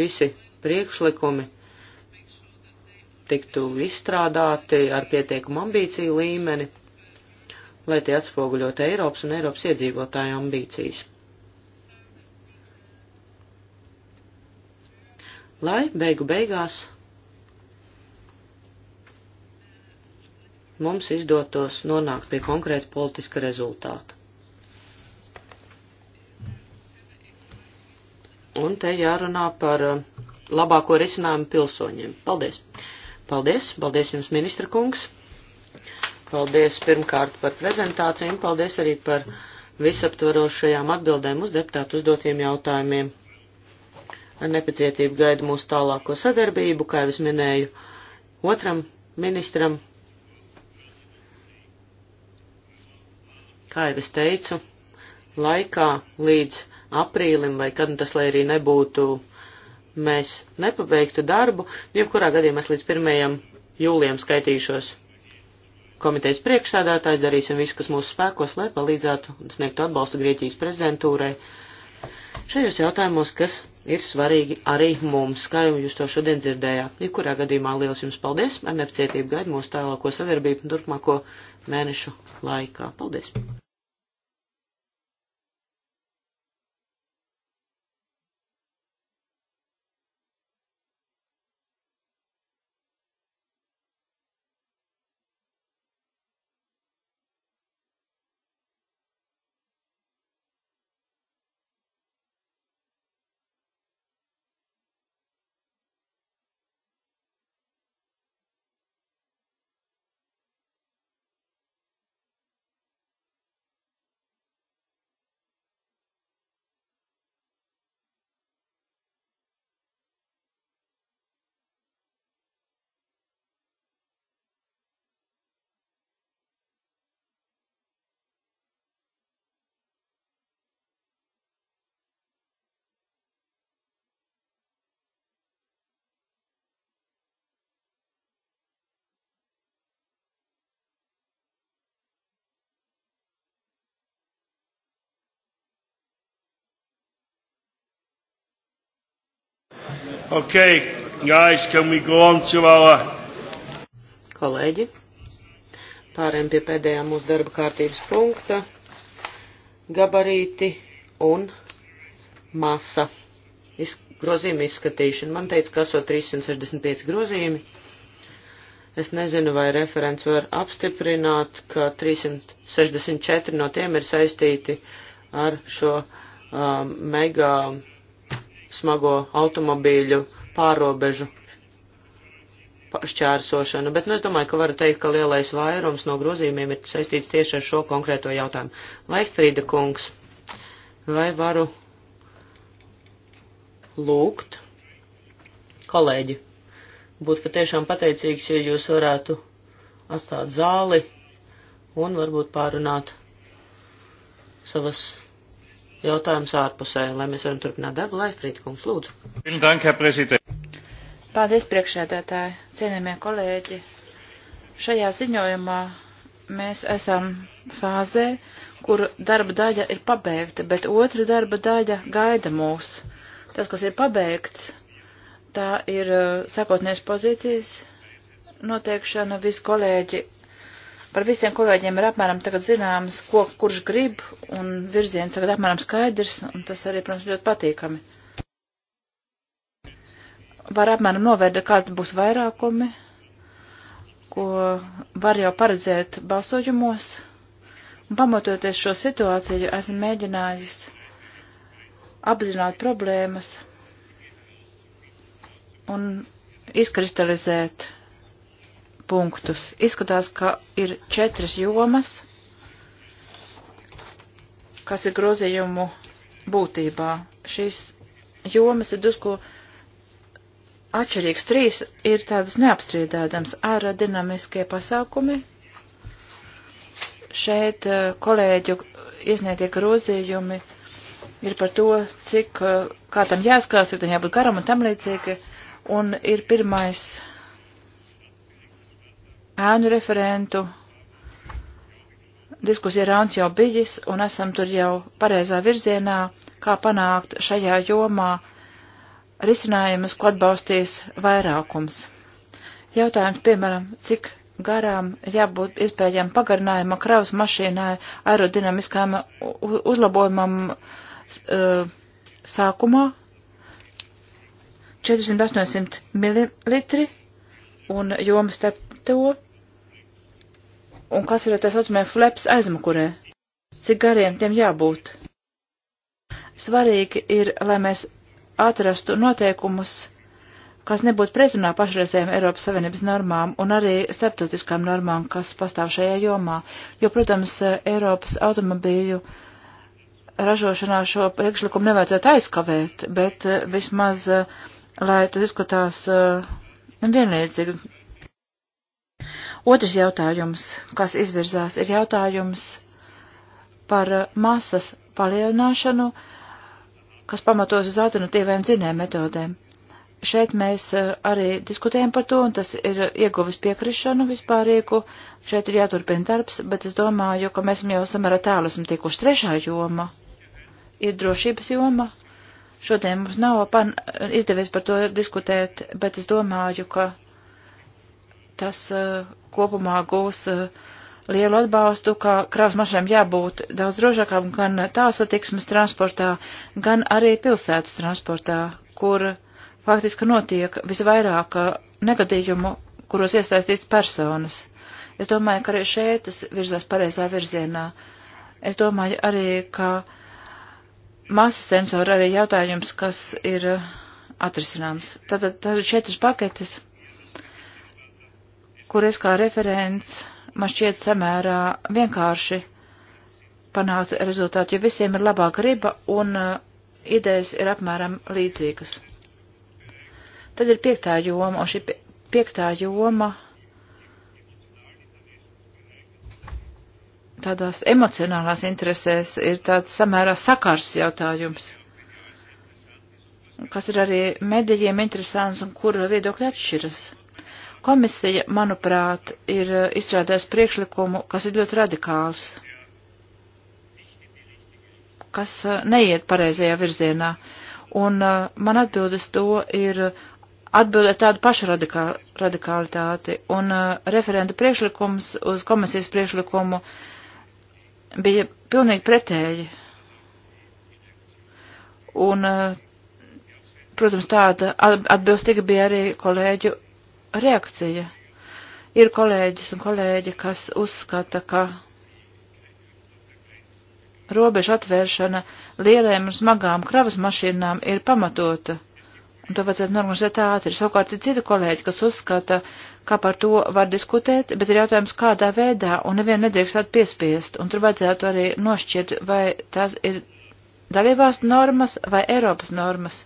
A: visi priekšlikumi tiktu izstrādāti ar pietiekumu ambīciju līmeni, lai tie atspoguļot Eiropas un Eiropas iedzīvotāju ambīcijas. lai beigu beigās mums izdotos nonākt pie konkrēta politiska rezultāta. Un te jārunā par uh, labāko risinājumu pilsoņiem. Paldies! Paldies! Paldies jums, ministra kungs! Paldies pirmkārt par prezentāciju un paldies arī par visaptvarošajām atbildēm uz deputātu uzdotiem jautājumiem. Ar nepacietību gaidu mūsu tālāko sadarbību, kā jau es minēju, otram ministram. Kā jau es teicu, laikā līdz aprīlim vai kad tas, lai arī nebūtu, mēs nepabeigtu darbu, jebkurā gadījumā es līdz 1. jūlijam skaitīšos komitejas priekšsādātājs darīsim visu, kas mūsu spēkos, lai palīdzētu un sniegtu atbalstu Grieķijas prezidentūrai šajos jautājumos, kas ir svarīgi arī mums, kā jau jūs to šodien dzirdējāt. Jebkurā gadījumā liels jums paldies, ar nepacietību gaidu mūsu tālāko sadarbību turpmāko mēnešu laikā. Paldies! Okay, guys, can we go on to our... Kolēģi, pārējām pie pēdējā mūsu darba kārtības punkta - gabarīti un masa. Iz, grozījuma izskatīšana. Man teica, ka esot 365 grozījumi. Es nezinu, vai referents var apstiprināt, ka 364 no tiem ir saistīti ar šo um, mega smago automobīļu pārobežu šķērsošanu, bet nu, es domāju, ka varu teikt, ka lielais vairums no grozījumiem ir saistīts tieši ar šo konkrēto jautājumu. Laikfrīda kungs, vai varu lūgt kolēģi? Būtu patiešām pateicīgs, ja jūs varētu atstāt zāli un varbūt pārunāt savas jautājums ārpusē, lai mēs varam turpināt darbu. Laifrīd, kungs,
C: lūdzu. Paldies, priekšsēdētāji, cienījamie kolēģi. Šajā ziņojumā mēs esam fāzē, kur darba daļa ir pabeigta, bet otra darba daļa gaida mūs. Tas, kas ir pabeigts, tā ir eh, sakotnēs pozīcijas noteikšana, visi kolēģi Par visiem kolēģiem ir apmēram tagad zināms, ko kurš grib, un virziens tagad apmēram skaidrs, un tas arī, protams, ļoti patīkami. Var apmēram novērtēt, kāda būs vairākumi, ko var jau paredzēt balsojumos. Un pamatoties šo situāciju, esmu mēģinājis apzināt problēmas un izkristalizēt punktus. Izskatās, ka ir četras jomas, kas ir grozījumu būtībā. Šīs jomas ir dusko atšķirīgs. Trīs ir tādas neapstrīdēdams aerodinamiskie pasākumi. Šeit eh, kolēģu iesniegtie grozījumi ir par to, cik, eh, kā tam jāskās, cik tam jābūt garam un tam līdzīgi. Un ir pirmais ēnu referentu. Diskusija rāns jau bijis un esam tur jau pareizā virzienā, kā panākt šajā jomā risinājumus, ko atbalstīs vairākums. Jautājums, piemēram, cik garām jābūt iespējām pagarinājuma kravas mašīnai, aerodinamiskām uzlabojumam uh, sākumā 400-800 ml un jomas starp to un kas ir tas saucamie flaps aizmukurē. Cik gariem tiem jābūt? Svarīgi ir, lai mēs atrastu noteikumus, kas nebūtu pretrunā pašreizējām Eiropas Savienības normām un arī starptautiskām normām, kas pastāv šajā jomā, jo, protams, Eiropas automobīļu ražošanā šo priekšlikumu nevajadzētu aizkavēt, bet eh, vismaz, eh, lai tas izskatās eh, vienlīdzīgi Otrs jautājums, kas izvirzās, ir jautājums par eh, masas palielināšanu, kas pamatos uz alternatīviem dzinēm metodēm. Šeit mēs eh, arī diskutējam par to, un tas ir ieguvis piekrišanu vispārīgu. Šeit ir jāturpina darbs, bet es domāju, ka mēs jau samērā tālu esam tikuši. Trešā joma ir drošības joma. Šodien mums nav pan, izdevies par to diskutēt, bet es domāju, ka tas eh, kopumā gūs eh, lielu atbalstu, ka kravas mašīnām jābūt daudz drošākām gan tālsatiksmes transportā, gan arī pilsētas transportā, kur faktiski notiek visvairāk eh, negadījumu, kuros iesaistīts personas. Es domāju, ka arī šeit tas virzās pareizā virzienā. Es domāju arī, ka masas sensori arī jautājums, kas ir atrisināms. Tātad tas ir četras paketes kur es kā referents man šķiet samērā vienkārši panāca rezultātu, jo visiem ir labāka riba un uh, idejas ir apmēram līdzīgas. Tad ir piektā joma, un šī piektā joma tādās emocionālās interesēs ir tāds samērā sakars jautājums, kas ir arī medijiem interesants un kur viedokļi atšķiras. Komisija, manuprāt, ir eh, izstrādājusi priekšlikumu, kas ir ļoti radikāls, kas eh, neiet pareizajā virzienā. Un eh, man atbildes to ir atbildēt tādu pašu radikā, radikālitāti. Un referenta priekšlikums uz komisijas priekšlikumu bija pilnīgi pretēji. Un, protams, tāda atbilstīga bija arī kolēģu reakcija. Ir kolēģis un kolēģi, kas uzskata, ka robežu atvēršana lielajām un smagām kravas mašīnām ir pamatota, un to vajadzētu normalizēt ātri. Savukārt ir citi kolēģi, kas uzskata, ka par to var diskutēt, bet ir jautājums, kādā veidā, un nevienu nedrīkstētu piespiest, un tur vajadzētu arī nošķirt, vai tās ir dalībās normas vai Eiropas normas.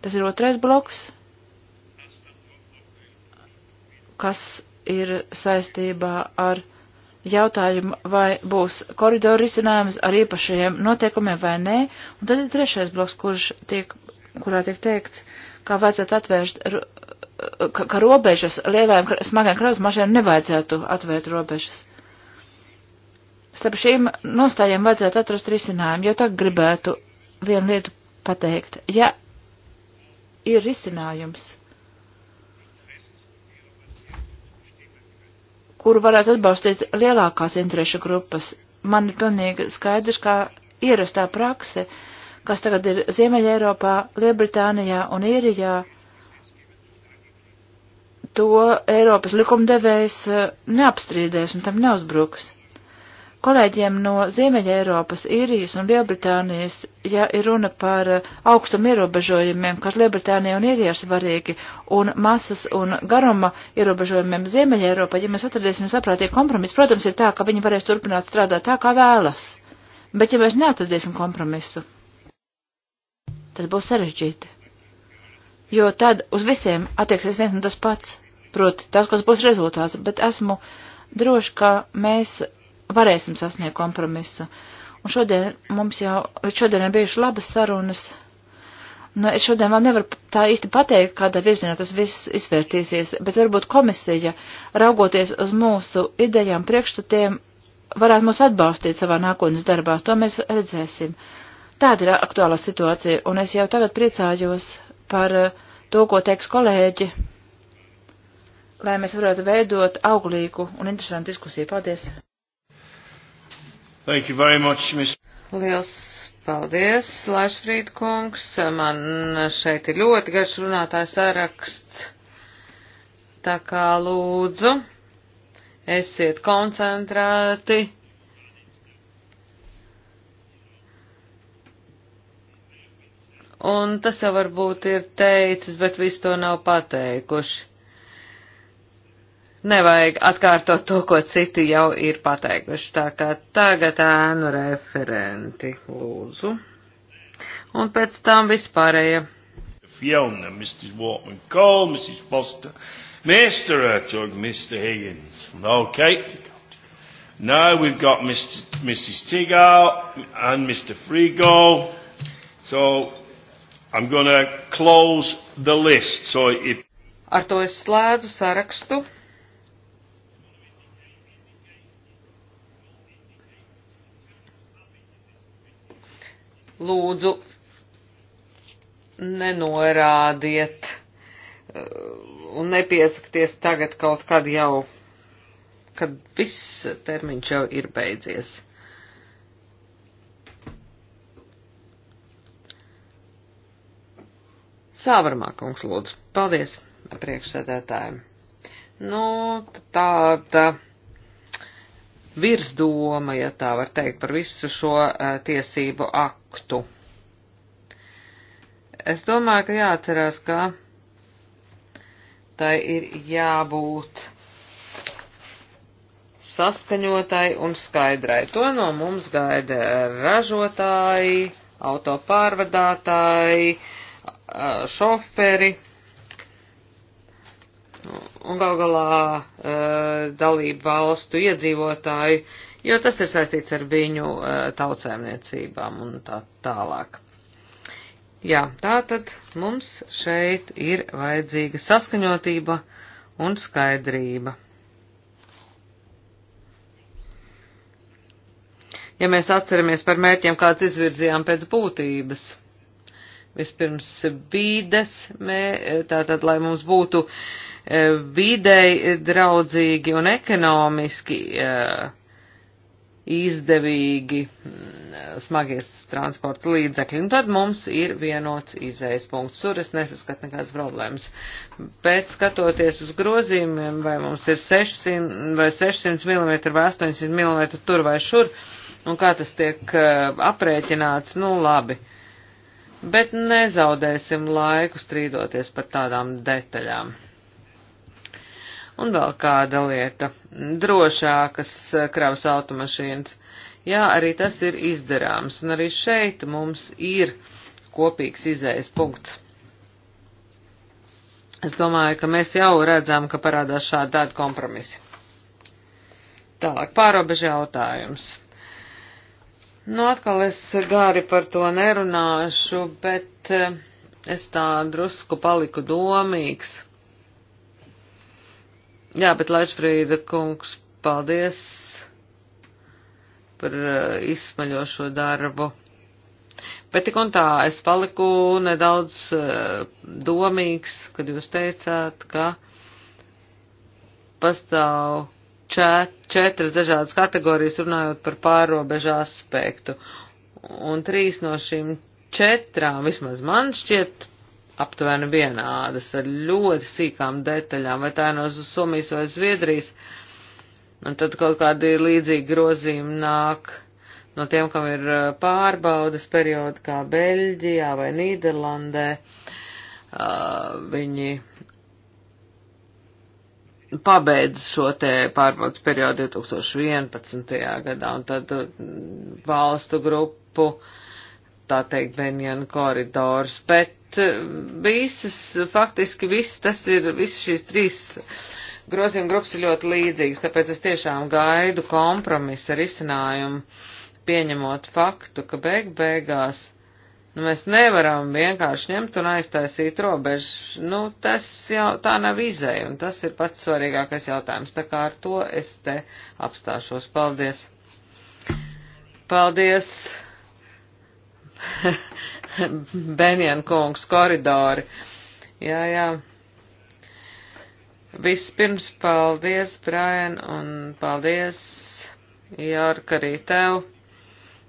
C: Tas ir otrais bloks kas ir saistībā ar jautājumu, vai būs koridoru risinājums ar īpašajiem noteikumiem vai nē. Un tad ir trešais bloks, kurš tiek, kurā tiek teikts, kā vajadzētu atvērst, ka, ka robežas lielajām smagajām kravas mašīnām nevajadzētu atvērt robežas. Starp šīm nostājiem vajadzētu atrast risinājumu, jo tā gribētu vienu lietu pateikt. Ja ir risinājums, kuru varētu atbalstīt lielākās interešu grupas. Man ir pilnīgi skaidrs, kā ierastā prakse, kas tagad ir Ziemeļa Eiropā, Lielbritānijā un Īrijā, to Eiropas likumdevējs eh, neapstrīdēs un tam neuzbruks kolēģiem no Ziemeļa Eiropas, Īrijas un Lielbritānijas, ja ir runa par eh, augstumu ierobežojumiem, kas Lielbritānija un Īrijā svarīgi, un masas un garuma ierobežojumiem Ziemeļa Eiropā, ja mēs atradīsim saprātīgi kompromisu, protams, ir tā, ka viņi varēs turpināt strādāt tā, kā vēlas. Bet ja mēs neatradīsim kompromisu, tad būs sarežģīti. Jo tad uz visiem attieksies viens un tas pats, proti tas, kas būs rezultāts, bet esmu droši, ka mēs varēsim sasniegt kompromisu. Un šodien mums jau, šodien ir bijušas labas sarunas. Nu, es šodien vēl nevaru tā īsti pateikt, kādā virzienā tas viss izvērtīsies, bet varbūt komisija, raugoties uz mūsu idejām, priekšstatiem, varētu mūs atbalstīt savā nākotnes darbā. To mēs redzēsim. Tāda ir aktuāla situācija, un es jau tagad priecājos par eh, to, ko teiks kolēģi, lai mēs varētu veidot auglīgu un interesantu diskusiju. Paldies! Thank you very much, Mr.
B: Liels paldies, Laišfrīd kungs. Man šeit ir ļoti garš runātājs saraksts. Tā kā lūdzu, esiet koncentrēti. Un tas jau varbūt ir teicis, bet visu to nav pateikuši nevajag atkārtot to, ko citi jau ir pateikuši. Tā kā tagad ēnu referenti, lūdzu. Un pēc tam vispārējie. Fiona,
C: Mrs. Walkman Cole, Mrs. Foster, Mr. Ertug, Mr. Higgins. Okay. Now we've got Mr. Mrs. Tigal and Mr. Frigo. So I'm going to close the list. So if...
B: Ar to es slēdzu sarakstu. lūdzu nenorādiet uh, un nepiesakties tagad kaut kad jau, kad viss termiņš jau ir beidzies. Sāvarmā kungs lūdzu. Paldies priekšsēdētājiem. Nu, tāda. Tā virsdoma, ja tā var teikt, par visu šo uh, tiesību aktu. Es domāju, ka jāatcerās, ka tai ir jābūt saskaņotai un skaidrai. To no mums gaida eh, ražotāji, autopārvadātāji, eh, šoferi un gal galā uh, dalību valstu iedzīvotāju, jo tas ir saistīts ar viņu uh, tautsēmniecībām un tā tālāk. Jā, tātad mums šeit ir vajadzīga saskaņotība un skaidrība. Ja mēs atceramies par mērķiem, kāds izvirzījām pēc būtības Vispirms bīdes, mē, tātad, lai mums būtu e, videi draudzīgi un ekonomiski e, izdevīgi mm, smagies transporta līdzekļi. Un tad mums ir vienots izējas punkts. Tur es nesaskatu nekādas problēmas. Pēc skatoties uz grozījumiem, vai mums ir 600 vai 600 mm vai 800 mm tur vai šur, un kā tas tiek e, aprēķināts, nu labi. Uh, bet nezaudēsim laiku strīdoties par tādām detaļām. Un vēl kāda lieta - drošākas kravas automašīnas. Jā, arī tas ir izdarāms, un arī šeit mums ir kopīgs izējas punkts. Es domāju, ka mēs jau redzam, ka parādās šādi tādi kompromisi. Tālāk pārobežu jautājums. Nu, atkal es gāri par to nerunāšu, bet eh, es tā drusku paliku domīgs. Jā, bet Laišfrīda kungs, paldies par eh, izsmaļošo darbu. Bet tik un tā, es paliku nedaudz eh, domīgs, kad jūs teicāt, ka pastāv četras dažādas kategorijas runājot par pārobežu aspektu. Un trīs no šīm četrām vismaz man šķiet aptuveni vienādas ar ļoti sīkām detaļām, vai tā ir no Somijas vai Zviedrijas. Un tad kaut kādi līdzīgi grozījumi nāk no tiem, kam ir uh, pārbaudas periodi, kā Beļģijā vai Nīderlandē. Uh, viņi pabeidz šo te pārbaudas periodu 2011. gadā, un tad mm, valstu grupu, tā teikt, Benjana koridors, bet mm, visas, faktiski viss tas ir, visas šīs trīs grozījuma grupas ir ļoti līdzīgas, tāpēc es tiešām gaidu kompromisu ar izcinājumu, pieņemot faktu, ka beig beigās Nu, mēs nevaram vienkārši ņemt un aiztaisīt robežu. Nu, tas jau tā nav izēja, un tas ir pats svarīgākais jautājums. Tā kā ar to es te apstāšos. Paldies! Paldies! Benjana kungs koridori. Jā, jā. Vispirms paldies, Brian, un paldies, Jārka, arī tev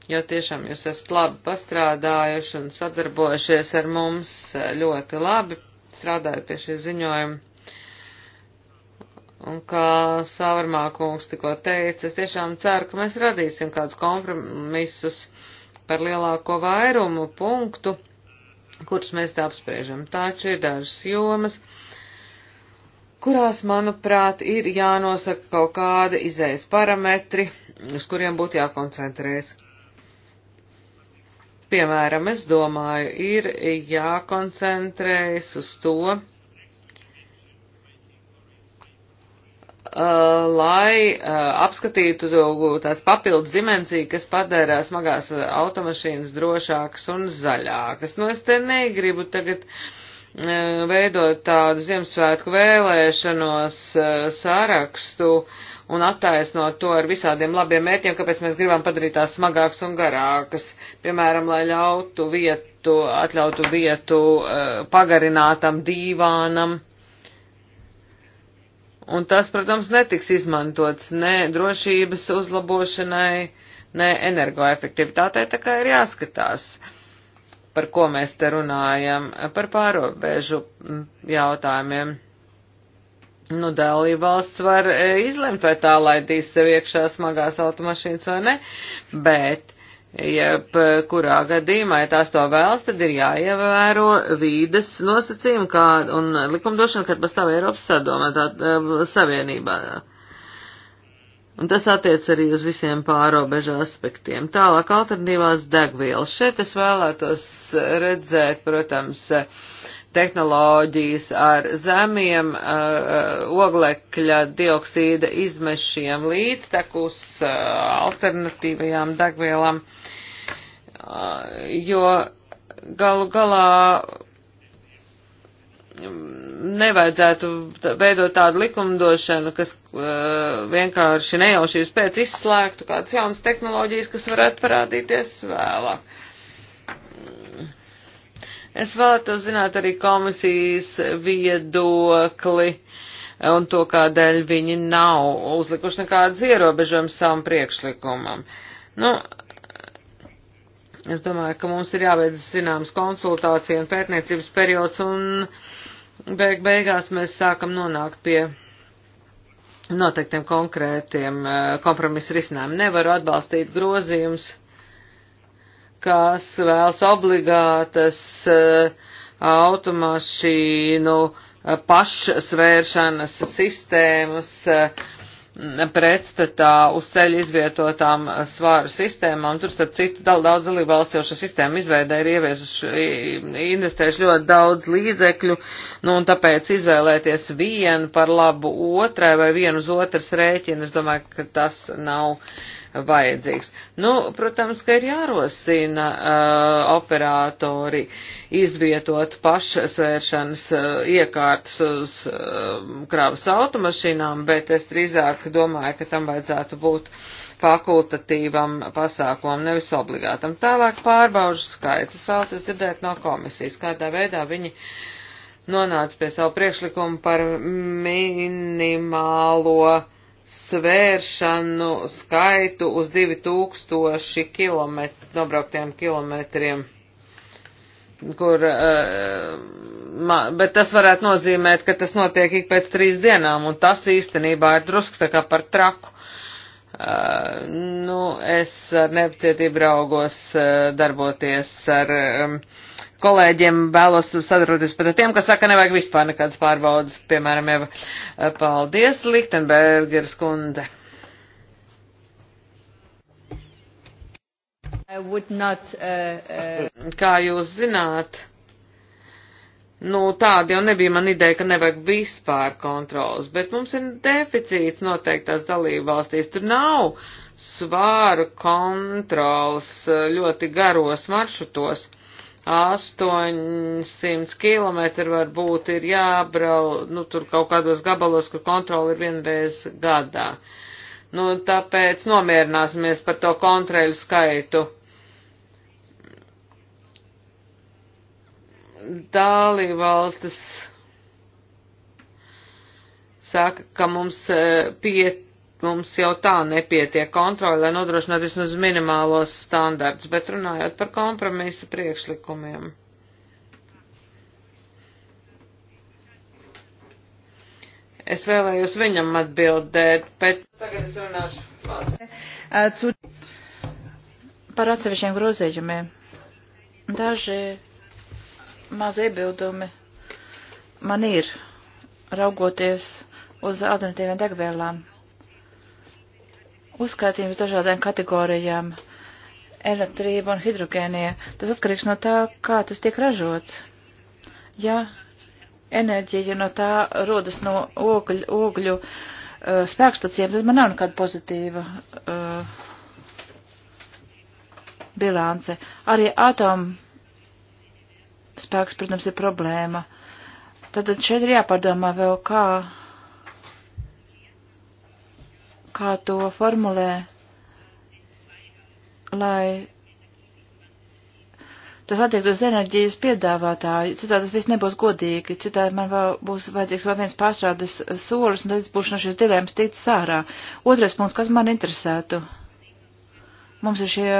B: jo tiešām jūs esat labi pastrādājuši un sadarbojušies ar mums eh, ļoti labi, strādājot pie šī ziņojuma. Un kā Sāvarmā kungs tikko teica, es tiešām ceru, ka mēs radīsim kādus kompromisus par lielāko vairumu punktu, kurus mēs tā apspriežam. Taču ir dažas jomas, kurās, manuprāt, ir jānosaka kaut kāda izējas parametri, uz kuriem būtu jākoncentrējas. Piemēram, es domāju, ir jākoncentrējas uz to, uh, lai uh, apskatītu tās papildus dimensiju, kas padara smagās automašīnas drošākas un zaļākas. Nu, es te negribu tagad uh, E, veidot tādu Ziemassvētku vēlēšanos e, sārakstu un attaisnot to ar visādiem labiem mērķiem, kāpēc mēs gribam padarīt tās smagākas un garākas. Piemēram, lai ļautu vietu, atļautu vietu e, pagarinātam dīvānam. Un tas, protams, netiks izmantots ne drošības uzlabošanai, ne energoefektivitātei, tā kā ir jāskatās. Uh, par ko mēs te runājam, par pārobežu mm, jautājumiem. Nu, dalībvalsts var e, izlemt, vai tā laidīs sev iekšā smagās automašīnas vai ne, bet, jeb kurā gadījumā, ja tās to vēlas, tad ir jāievēro vīdes nosacījumi kā, un likumdošana, kad pastāv Eiropas sadoma, tā, e, savienībā. Tā, Un tas attiec arī uz visiem pārobežu aspektiem. Tālāk alternatīvās degvielas. Šeit es vēlētos redzēt, protams, tehnoloģijas ar zemiem uh, uh oglekļa dioksīda izmešiem līdz tekus uh, alternatīvajām degvielām, uh, jo galu galā nevajadzētu veidot tādu likumdošanu, kas uh, vienkārši nejaušības pēc izslēgtu kādas jaunas tehnoloģijas, kas varētu parādīties vēlāk. Es vēlētos zināt arī komisijas viedokli un to, kādēļ viņi nav uzlikuši nekādas ierobežojumus savam priekšlikumam. Nu, Es domāju, ka mums ir jāveic zināmas konsultācija un pētniecības periods, un beig beigās mēs sākam nonākt pie noteiktiem konkrētiem eh, kompromisu risinājumiem. Nevaru atbalstīt grozījums, kas vēlas obligātas eh, automašīnu eh, pašsvēršanas sistēmas pretstatā uz ceļa izvietotām svāru sistēmām. Tur, starp citu, daudz dalībvalsts jau šo sistēmu izveidē ir ieviesuši, investējuši ļoti daudz līdzekļu, nu un tāpēc izvēlēties vienu par labu otrai vai vienu uz otras rēķinu, es domāju, ka tas nav vajadzīgs. Nu, protams, ka ir jārosina uh, operatori izvietot pašsvēršanas uh, iekārtas uz uh, kravas automašīnām, bet es drīzāk domāju, ka tam vajadzētu būt fakultatīvam pasākumam, nevis obligātam. Tālāk pārbaužu skaits. Es vēlētos dzirdēt no komisijas, kādā veidā viņi nonāca pie savu priekšlikumu par minimālo uh, svēršanu skaitu uz 2000 km, nobrauktiem kilometriem kur, uh, bet tas varētu nozīmēt, ka tas notiek ik pēc trīs dienām, un tas īstenībā ir drusku tā kā par traku. Uh, nu, es ar nepacietību raugos uh, darboties ar um, kolēģiem vēlos sadarboties pat ar tiem, kas saka, nevajag vispār nekādas pārbaudas, piemēram, jau paldies, Liktenbergers kundze. Not, uh, uh... Kā jūs zināt, nu tāda jau nebija man ideja, ka nevajag vispār kontrols, bet mums ir deficīts noteiktās dalībvalstīs. Tur nav svāru kontrols uh, ļoti garos maršrutos 800 km varbūt ir jābrauc, nu, tur kaut kādos gabalos, kur kontroli ir vienreiz gadā. Nu, tāpēc nomierināsimies par to kontroļu skaitu. Dalībvalstis saka, ka mums eh, piet mums jau tā nepietiek kontroli, lai nodrošinātu vismaz minimālos standarts, bet runājot par kompromisa priekšlikumiem. Es vēlējos viņam atbildēt, bet tagad es runāšu pats.
C: Par atsevišķiem grozījumiem. Daži mazi iebildumi man ir, raugoties uz alternatīviem degvielām uzskaitījums dažādām kategorijām - elektrība un hidrogēnie. Tas atkarīgs no tā, kā tas tiek ražots. Ja enerģija no tā rodas no ogļu, ogļu uh, spēkstacijiem, tad man nav nekāda pozitīva uh, bilance. Arī atomu spēks, protams, ir problēma. Tad šeit ir jāpadomā vēl, kā kā to formulē, lai tas attiektos uz enerģijas piedāvātāju. Citādi tas viss nebūs godīgi, citādi man vēl būs vajadzīgs vēl viens pārstrādes solis, un tad es būšu no šīs dilēmas tikt sārā. Otrais punkts, kas man interesētu. Mums ir šie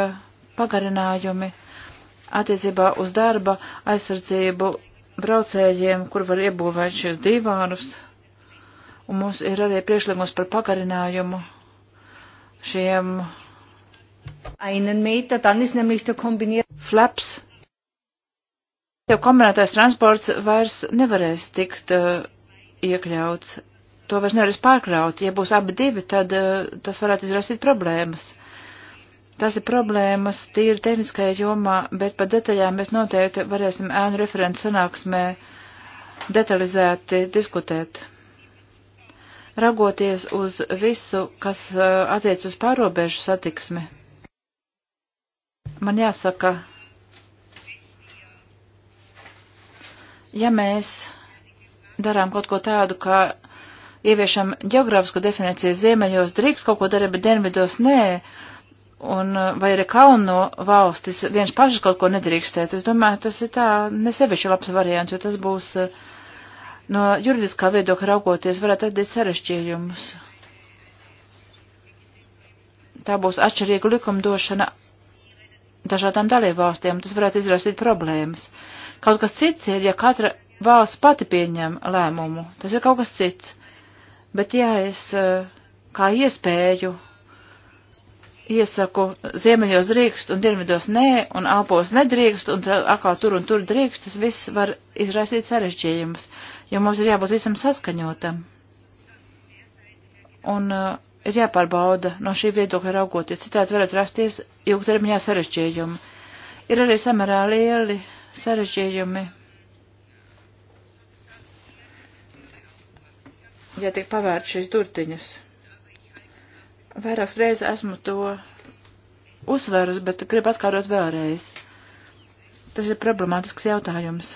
C: pagarinājumi attiecībā uz darba aizsardzību braucējiem, kur var iebūvēt šos divānus, Un mums ir arī priekšlikums par pagarinājumu šiem. Einen Meter, dann ist nämlich der kombinierte Flaps. Jau kombinētais transports vairs nevarēs tikt uh, iekļauts. To vairs nevarēs pārkraut. Ja būs abi divi, tad uh, tas varētu izraisīt problēmas. Tas ir problēmas tīri tehniskajā jomā, bet par detaļām mēs noteikti varēsim ēnu referentu sanāksmē detalizēti diskutēt ragoties uz visu, kas eh, attiec uz pārobežu satiksmi. Man jāsaka, ja mēs darām kaut ko tādu, kā ieviešam geogrāfisku definīciju ziemeļos drīkst kaut ko darīt, bet dienvidos nē, un eh, vai arī kalnu valstis viens pašas kaut ko nedrīkstēt, es domāju, tas ir tā nesevišķi labs variants, jo tas būs uh, no juridiskā viedokļa raugoties varētu radīt sarešķījumus. Tā būs atšķirīga likumdošana dažādām dalībvalstīm, tas varētu izraisīt problēmas. Kaut kas cits ir, ja katra valsts pati pieņem lēmumu, tas ir kaut kas cits. Bet ja es eh, kā iespēju iesaku ziemeļos drīkst un dienvidos nē, un apos nedrīkst, un atkal tur un tur drīkst, tas viss var izraisīt sarežģījumus, jo mums ir jābūt visam saskaņotam. Un uh, ir jāpārbauda no šī viedokļa raugoties, citādi varat rasties ilgtermiņā sarežģījumi. Ir arī samērā lieli sarežģījumi. Ja tik pavērt šīs durtiņas. Vairākas reizes esmu to uzsverus, bet gribu atkārtot vēlreiz. Tas ir problemātisks jautājums.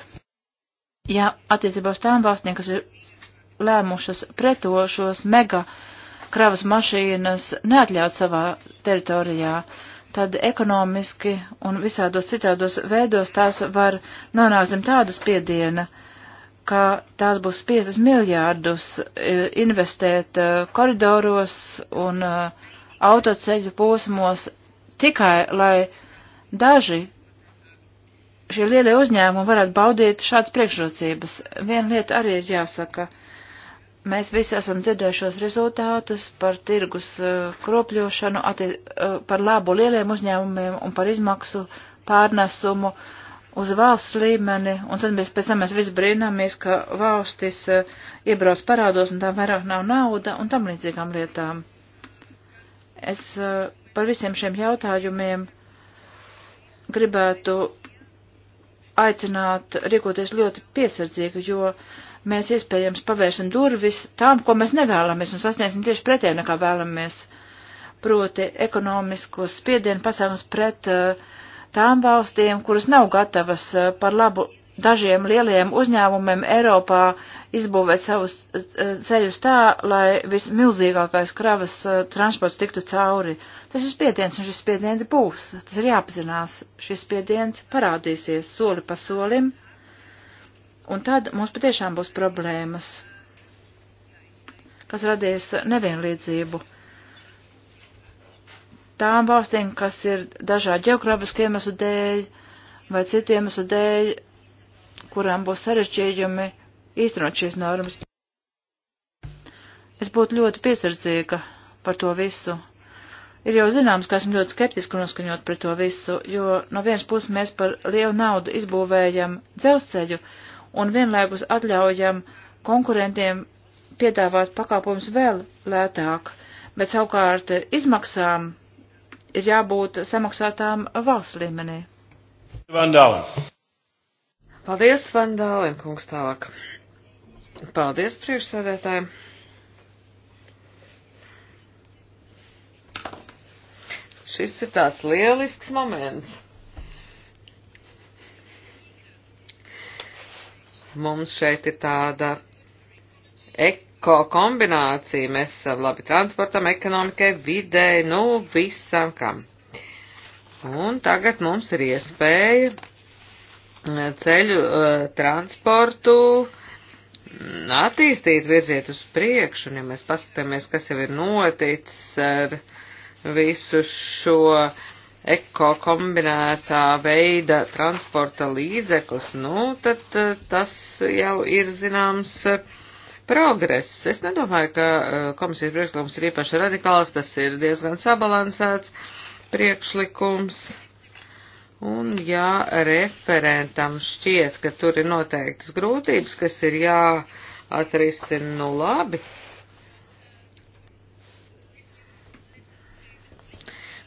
C: Ja attiecībā uz tām valstīm, kas ir lēmušas preto šos mega kravas mašīnas neatļaut savā teritorijā, tad ekonomiski un visādos citādos veidos tās var nonākt zem tāda spiediena, uh, ka tās būs 5 miljārdus e, investēt e, koridoros un e, autoceļu posmos tikai, lai daži šie lielie uzņēmumi varētu baudīt šādas priekšrocības. Viena lieta arī ir jāsaka. Mēs visi esam dzirdējušos rezultātus par tirgus kropļošanu, par labu lieliem uzņēmumiem un par izmaksu pārnesumu. Uh, uz valsts līmeni, un tad mēs pēc tam mēs visi brīnāmies, ka valstis uh, iebrauc parādos un tām vairāk nav nauda un tam līdzīgām lietām. Es uh, par visiem šiem jautājumiem gribētu aicināt rīkoties ļoti piesardzīgi, jo mēs iespējams pavērsim durvis tām, ko mēs nevēlamies, un sasniegsim tieši pretēji nekā vēlamies, proti ekonomiskos spiedienu pasākums pret uh, tām valstīm, kuras nav gatavas eh, par labu dažiem lieliem uzņēmumiem Eiropā izbūvēt savus eh, ceļus tā, lai vismilzīgākais kravas eh, transports tiktu cauri. Tas ir spiediens, un šis spiediens būs. Tas ir jāapzinās. Šis spiediens parādīsies soli pa solim, un tad mums patiešām būs problēmas, kas radīs nevienlīdzību tām valstīm, kas ir dažādu geogrāfisku iemeslu dēļ vai citu iemeslu dēļ, kurām būs sarežģījumi īstenot šīs normas. Es būtu ļoti piesardzīga par to visu. Ir jau zināms, ka esmu ļoti skeptiski noskaņot pret to visu, jo no vienas puses mēs par lielu naudu izbūvējam dzelzceļu un vienlaikus atļaujam konkurentiem piedāvāt pakāpums vēl lētāk, bet savukārt izmaksām ir jābūt samaksātām valsts līmenī.
B: Vandālen. Paldies, Vandālen, kungs tālāk. Paldies, priekšsēdētāji. Šis ir tāds lielisks moments. Mums šeit ir tāda ek ko kombinācija mēs esam labi transportam, ekonomikai, videi, nu visam kam. Un tagad mums ir iespēja eh, ceļu uh, transportu mm, attīstīt, virziet uz priekšu, un ja mēs paskatāmies, kas jau ir noticis ar visu šo eko kombinētā veida transporta līdzeklis, nu, tad eh, tas jau ir zināms. Uh, progress. Es nedomāju, ka e, komisijas priekšlikums ir īpaši radikāls, tas ir diezgan sabalansēts priekšlikums. Un ja referentam šķiet, ka tur ir noteiktas grūtības, kas ir jāatrisina, nu labi.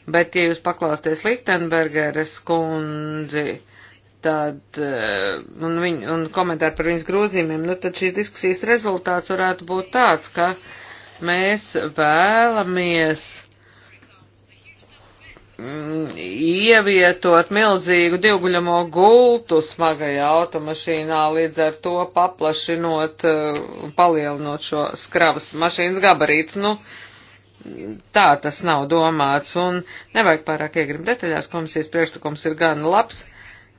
B: Bet, ja jūs paklausties Lichtenbergeres kundzi, uh, tad, eh, un, viņ, un komentāri par viņas grozījumiem, nu tad šīs diskusijas rezultāts varētu būt tāds, ka mēs vēlamies mm, ievietot milzīgu divguļamo gultu smagajā automašīnā, līdz ar to paplašinot eh, un palielinot šo skravas mašīnas gabarītus. Nu, tā tas nav domāts, un nevajag pārāk iegrim detaļās, komisijas priekšlikums ir gan labs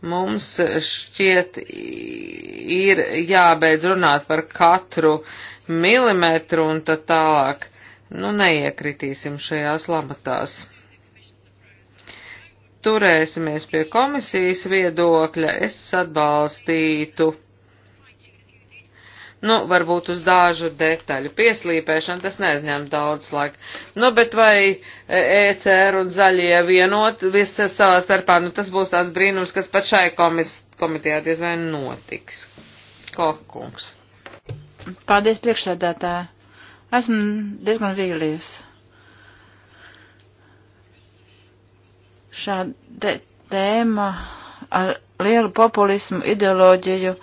B: Mums šķiet ir jābeidz runāt par katru milimetru un tad tālāk. Nu, neiekritīsim šajās lamatās. Turēsimies pie komisijas viedokļa, es atbalstītu Nu, varbūt uz dāžu detaļu pieslīpēšanu tas neizņem daudz laika. Nu, bet vai ECR e un zaļie vienot visas savā starpā, nu tas būs tāds brīnums, kas pat šai komis, komitejā diezvēl notiks. Kokungs.
C: Paldies priekšsēdētāji. Esmu diezgan vīlies. Šāda tēma ar lielu populismu ideoloģiju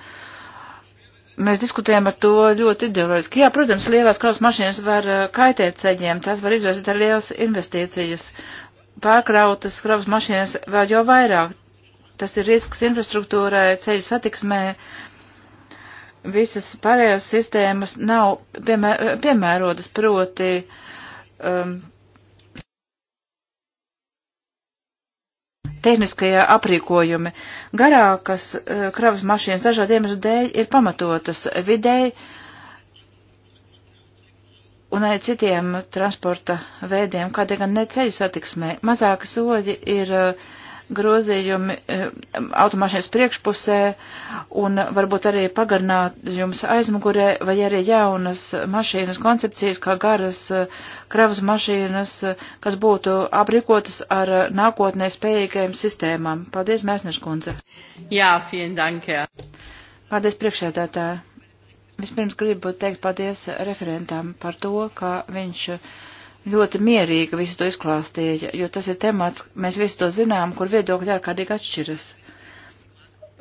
C: mēs diskutējam par to ļoti ideoloģiski. Jā, protams, lielās kravas mašīnas var uh, kaitēt ceļiem, tās var izvērsīt ar lielas investīcijas. Pārkrautas kravas mašīnas vēl jau vairāk. Tas ir risks infrastruktūrai, ceļu satiksmē. Visas pārējās sistēmas nav piemē, piemērotas proti um, tehniskie aprīkojumi. Garākas eh, kravas mašīnas dažādu iemeslu dēļ ir pamatotas videi un arī citiem transporta veidiem, kādēļ gan ne ceļu satiksmē. Mazāki soļi ir uh, grozījumi eh, automašīnas priekšpusē un varbūt arī pagarinājums aizmugurē vai arī jaunas mašīnas koncepcijas, kā garas eh, kravas mašīnas, eh, kas būtu aprīkotas ar nākotnē spējīgajiem sistēmām. Paldies, Mēsneškundze. Jā, fien dankē. Paldies, priekšēdētāji. Vispirms gribu teikt paldies referentam par to, ka viņš ļoti mierīgi visu to izklāstīja, jo tas ir temats, mēs visi to zinām, kur viedokļi ārkārtīgi atšķiras.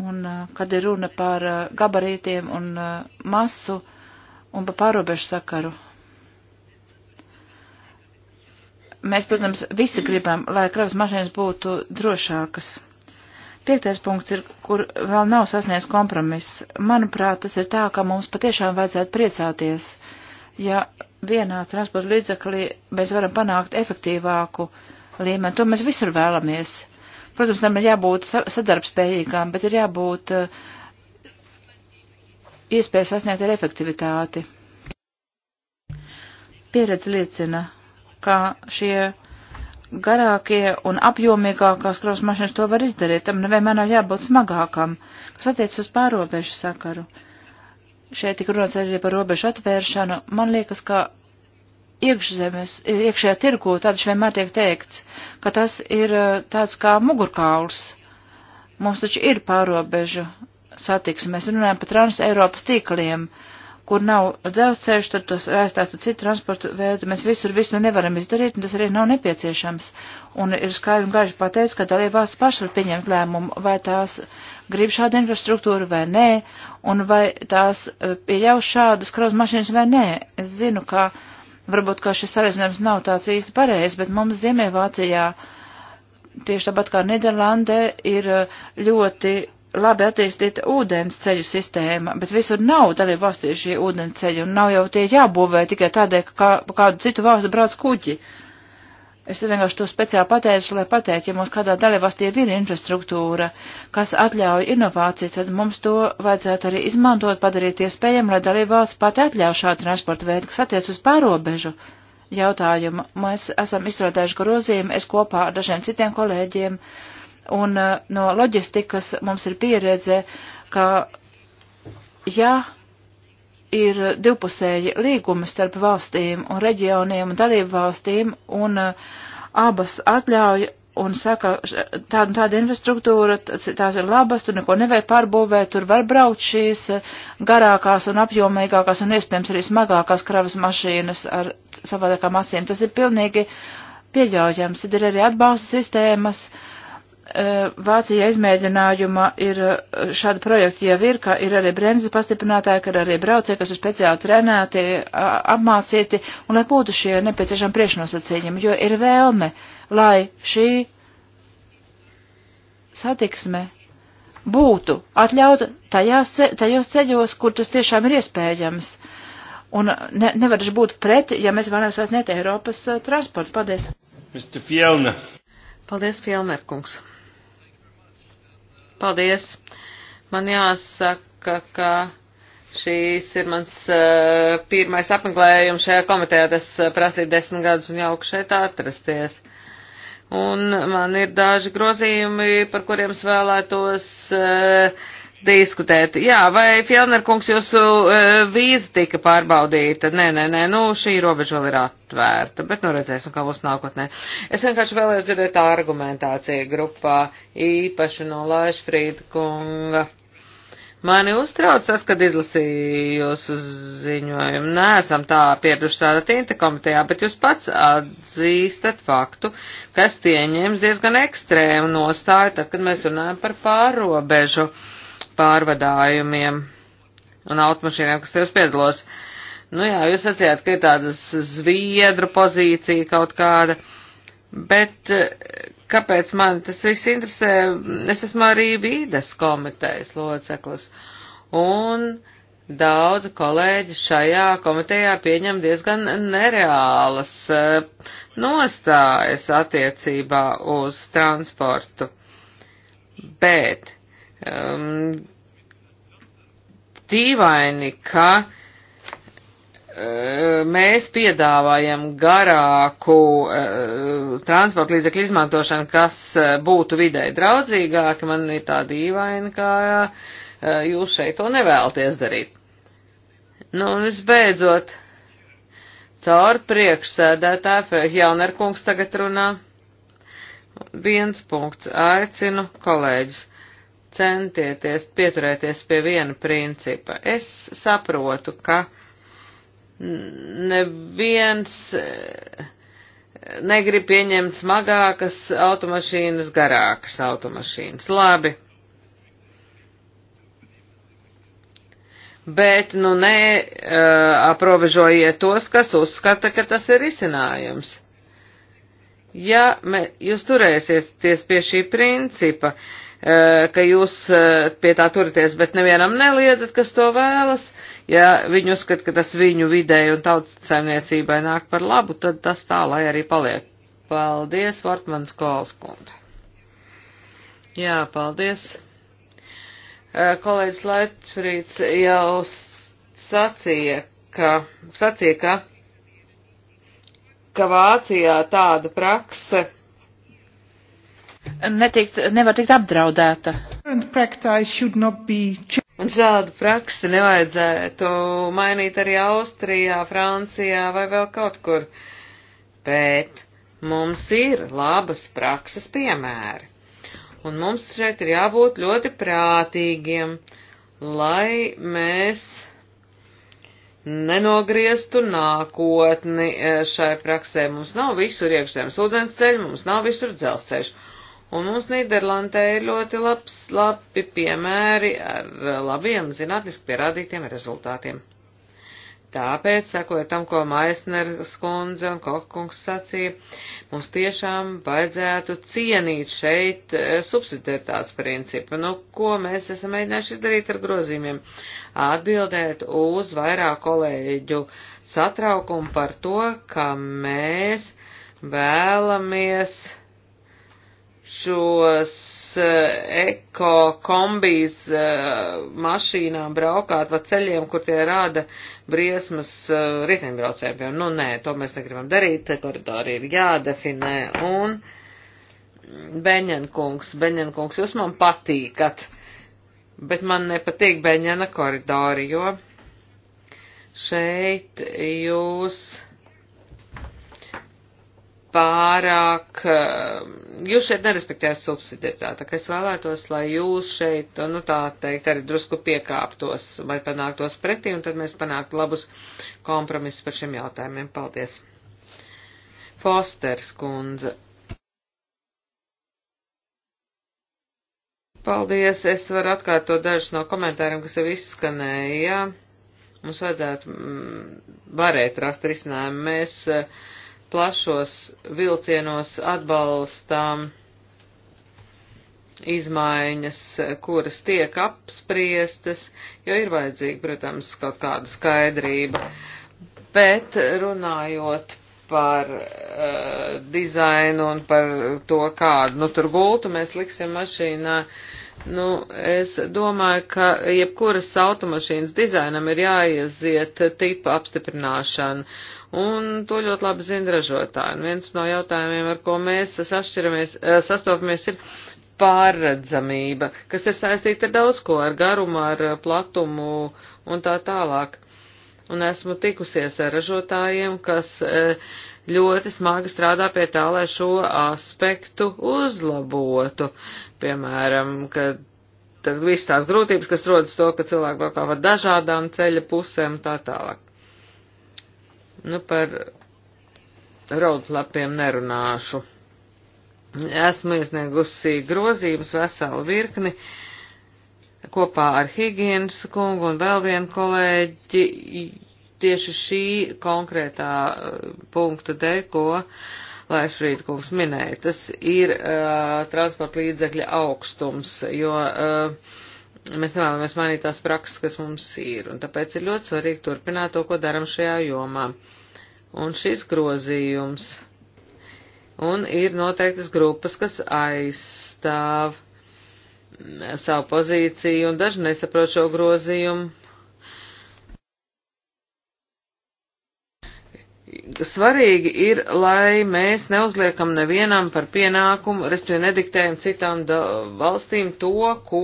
C: Un kad ir runa par gabarītiem un masu un par pārobežu sakaru. Mēs, protams, visi gribam, lai kravas mašīnas būtu drošākas. Piektais punkts ir, kur vēl nav sasniegts kompromiss. Manuprāt, tas ir tā, ka mums patiešām vajadzētu priecāties, ja vienā transporta līdzeklī mēs varam panākt efektīvāku līmeni. To mēs visur vēlamies. Protams, tam ir jābūt sadarbspējīgām, bet ir jābūt eh, iespēja sasniegt ar efektivitāti. Pieredze liecina, ka šie garākie un apjomīgākās kravas mašīnas to var izdarīt, tam nevienmēr jābūt smagākam, kas attiec uz pārobežu sakaru. Šeit tik runāts arī par robežu atvēršanu. Man liekas, ka iekšzemes, iekšējā tirgu tāds vienmēr tiek teikts, ka tas ir eh, tāds kā mugurkauls. Mums taču ir pārobežu satiksme. Mēs runājam par trans-Eiropas tīkliem, kur nav dzelzceļš, tad tos aizstāsta citu transportu veidu. Mēs visur visu nevaram izdarīt, un tas arī nav nepieciešams un ir skaidri un gaiši pateicis, ka dalībvalsts paši var pieņemt lēmumu, vai tās grib šādu infrastruktūru vai nē, un vai tās e, pieļaus šādas kravas mašīnas vai nē. Es zinu, ka varbūt, ka šis sarezinājums nav tāds īsti pareizs, bet mums Ziemēvācijā, tieši tāpat kā Nederlandē, ir e, ļoti labi attīstīta ūdens ceļu sistēma, bet visur nav dalību valstī šī ūdens ceļa, un nav jau tie jābūvē tikai tādēļ, ka kā, kādu citu valstu brauc kuģi. Uh, Es vienkārši to speciāli pateicu, lai pateicu, ja mums kādā dalībvalstī ir infrastruktūra, kas atļauj inovāciju, tad mums to vajadzētu arī izmantot, padarīt iespējamu, lai dalībvalsts pati atļauj šādu transportu veidu, kas attiec uz pārobežu jautājumu. Mēs esam izstrādājuši grozījumu, es kopā ar dažiem citiem kolēģiem, un eh, no loģistikas mums ir pieredze, ka, ja ir divpusēji līgumi starp valstīm un reģioniem un dalību valstīm, un uh, abas atļauj un saka, tāda, tāda infrastruktūra, tās ir labas, tur neko nevajag pārbūvēt, tur var braukt šīs uh, garākās un apjomīgākās un iespējams arī smagākās kravas mašīnas ar savādākām asīm. Tas ir pilnīgi pieļaujams. Tad ir arī atbalsta sistēmas. Uh, Eh, Vācija izmēģinājuma ir eh, šāda projekta jau ir, ka ir arī bremzes pastiprinātāji, ka ir arī braucēji, kas ir speciāli trenēti, apmācīti, un lai būtu šie nepieciešami priekšnosacījumi, jo ir vēlme, lai šī satiksme būtu atļauta tajās, tajos ceļos, kur tas tiešām ir iespējams. Un eh, ne, nevar būt pret, ja mēs vēlamies sasniegt Eiropas transportu. Paldies! Mr. Fielner. Paldies, Fielner kungs!
B: Paldies! Man jāsaka, ka šīs ir mans uh, pirmais apmeklējums šajā komitejā. Tas eh, prasīja desmit gadus un jauku šeit atrasties. Un man ir daži grozījumi, par kuriem es vēlētos. Uh, diskutēt. Jā, vai Fjellnerkungs jūsu e, vīza tika pārbaudīta? Nē, nē, nē, nu šī robeža vēl ir atvērta, bet nu redzēsim, kā būs nākotnē. Es vienkārši vēlēju dzirdēt argumentāciju grupā, īpaši no Laišfrīda kunga. Mani uztrauc tas, kad izlasīju jūsu ziņojumu. Nē, esam tā pieraduši strādāt interkomitejā, bet jūs pats atzīstat faktu, kas tieņems diezgan ekstrēmu nostāju, tad, kad mēs runājam par pārobežu. Uh, pārvadājumiem un automašīnām, kas tajos piedalos. Nu jā, jūs sacījāt, ka ir tādas zviedru pozīcija kaut kāda, bet eh, kāpēc man tas viss interesē? Es esmu arī vīdes komitejas loceklis, un daudzi kolēģi šajā komitejā pieņem diezgan nereālas eh, nostājas attiecībā uz transportu. Bet um, dīvaini, ka uh, mēs piedāvājam garāku uh, transporta līdzekļu izmantošanu, kas uh, būtu videi draudzīgāki. Man ir tā dīvaini, ka jūs šeit to nevēlaties darīt. Nu, un visbeidzot, caur priekšsēdētāju Fjaunerkungs tagad runā. Viens punkts. Aicinu kolēģis centieties pieturēties pie viena principa. Es saprotu, ka neviens eh, negrib pieņemt smagākas automašīnas, garākas automašīnas. Labi. Bet, nu, ne eh, aprobežojiet tos, kas uzskata, ka tas ir risinājums. Ja me, jūs turēsieties pie šī principa, uh, Eh, ka jūs eh, pie tā turaties, bet nevienam neliedzat, kas to vēlas. Ja viņi uzskat, ka tas viņu videi un tautas saimniecībai nāk par labu, tad tas tā lai arī paliek. Paldies, Vortmans Kolskundze. Jā, paldies. Eh, kolēģis Laitfrīds jau sacīja, ka, sacīja, ka, ka Vācijā
C: tāda prakse netikt, nevar tikt apdraudēta.
B: Un šādu praksi nevajadzētu mainīt arī Austrijā, Francijā vai vēl kaut kur. Bet mums ir labas prakses piemēri. Un mums šeit ir jābūt ļoti prātīgiem, lai mēs nenogrieztu nākotni eh, šai praksē. Mums nav visur iekšzemes ūdensceļi, mums nav visur dzelzceļš Un mums Nīderlandē ir ļoti labs, labi piemēri ar labiem zinātniski pierādītiem rezultātiem. Tāpēc, sekojot tam, ko Maisners kundze un Kokkungs sacīja, mums tiešām vajadzētu cienīt šeit e, subsidiaritātes principu, nu, ko mēs esam mēģinājuši izdarīt ar grozījumiem, atbildēt uz vairāk kolēģu satraukumu par to, ka mēs vēlamies šos eh, eko kombijas eh, mašīnām braukāt pa ceļiem, kur tie rāda briesmas eh, riteņbraucējiem. Nu, nē, to mēs negribam darīt, koridori ir jādefinē. Un mm, Beņenkungs, Beņenkungs, jūs man patīkat, bet man nepatīk Beņena koridori, jo šeit jūs pārāk, ehm, jūs šeit nerespektējat subsidiatāti, tā kā es vēlētos, lai jūs šeit, nu tā teikt, arī drusku piekāptos vai panāktos pretī, un tad mēs panāktu labus kompromisus par šiem jautājumiem. Paldies. Fosters kundze. Paldies, es varu atkārtot dažus no komentāriem, kas jau izskanēja. Mums vajadzētu mm, varēt rast risinājumu. Mēs uh, plašos vilcienos atbalstām izmaiņas, kuras tiek apspriestas, jo ir vajadzīga, protams, kaut kāda skaidrība. Bet runājot par uh, dizainu un par to, kādu nu, tur gultu mēs liksim mašīnā, uh, Nu, es domāju, ka jebkuras automašīnas dizainam ir jāieziet tipa apstiprināšana, un to ļoti labi zina ražotāji. Un viens no jautājumiem, ar ko mēs eh, sastopamies, ir pārredzamība, kas ir saistīta ar daudz ko, ar garumu, ar eh, platumu un tā tālāk. Un esmu tikusies ar ražotājiem, kas. Eh, ļoti smagi strādā pie tā, lai šo aspektu uzlabotu. Piemēram, kad tad viss tās grūtības, kas rodas to, ka cilvēki braukā pa dažādām ceļa pusēm tā tālāk. Nu, par roadlapiem nerunāšu. Esmu iesniegusi grozījumus veselu virkni kopā ar Higienas kungu un vēl vienu kolēģi, tieši šī konkrētā uh, punkta dēļ, ko Laifrīd kungs minēja. Tas ir uh, transporta līdzekļa augstums, jo uh, mēs nevēlamies mainīt tās prakses, kas mums ir, un tāpēc ir ļoti svarīgi turpināt to, ko daram šajā jomā. Un šis grozījums. Un ir noteiktas grupas, kas aizstāv mm, savu pozīciju, un daži nesaprot šo grozījumu Svarīgi ir, lai mēs neuzliekam nevienam par pienākumu, respektīvi nediktējam citām valstīm to, ko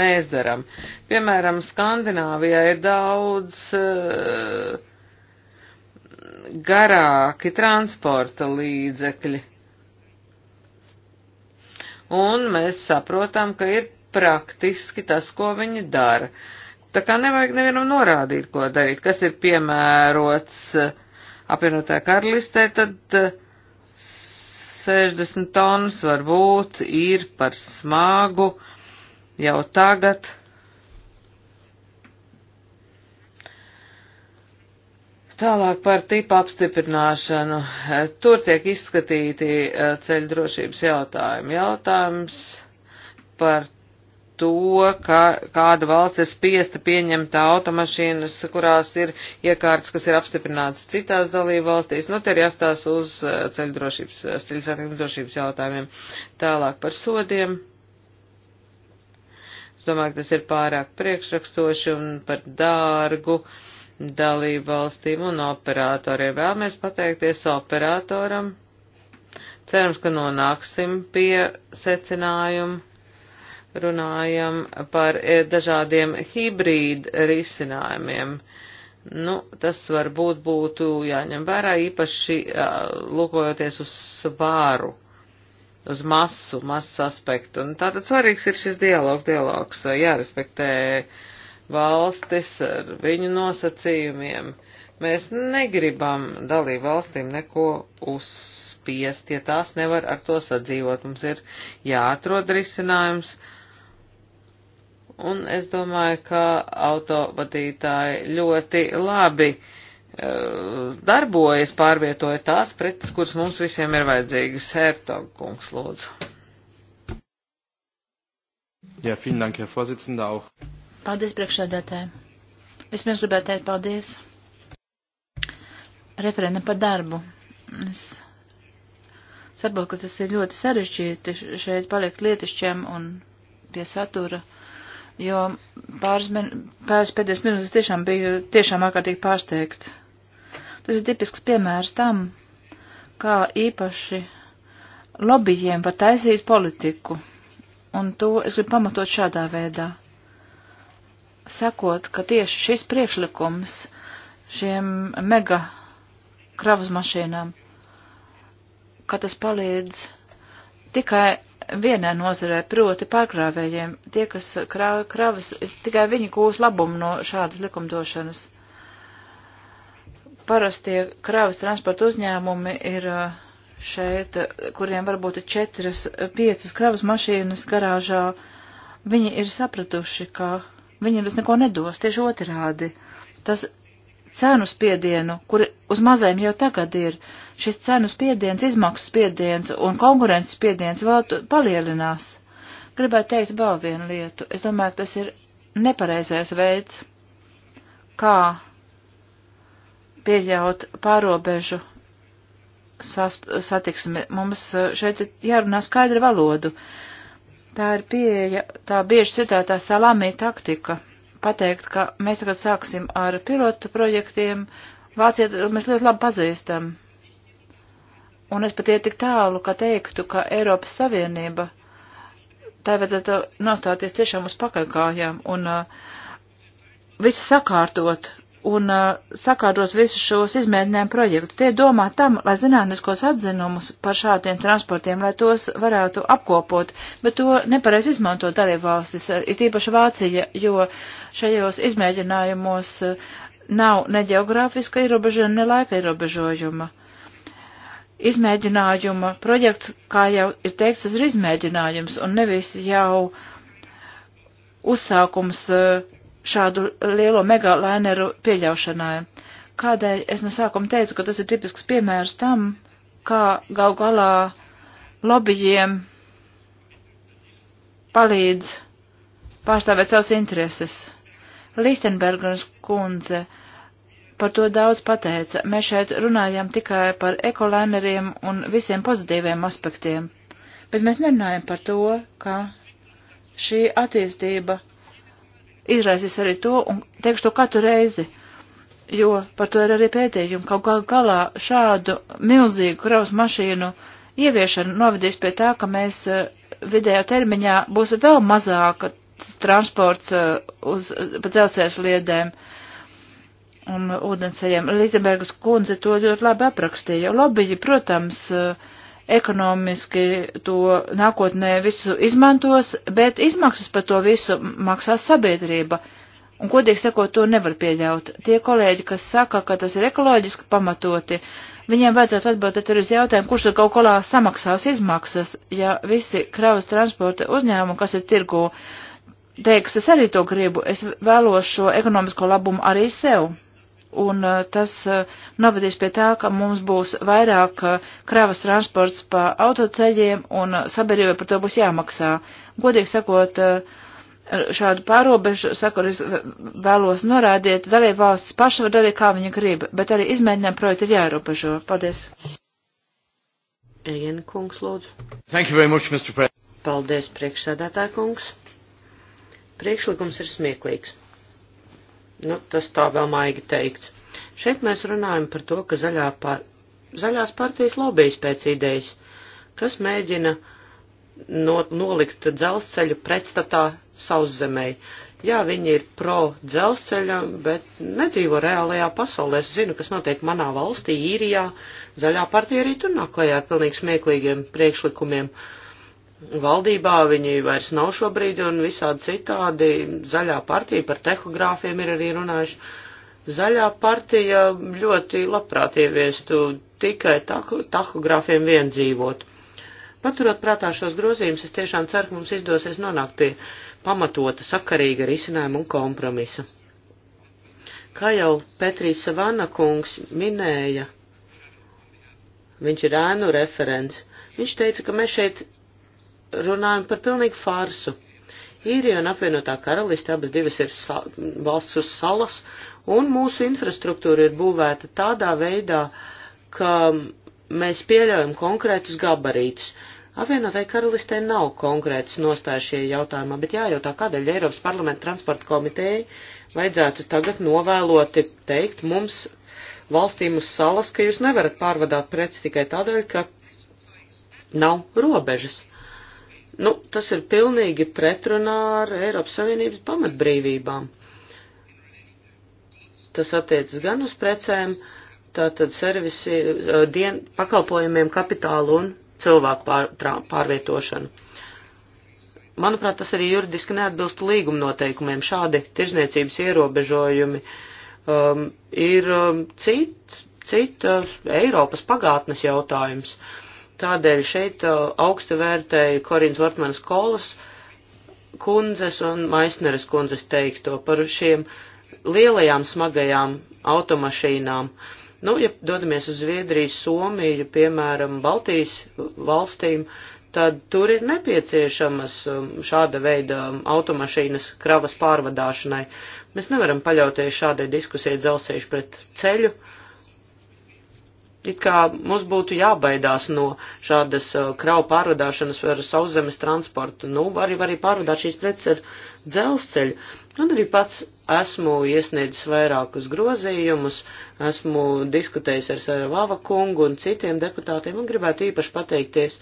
B: mēs daram. Piemēram, Skandināvijā ir daudz uh, garāki transporta līdzekļi. Un mēs saprotam, ka ir praktiski tas, ko viņi dara. Uh, tā kā nevajag nevienam norādīt, ko darīt, kas ir piemērots eh, apvienotā karalistē, tad 60 eh, tonnas varbūt ir par smagu jau tagad. Tālāk par tipu apstiprināšanu. Eh, tur tiek izskatīti ceļu drošības jautājumi. Jautājums par to, ka kāda valsts ir spiesta pieņemt automašīnas, kurās ir iekārtas, kas ir apstiprinātas citās dalību valstīs. Nu, te ir jāstās uz eh, eh, ceļu drošības, ceļu satiksmes drošības jautājumiem. Tālāk par sodiem. Es domāju, ka tas ir pārāk priekšrakstoši un par dārgu dalību valstīm un operatoriem. Vēlamies pateikties operatoram. Cerams, ka nonāksim pie secinājuma runājam par eh, dažādiem hibrīd risinājumiem. Nu, tas varbūt būtu jāņem vērā īpaši eh, lūkojoties uz svāru, uz masu, masas aspektu. Un tātad svarīgs ir šis dialogs, dialogs eh, jārespektē valstis ar viņu nosacījumiem. Mēs negribam dalību valstīm neko uzspiest, ja tās nevar ar to sadzīvot. Mums ir jāatrod risinājums. Uh, Un es domāju, ka autovadītāji ļoti labi uh, darbojas, pārvietoja tās pretis, kuras mums visiem ir vajadzīgas. Hertog kungs, lūdzu.
C: Jā, ja, vielen dank, Herr Vorsitzender, auch. Paldies, priekšsēdētāji. Vismaz gribētu teikt paldies referenta par darbu. Es saprotu, ka tas ir ļoti sarežģīti šeit palikt lietišķiem un pie satura. Uh, jo pāris, min, pāris pēdējais minūtes tiešām bija tiešām ārkārtīgi pārsteigts. Tas ir tipisks piemērs tam, kā īpaši lobbyiem var taisīt politiku. Un to es gribu pamatot šādā veidā. Sakot, ka tieši šis priekšlikums šiem mega kravas mašīnām, ka tas palīdz tikai vienai nozarē, proti pārkrāvējiem. Tie, kas krāv, kravas, tikai viņi gūs labumu no šādas likumdošanas. Parastie kravas transporta uzņēmumi ir uh, šeit, uh, kuriem varbūt ir četras, uh, piecas kravas mašīnas garāžā. Viņi ir sapratuši, ka viņiem tas neko nedos, tieši otrādi. Tas cenu spiedienu, kur uz mazajiem jau tagad ir. Šis cenu spiediens, izmaksu spiediens un konkurences spiediens vēl palielinās. Gribētu teikt vēl vienu lietu. Es domāju, ka tas ir nepareizais veids, kā pieļaut pārobežu sas, satiksmi. Mums eh, šeit ir jārunā skaidra valodu. Tā ir pieeja, tā bieži citētā salāmī taktika pateikt, ka mēs tagad sāksim ar pilotu projektiem, Vācija mēs ļoti labi pazīstam. Un es pat iet tik tālu, ka teiktu, ka Eiropas Savienība tā vajadzētu nostāties tiešām uz pakaļkājām un uh, visu sakārtot un uh, sakārtot visus šos izmēģinājumu projektus. Tie domā tam, lai zinātniskos atzinumus par šādiem transportiem, lai tos varētu apkopot, bet to nepareiz izmanto dalībvalstis, ir tīpaši Vācija, jo šajos izmēģinājumos uh, nav ne geogrāfiska ierobežojuma, ne laika ierobežojuma. Izmēģinājuma projekts, kā jau ir teikts, tas ir izmēģinājums un nevis jau uzsākums eh, šādu lielo megalaineru pieļaušanai. Kādēļ es no sākuma teicu, ka tas ir tipisks piemērs tam, kā gal galā lobbyiem palīdz pārstāvēt savas intereses. Lichtenbergers kundze par to daudz pateica. Mēs šeit runājam tikai par ekolaineriem un visiem pozitīviem aspektiem, bet mēs nerunājam par to, ka šī attīstība izraisīs arī to, un teikšu to katru reizi, jo par to ir arī pētījumi. Kaut kā galā šādu milzīgu kraus mašīnu ieviešana novedīs pie tā, ka mēs eh, vidējā termiņā būs vēl mazāka transports eh, uz, pa dzelzceļas liedēm un ūdensceļiem. Lītebergas kundze to ļoti labi aprakstīja. Lobiji, protams, eh, ekonomiski to nākotnē visu izmantos, bet izmaksas par to visu maksās sabiedrība. Un, godīgi sakot, to nevar pieļaut. Tie kolēģi, kas saka, ka tas ir ekoloģiski pamatoti, viņiem vajadzētu atbildēt arī uz jautājumu, kurš tad kaut kolā samaksās izmaksas, ja visi kravas transporta uzņēmumi, kas ir tirgu, uh, teiks, es arī to gribu, es vēlos šo ekonomisko labumu arī sev. Un uh, tas uh, novadīs pie tā, ka mums būs vairāk uh, kravas transports pa autoceļiem un sabiedrībai par to būs jāmaksā. Godīgi sakot, šādu pārobežu, saku, es vēlos norādīt, dalība valsts paša var darīt, kā viņa grib, bet arī izmēģinājumu projektu ir jāierobežo. Paldies. Ejien kungs, lūdzu.
A: Thank you very much, Mr. President. Paldies, priekšsēdētāj kungs. Priekšlikums ir smieklīgs. Nu, tas tā vēl maigi teikts. Šeit mēs runājam par to, ka zaļā par... zaļās partijas lobijas pēc idejas, kas mēģina no... nolikt dzelzceļu pretstatā sauszemēji. Jā, viņi ir pro dzelzceļa, bet nedzīvo reālajā pasaulē. Es zinu, kas notiek manā valstī, īrijā. Zaļā partija arī tur nāk klajā ar pilnīgi smieklīgiem priekšlikumiem. Uh, valdībā viņi vairs nav šobrīd un visādi citādi. Zaļā partija par tehogrāfiem ir arī runājuši. Zaļā partija ļoti labprāt ieviestu tikai tahogrāfiem vien dzīvot. Paturot prātā šos grozījumus, es tiešām ceru, ka mums izdosies nonākt pie pamatota, sakarīga risinājuma un kompromisa. Kā jau Petrīs Savana kungs minēja, viņš ir ēnu referents, viņš teica, ka mēs šeit runājam par pilnīgu farsu. Īrija un apvienotā karaliste abas divas ir sa valsts uz salas, un mūsu infrastruktūra ir būvēta tādā veidā, ka mēs pieļaujam konkrētus gabarītus. Apvienotai karalistē nav konkrētas nostājas šie jautājumā, bet jājautā, kādēļ Eiropas parlamenta transporta komitejai vajadzētu tagad novēloti teikt mums valstīm uz salas, ka jūs nevarat pārvadāt preci tikai tādēļ, ka nav robežas. Nu, tas ir pilnīgi pretrunā ar Eiropas Savienības pamatbrīvībām. Tas attiecas gan uz precēm, tātad servisi, dien, pakalpojumiem, kapitālu un cilvēku pār, trā, pārvietošanu. Manuprāt, tas arī juridiski neatbilst līguma noteikumiem. Šādi tirzniecības ierobežojumi um, ir um, cits, cits uh, Eiropas pagātnes jautājums. Uh, Tādēļ šeit uh, augstu vērtēju Korins Vortmanas kolas kundzes un Maisneres kundzes teikto par šiem lielajām smagajām automašīnām. Nu, ja dodamies uz Zviedriju, Somiju, piemēram, Baltijas valstīm, tad tur ir nepieciešamas um, šāda veida um, automašīnas kravas pārvadāšanai. Mēs nevaram paļauties šādai diskusijai dzelzceļš pret ceļu. Uh, It kā mums būtu jābaidās no šādas uh, kravu pārvadāšanas ar sauszemes transportu. Nu, var arī, arī pārvadāt šīs preces ar dzelzceļu, Un arī pats esmu iesniedzis vairākus grozījumus, esmu diskutējis ar Saravava kungu un citiem deputātiem un gribētu īpaši pateikties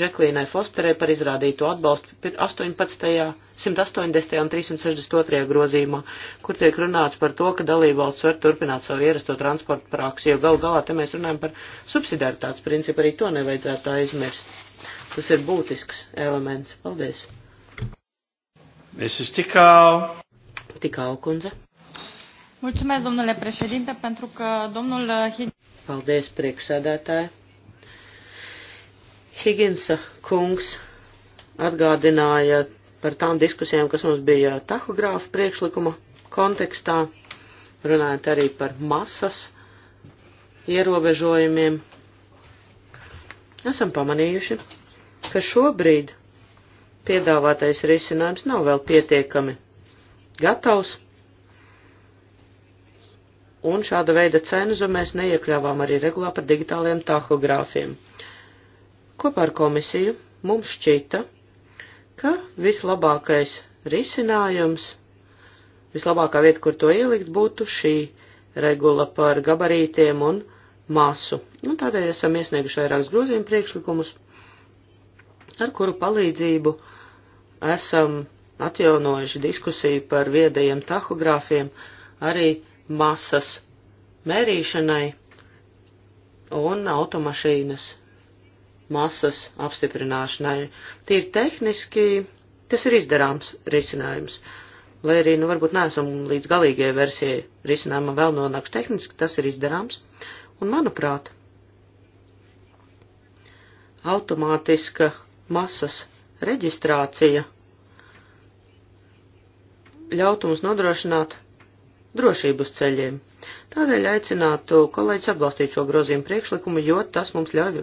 A: Džeklīnai Fosterē par izrādīto atbalstu 18, 180. un 362. grozījumā, kur tiek runāts par to, ka dalībvalsts var turpināt savu ierasto transportu praksi, jo gal galā te mēs runājam par subsidiaritātes principu, arī to nevajadzētu aizmirst. Tas ir būtisks elements. Paldies! Mrs. Tikau. Tikau kundze. Mulțumesc, domnule președinte, pentru că domnul Paldies, priekšsēdētāji. Higinsa kungs atgādināja par tām diskusijām, kas mums bija tahogrāfa priekšlikuma kontekstā, runājot arī par masas ierobežojumiem. Esam pamanījuši, ka šobrīd piedāvātais risinājums nav vēl pietiekami gatavs. Un šāda veida cenzu mēs neiekļāvām arī regulā par digitāliem tahogrāfiem. Kopā ar komisiju mums šķita, ka vislabākais risinājums, vislabākā vieta, kur to ielikt, būtu šī regula par gabarītiem un masu. Un tādēļ esam iesnieguši vairākus grozījumu priekšlikumus, ar kuru palīdzību esam atjaunojuši diskusiju par viedajiem tahogrāfiem, arī masas mērīšanai un automašīnas masas apstiprināšanai. Tīri tehniski tas ir izdarāms risinājums. Lai arī, nu, varbūt neesam līdz galīgajai versijai risinājumam vēl nonākuši tehniski, tas ir izdarāms. Un, manuprāt, automātiska masas reģistrācija – ļautu mums nodrošināt drošību uz ceļiem. Tādēļ aicinātu kolēģis atbalstīt šo grozījumu priekšlikumu, jo tas mums ļauj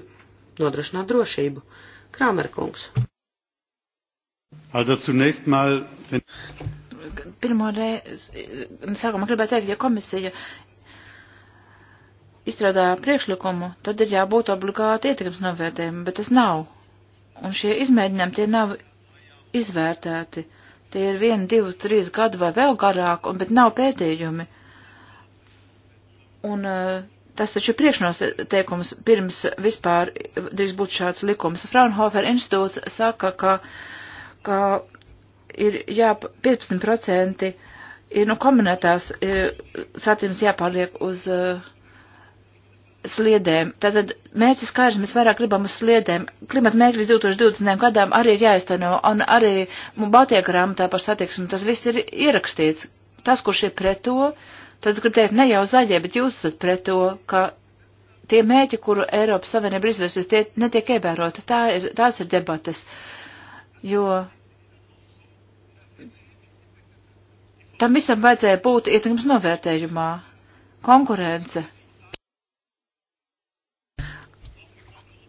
A: nodrošināt drošību. Krāmerkungs. Also zunächst mal, wenn
C: pirmo reizi, sākumā gribētu teikt, ja komisija izstrādā priekšlikumu, tad ir jābūt obligāti ietekmes novērtējumi, bet tas nav. Un šie izmēģinājumi tie nav izvērtēti. Tie ir viena, divu, trīs gadu vai vēl garāk, un, bet nav pētījumi. Un eh, tas taču ir priekšnoteikums pirms vispār drīz būtu šāds likums. Fraunhofer institūts saka, ka, ka ir jā, 15% ir no nu, kombinētās eh, satims jāpaliek uz uh, sliedēm. Tātad mērķis kārs mēs vairāk gribam uz sliedēm. Klimata mērķis 2020. gadām arī ir jāizteno, un arī Baltijā grāmatā par satiksmi tas viss ir ierakstīts. Tas, kurš ir pret to, tad es gribu teikt, ne jau zaļie, bet jūs esat pret to, ka tie mērķi, kuru Eiropas Savienība izvirsies, tie netiek ievēroti. Tā ir, tās ir debates. Jo tam visam vajadzēja būt ietekmes novērtējumā. Konkurence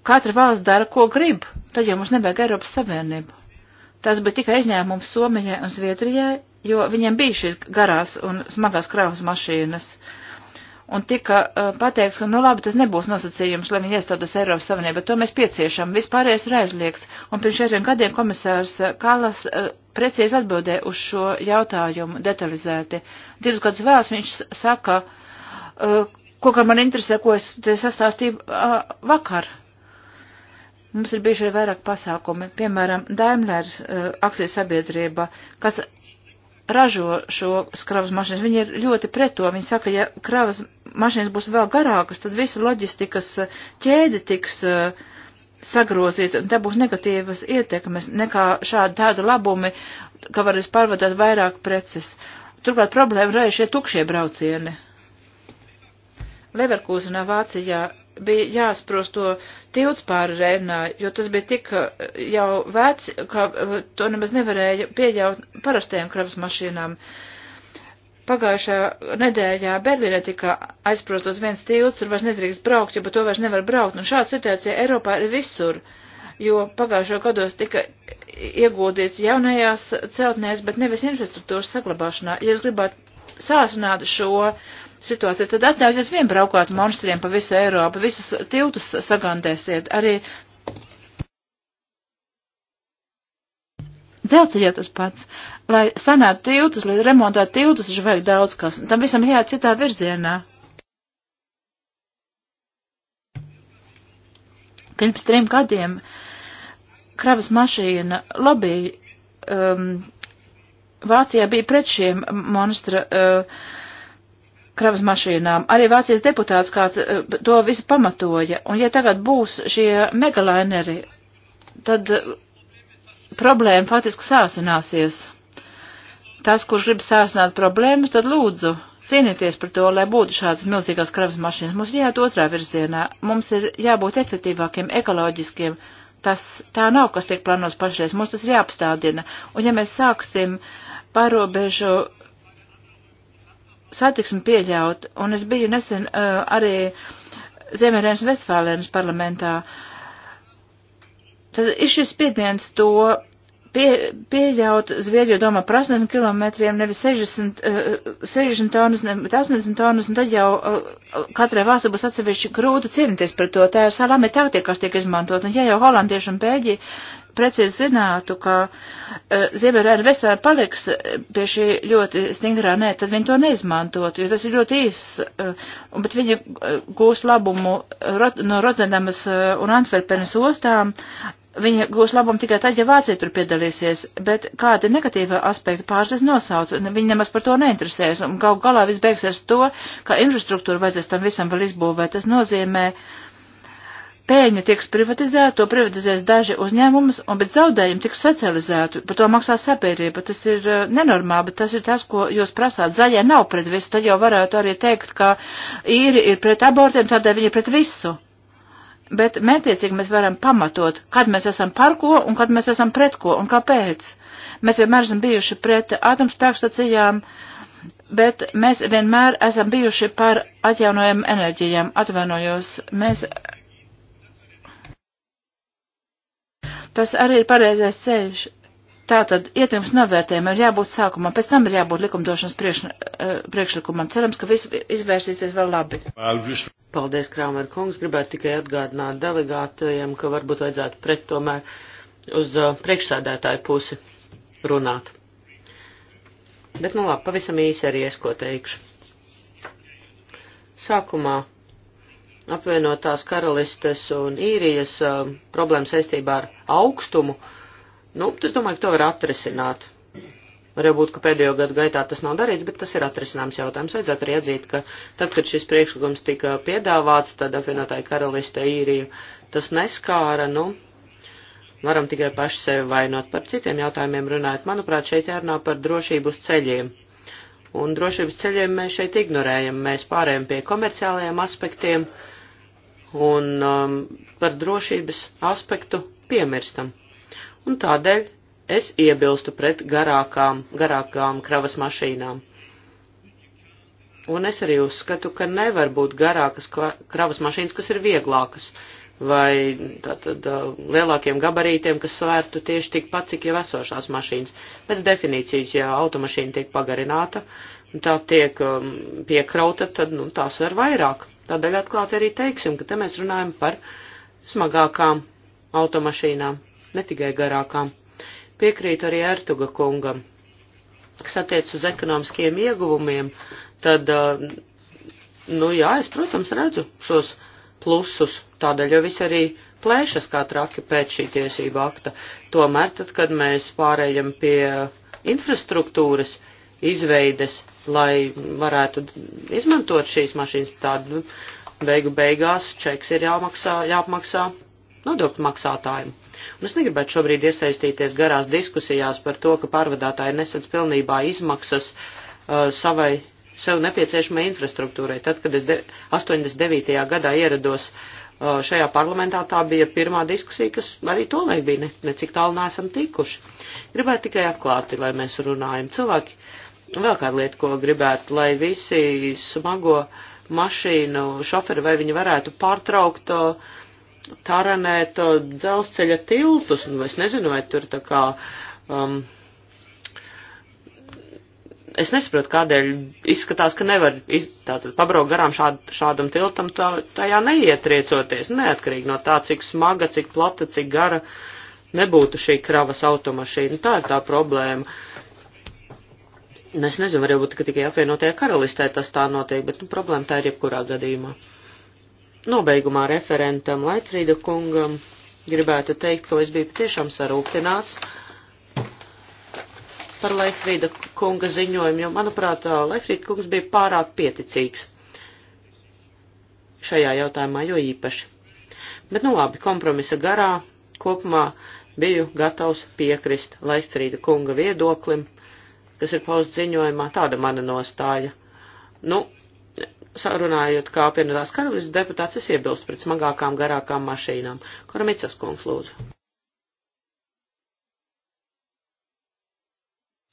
C: Katra valsts dara, ko grib, tad jau mums nevajag Eiropas Savienību. Tas bija tikai izņēmums Somijai un Zviedrijai, jo viņiem bija šīs garās un smagās kravas mašīnas. Un tika uh, pateikts, ka, nu labi, tas nebūs nosacījums, lai viņi iestātos Eiropas Savienībā, to mēs pieciešam, vispārējais ir aizliegts. Un pirms četriem gadiem komisārs eh, Kalas uh, precīzi atbildē uz šo jautājumu detalizēti. Divus gadus vēlas viņš saka, uh, ko gan man interesē, ko es te sastāstīju uh, vakar. Mums ir bijuši arī vairāk pasākumi, piemēram, Daimlers uh, eh, akcijas sabiedrība, kas ražo šo kravas mašīnas. Viņi ir ļoti pret to. Viņi saka, ja kravas mašīnas būs vēl garākas, tad visa loģistikas eh, ķēde tiks uh, sagrozīta, un te būs negatīvas ietekmes nekā šādi tādi labumi, ka varēs pārvadāt vairāk preces. Turklāt problēma ir arī šie tukšie braucieni. Leverkūzenā Vācijā bija jāsprost to tilts pāri Rēnai, jo tas bija tik uh, jau vec, ka uh, to nemaz nevarēja pieļaut parastajām kravas mašīnām. Pagājušajā nedēļā Berlīnē tika aizprostos viens tilts, tur vairs nedrīkst braukt, jo pa to vairs nevar braukt, un šāda situācija Eiropā ir visur, jo pagājušajā gados tika ieguldīts jaunajās celtnēs, bet nevis infrastruktūras saglabāšanā. Ja jūs gribētu sāsināt šo uh, situācija, tad atļaujiet vien braukāt monstriem pa visu Eiropu, visus tiltus sagandēsiet, arī dzelceļā tas pats. Lai sanātu tiltus, lai remontētu tiltus, taču vajag daudz kas, tam visam jāiet citā virzienā. Pirms trim gadiem kravas mašīna lobby um, Vācijā bija pret šiem monstra uh, kravas mašīnām. Arī Vācijas deputāts kāds eh, to visu pamatoja. Un ja tagad būs šie megalaineri, tad eh, problēma faktiski sāsināsies. Tas, kurš grib sāsināt problēmas, tad lūdzu cīnīties par to, lai būtu šādas milzīgās kravas mašīnas. Mums ir jāiet otrā virzienā. Mums ir jābūt efektīvākiem, ekoloģiskiem. Tas tā nav, kas tiek plānos pašreiz. Mums tas ir jāapstādina. Un ja mēs sāksim pārobežu satiksmi pieļaut, un es biju nesen uh, arī Zemērēnas Vestfālēnas parlamentā, tad ir šis spiediens to pie, pieļaut Zviedriju domā par 80 kilometriem, nevis 60, uh, 60 tonnas, nevis 80 tonnas, un tad jau uh, katrai valstī būs atsevišķi grūti cīnīties par to. Tā ir salami taktika, kas tiek izmantot, un ja jau holandieši un bēģi precīzi zinātu, ka uh, e, Ziemeļvēra Vestvāra paliks e, pie šī ļoti stingrā, nē, tad viņi to neizmantotu, jo tas ir ļoti īs, uh, bet viņi uh, gūs labumu rot, no Rotterdamas uh, un Antverpenes ostām. Viņa gūs labumu tikai tad, ja Vācija tur piedalīsies, bet kādi negatīvi aspekti pāris nosauc, viņi nemaz par to neinteresēs, un gal galā viss beigsies to, ka infrastruktūru vajadzēs tam visam vēl izbūvēt. Tas nozīmē, uh, pēļņa tiks privatizēta, to privatizēs daži uzņēmumus, un bet zaudējumi tiks socializēti, par to maksā sabiedrība. Tas ir uh, nenormāli, bet tas ir tas, ko jūs prasāt. Zaļie nav pret visu, tad jau varētu arī teikt, ka īri ir pret abortiem, tādēļ viņi ir pret visu. Bet mētiecīgi mēs varam pamatot, kad mēs esam par ko un kad mēs esam pret ko un kāpēc. Mēs vienmēr esam bijuši pret atomspēkstacijām, bet mēs vienmēr esam bijuši par atjaunojumu enerģijām. Atvainojos, mēs Tas arī ir pareizais ceļš. Tātad ietekmes novērtējumam ir jābūt sākumam, pēc tam ir jābūt likumdošanas priekš, eh, priekšlikumam. Cerams, ka viss izvērsīsies vēl labi.
A: Paldies, Krāmer kungs. Gribētu tikai atgādināt delegātajiem, ka varbūt vajadzētu pret tomēr uz eh, priekšsēdētāju pusi runāt. Bet nu labi, pavisam īsi arī es ko teikšu. Sākumā apvienotās karalistes un īrijas uh, problēmas saistībā ar augstumu, nu, es domāju, ka to var atrisināt. Varbūt, ka pēdējo gadu gaitā tas nav darīts, bet tas ir atrisināms jautājums. Vajadzētu arī atzīt, ka tad, kad šis priekšlikums tika piedāvāts, tad apvienotāja karaliste īriju tas neskāra, nu, varam tikai paši sevi vainot. Par citiem jautājumiem runājot, manuprāt, šeit jārunā par drošību uz ceļiem. Un drošības ceļiem mēs šeit ignorējam, mēs pārējām pie komerciālajiem aspektiem. Uh, un um, par drošības aspektu piemirstam. Un tādēļ es iebilstu pret garākām, garākām kravas mašīnām. Un es arī uzskatu, ka nevar būt garākas kravas mašīnas, kas ir vieglākas, vai tātad uh, lielākiem gabarītiem, kas svērtu tieši tikpat, cik jau esošās mašīnas. Pēc definīcijas, ja automašīna tiek pagarināta un tā tiek um, piekrauta, tad nu, tās var vairāk. Tādēļ atklāti arī teiksim, ka te mēs runājam par smagākām automašīnām, ne tikai garākām. Piekrītu arī Ertuga kungam, kas attiec uz ekonomiskiem ieguvumiem, tad, eh, nu jā, es, protams, redzu šos plusus, tādēļ jau visi arī plēšas kā traki pēc šī tiesība akta. Tomēr, tad, kad mēs pārējam pie infrastruktūras izveides, lai varētu izmantot šīs mašīnas. Tad nu, beigu beigās čeks ir jāmaksā, jāapmaksā nodokļu maksātājiem. Un es negribētu šobrīd iesaistīties garās diskusijās par to, ka pārvadātāji nesadz pilnībā izmaksas uh, savai sev nepieciešamai infrastruktūrai. Tad, kad es 89. gadā ierados uh, šajā parlamentā, tā bija pirmā diskusija, kas arī tolaik bija, ne, ne cik tālu neesam tikuši. Gribētu tikai atklāti, lai mēs runājam. Cilvēki uh, Vēl kāda lieta, ko gribētu, lai visi smago mašīnu šoferi vai viņi varētu pārtraukt uh, taranēt uh, dzelzceļa tiltus, nu es nezinu, vai tur tā kā. Um, Es nesaprotu, kādēļ izskatās, ka nevar iz, tātad, pabraukt garām šād, šādam tiltam, tā, tajā neietriecoties, neatkarīgi no tā, cik smaga, cik plata, cik gara nebūtu šī kravas automašīna. Tā ir tā problēma. Uh, Nu, es nezinu, varbūt tikai apvienotajā karalistē tas tā notiek, bet nu, problēma tā ir jebkurā gadījumā. Nobeigumā referentam Laitrīda kungam gribētu teikt, ka es biju patiešām sarūktināts par Leifrīda kunga ziņojumu, jo, manuprāt, Leifrīda kungs bija pārāk pieticīgs šajā jautājumā, jo īpaši. Bet, nu labi, kompromisa garā kopumā biju gatavs piekrist Leifrīda kunga viedoklim kas ir paust ziņojumā, tāda mana nostāja. Nu, sarunājot kā apvienotās karalistas deputāts, es iebilstu pret smagākām, garākām mašīnām. Koramicas kungs, lūdzu.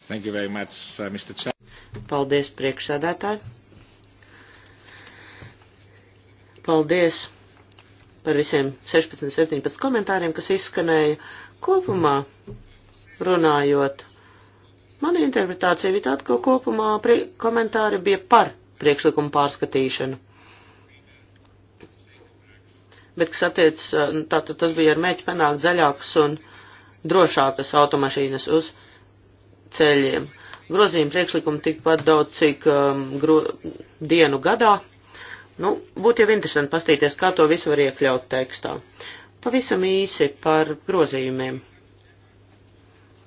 A: Thank you very much, uh, Mr. Chair. Paldies, priekšsēdētāji. Paldies par visiem 16, 17 komentāriem, kas izskanēja kopumā runājot Mana interpretācija bija tāda, ka kopumā komentāri bija par priekšlikumu pārskatīšanu. Bet, kas attiec, eh, tātad tas bija ar mēķi panākt zaļākas un drošākas automašīnas uz ceļiem. Grozījuma priekšlikumi tikpat daudz, cik um, gro, dienu gadā. Nu, būtu jau interesanti pastīties, kā to visu var iekļaut tekstā. Pavisam īsi par grozījumiem.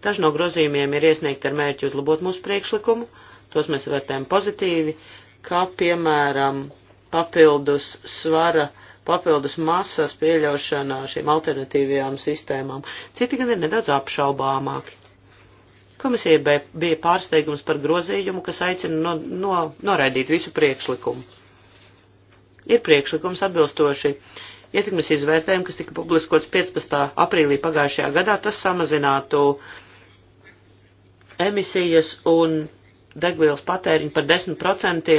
A: Daži no grozījumiem ir iesniegti ar mērķi uzlabot mūsu priekšlikumu, tos mēs vērtējam pozitīvi, kā piemēram papildus svara papildus masas pieļaušanā šīm alternatīvajām sistēmām. Citi gan ir nedaudz apšaubāmāki. Komisija bija pārsteigums par grozījumu, kas aicina no, no, noraidīt visu priekšlikumu. Ir priekšlikums atbilstoši ietekmes izvērtējumu, kas tika publiskots 15. aprīlī pagājušajā gadā, tas samazinātu uh, emisijas un degvielas patēriņu par 10%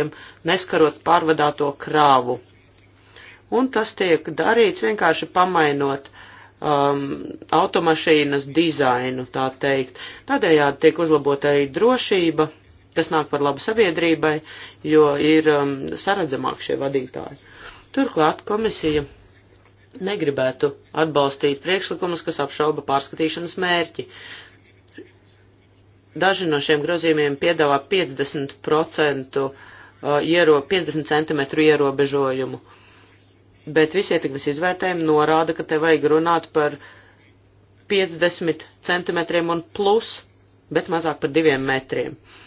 A: neskarot pārvadāto krāvu. Un tas tiek darīts vienkārši pamainot um, automašīnas dizainu, tā teikt. Tādējādi tiek uzlabota arī drošība, kas nāk par labu sabiedrībai, jo ir um, saredzamāk šie vadītāji. Turklāt komisija negribētu atbalstīt priekšlikumus, kas apšauba pārskatīšanas mērķi. Daži no šiem grozījumiem piedāvā 50%, uh, iero, 50 cm ierobežojumu, bet visi ietekmes izvērtējumi norāda, ka te vajag runāt par 50 cm un plus, bet mazāk par 2 metriem. Uh,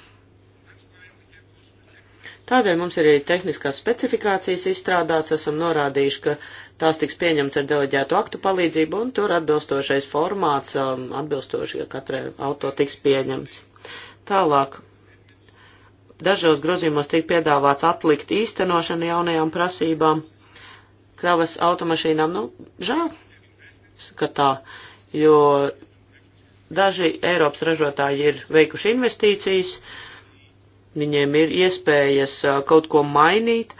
A: Tādēļ mums ir arī tehniskās specifikācijas izstrādāts, esam norādījuši, ka tās tiks pieņemts ar deleģētu aktu palīdzību, un tur atbilstošais formāts um, atbilstoši, ka katrai auto tiks pieņemts. Tālāk. Dažos grozījumos tiek piedāvāts atlikt īstenošanu jaunajām prasībām kravas automašīnām. Nu, žēl, ka tā, jo daži Eiropas ražotāji ir veikuši investīcijas, uh, viņiem ir iespējas kaut ko mainīt,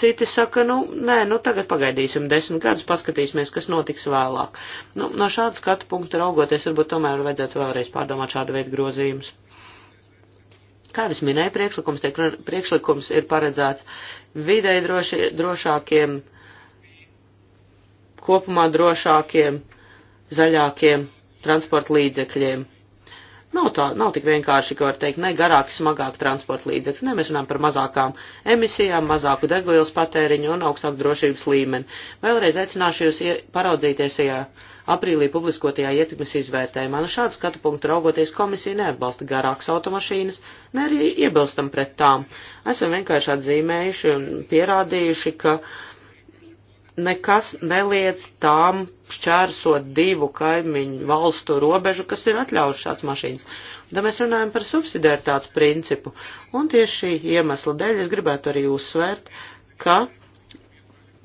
A: citi saka, nu, nē, nu tagad pagaidīsim desmit gadus, paskatīsimies, kas notiks vēlāk. Nu, no šāda skatu punkta raugoties, varbūt tomēr vajadzētu vēlreiz pārdomāt šādu veidu grozījumus. Kā es minēju, priekšlikums, tiek, priekšlikums ir paredzēts videi droši, drošākiem, kopumā drošākiem, zaļākiem transporta līdzekļiem. Nav, tā, nav tik vienkārši, ka var teikt, ne garāk, smagāk transporta līdzekļi. Ne, mēs runājam par mazākām emisijām, mazāku degvielas patēriņu un augstāku drošības līmeni. Vēlreiz aicināšu jūs paraudzīties šajā aprīlī publiskotajā ietekmes izvērtējumā. No šādu skatu punktu raugoties komisija neatbalsta garākas automašīnas, ne arī iebilstam pret tām. Esam vienkārši atzīmējuši un pierādījuši, ka. Uh, nekas neliedz tām šķērsot divu kaimiņu valstu robežu, kas ir atļaujuši šāds mašīnas. Da mēs runājam par subsidiaritātes principu, un tieši šī iemesla dēļ es gribētu arī uzsvērt, ka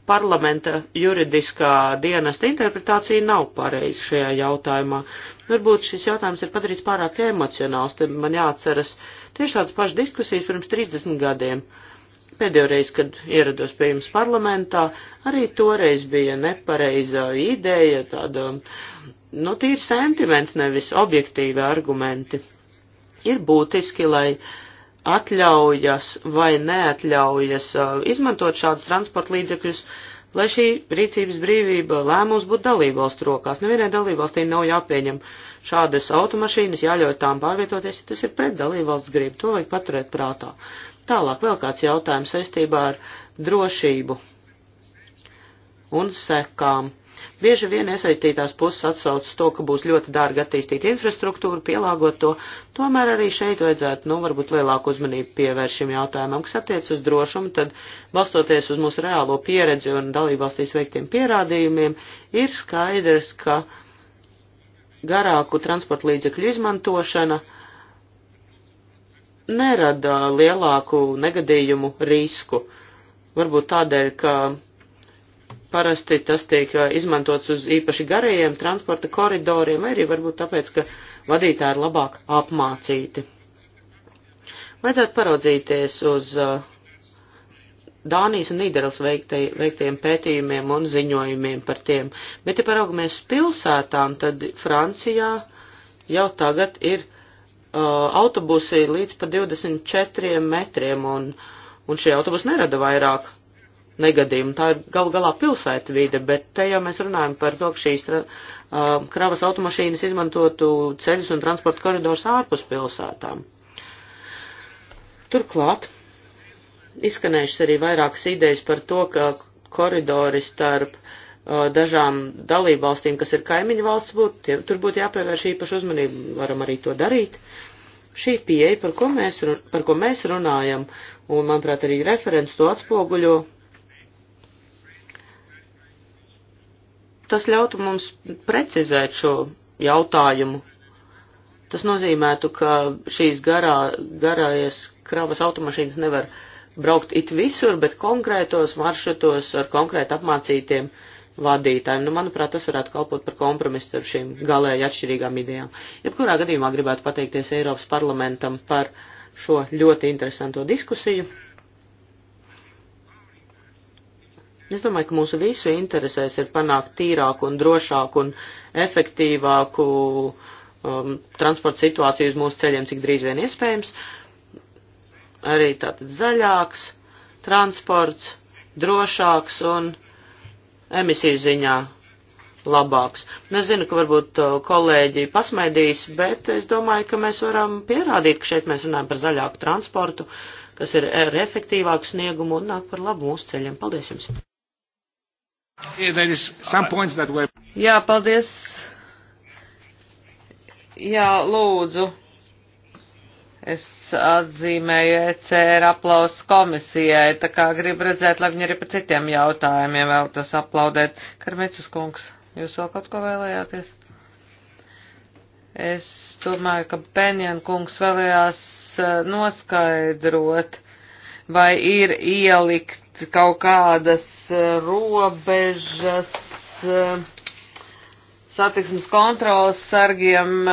A: parlamenta juridiskā dienesta interpretācija nav pareiza šajā jautājumā. Varbūt šis jautājums ir padarīts pārāk emocionāls, te man jāatceras tieši tādas pašas diskusijas pirms 30 gadiem. Uh, Pēdējo reizi, kad ierados pie jums parlamentā, arī toreiz bija nepareizā ideja, tāda, nu, tīri sentiments, nevis objektīvi argumenti. Ir būtiski, lai atļaujas vai neatļaujas izmantot šādus transporta līdzekļus, lai šī rīcības brīvība lēmums būtu dalībvalstu rokās. Nevienai dalībvalstī nav jāpieņem šādas automašīnas, jāļauj tām pārvietoties, ja tas ir pret dalībvalsts gribu. To vajag paturēt prātā. Tālāk vēl kāds jautājums saistībā ar drošību un sekām. Bieži vien iesaistītās puses atsaucas to, ka būs ļoti dārgi attīstīt infrastruktūru, pielāgot to, tomēr arī šeit vajadzētu, nu, varbūt lielāku uzmanību pievērst šim jautājumam, kas attiec uz drošumu, tad balstoties uz mūsu reālo pieredzi un dalībvalstīs veiktiem pierādījumiem, ir skaidrs, ka garāku transporta līdzekļu izmantošana uh, nerada lielāku negadījumu risku. Varbūt tādēļ, ka parasti tas tiek uh, izmantots uz īpaši garajiem transporta koridoriem, vai arī varbūt tāpēc, ka vadītāji ir labāk apmācīti. Vajadzētu paraudzīties uz uh, Dānijas un Nīderlandes veiktajiem pētījumiem un ziņojumiem par tiem. Bet, ja paraugamies uz pilsētām, tad Francijā jau tagad ir Uh, autobusi līdz pa 24 metriem, un, un šie autobusi nerada vairāk negadījumu. Tā ir gal galā pilsēta vide, bet te jau mēs runājam par to, ka šīs uh, kravas automašīnas izmantotu ceļus un transporta koridors ārpus pilsētām. Turklāt izskanējušas arī vairākas idejas par to, ka koridori starp uh, dažām dalībvalstīm, kas ir kaimiņu valsts, būt, tie, tur būtu jāpievērš īpaši uzmanību, varam arī to darīt. Šī pieeja, par ko mēs, par ko mēs runājam, un, manuprāt, arī referents to atspoguļo, tas ļautu mums precizēt šo jautājumu. Tas nozīmētu, ka šīs garā, garājies kravas automašīnas nevar braukt it visur, bet konkrētos maršrutos ar konkrēti apmācītiem uh, vadītājiem. Nu, manuprāt, tas varētu kalpot par kompromisu ar šīm galēji atšķirīgām idejām. Jebkurā gadījumā gribētu pateikties Eiropas parlamentam par šo ļoti interesanto diskusiju. Es domāju, ka mūsu visu interesēs ir panākt tīrāku un drošāku un efektīvāku um, transporta situāciju uz mūsu ceļiem, cik drīz vien iespējams. Arī tātad zaļāks, transports, drošāks un emisiju ziņā labāks. Nezinu, ka varbūt uh, kolēģi pasmaidīs, bet es domāju, ka mēs varam pierādīt, ka šeit mēs runājam par zaļāku transportu, kas ir ar er, efektīvāku sniegumu un nāk par labu mūsu ceļiem. Paldies jums!
B: Jā, paldies! Jā, lūdzu! Es atzīmēju ECR aplausu komisijai, tā kā gribu redzēt, lai viņi arī par citiem jautājumiem vēl tas aplaudēt. Karmicus kungs, jūs vēl kaut ko vēlējāties? Es domāju, ka Benjan kungs vēlējās eh, noskaidrot, vai ir ielikt kaut kādas eh, robežas. Uh, satiksmes kontrolas sargiem,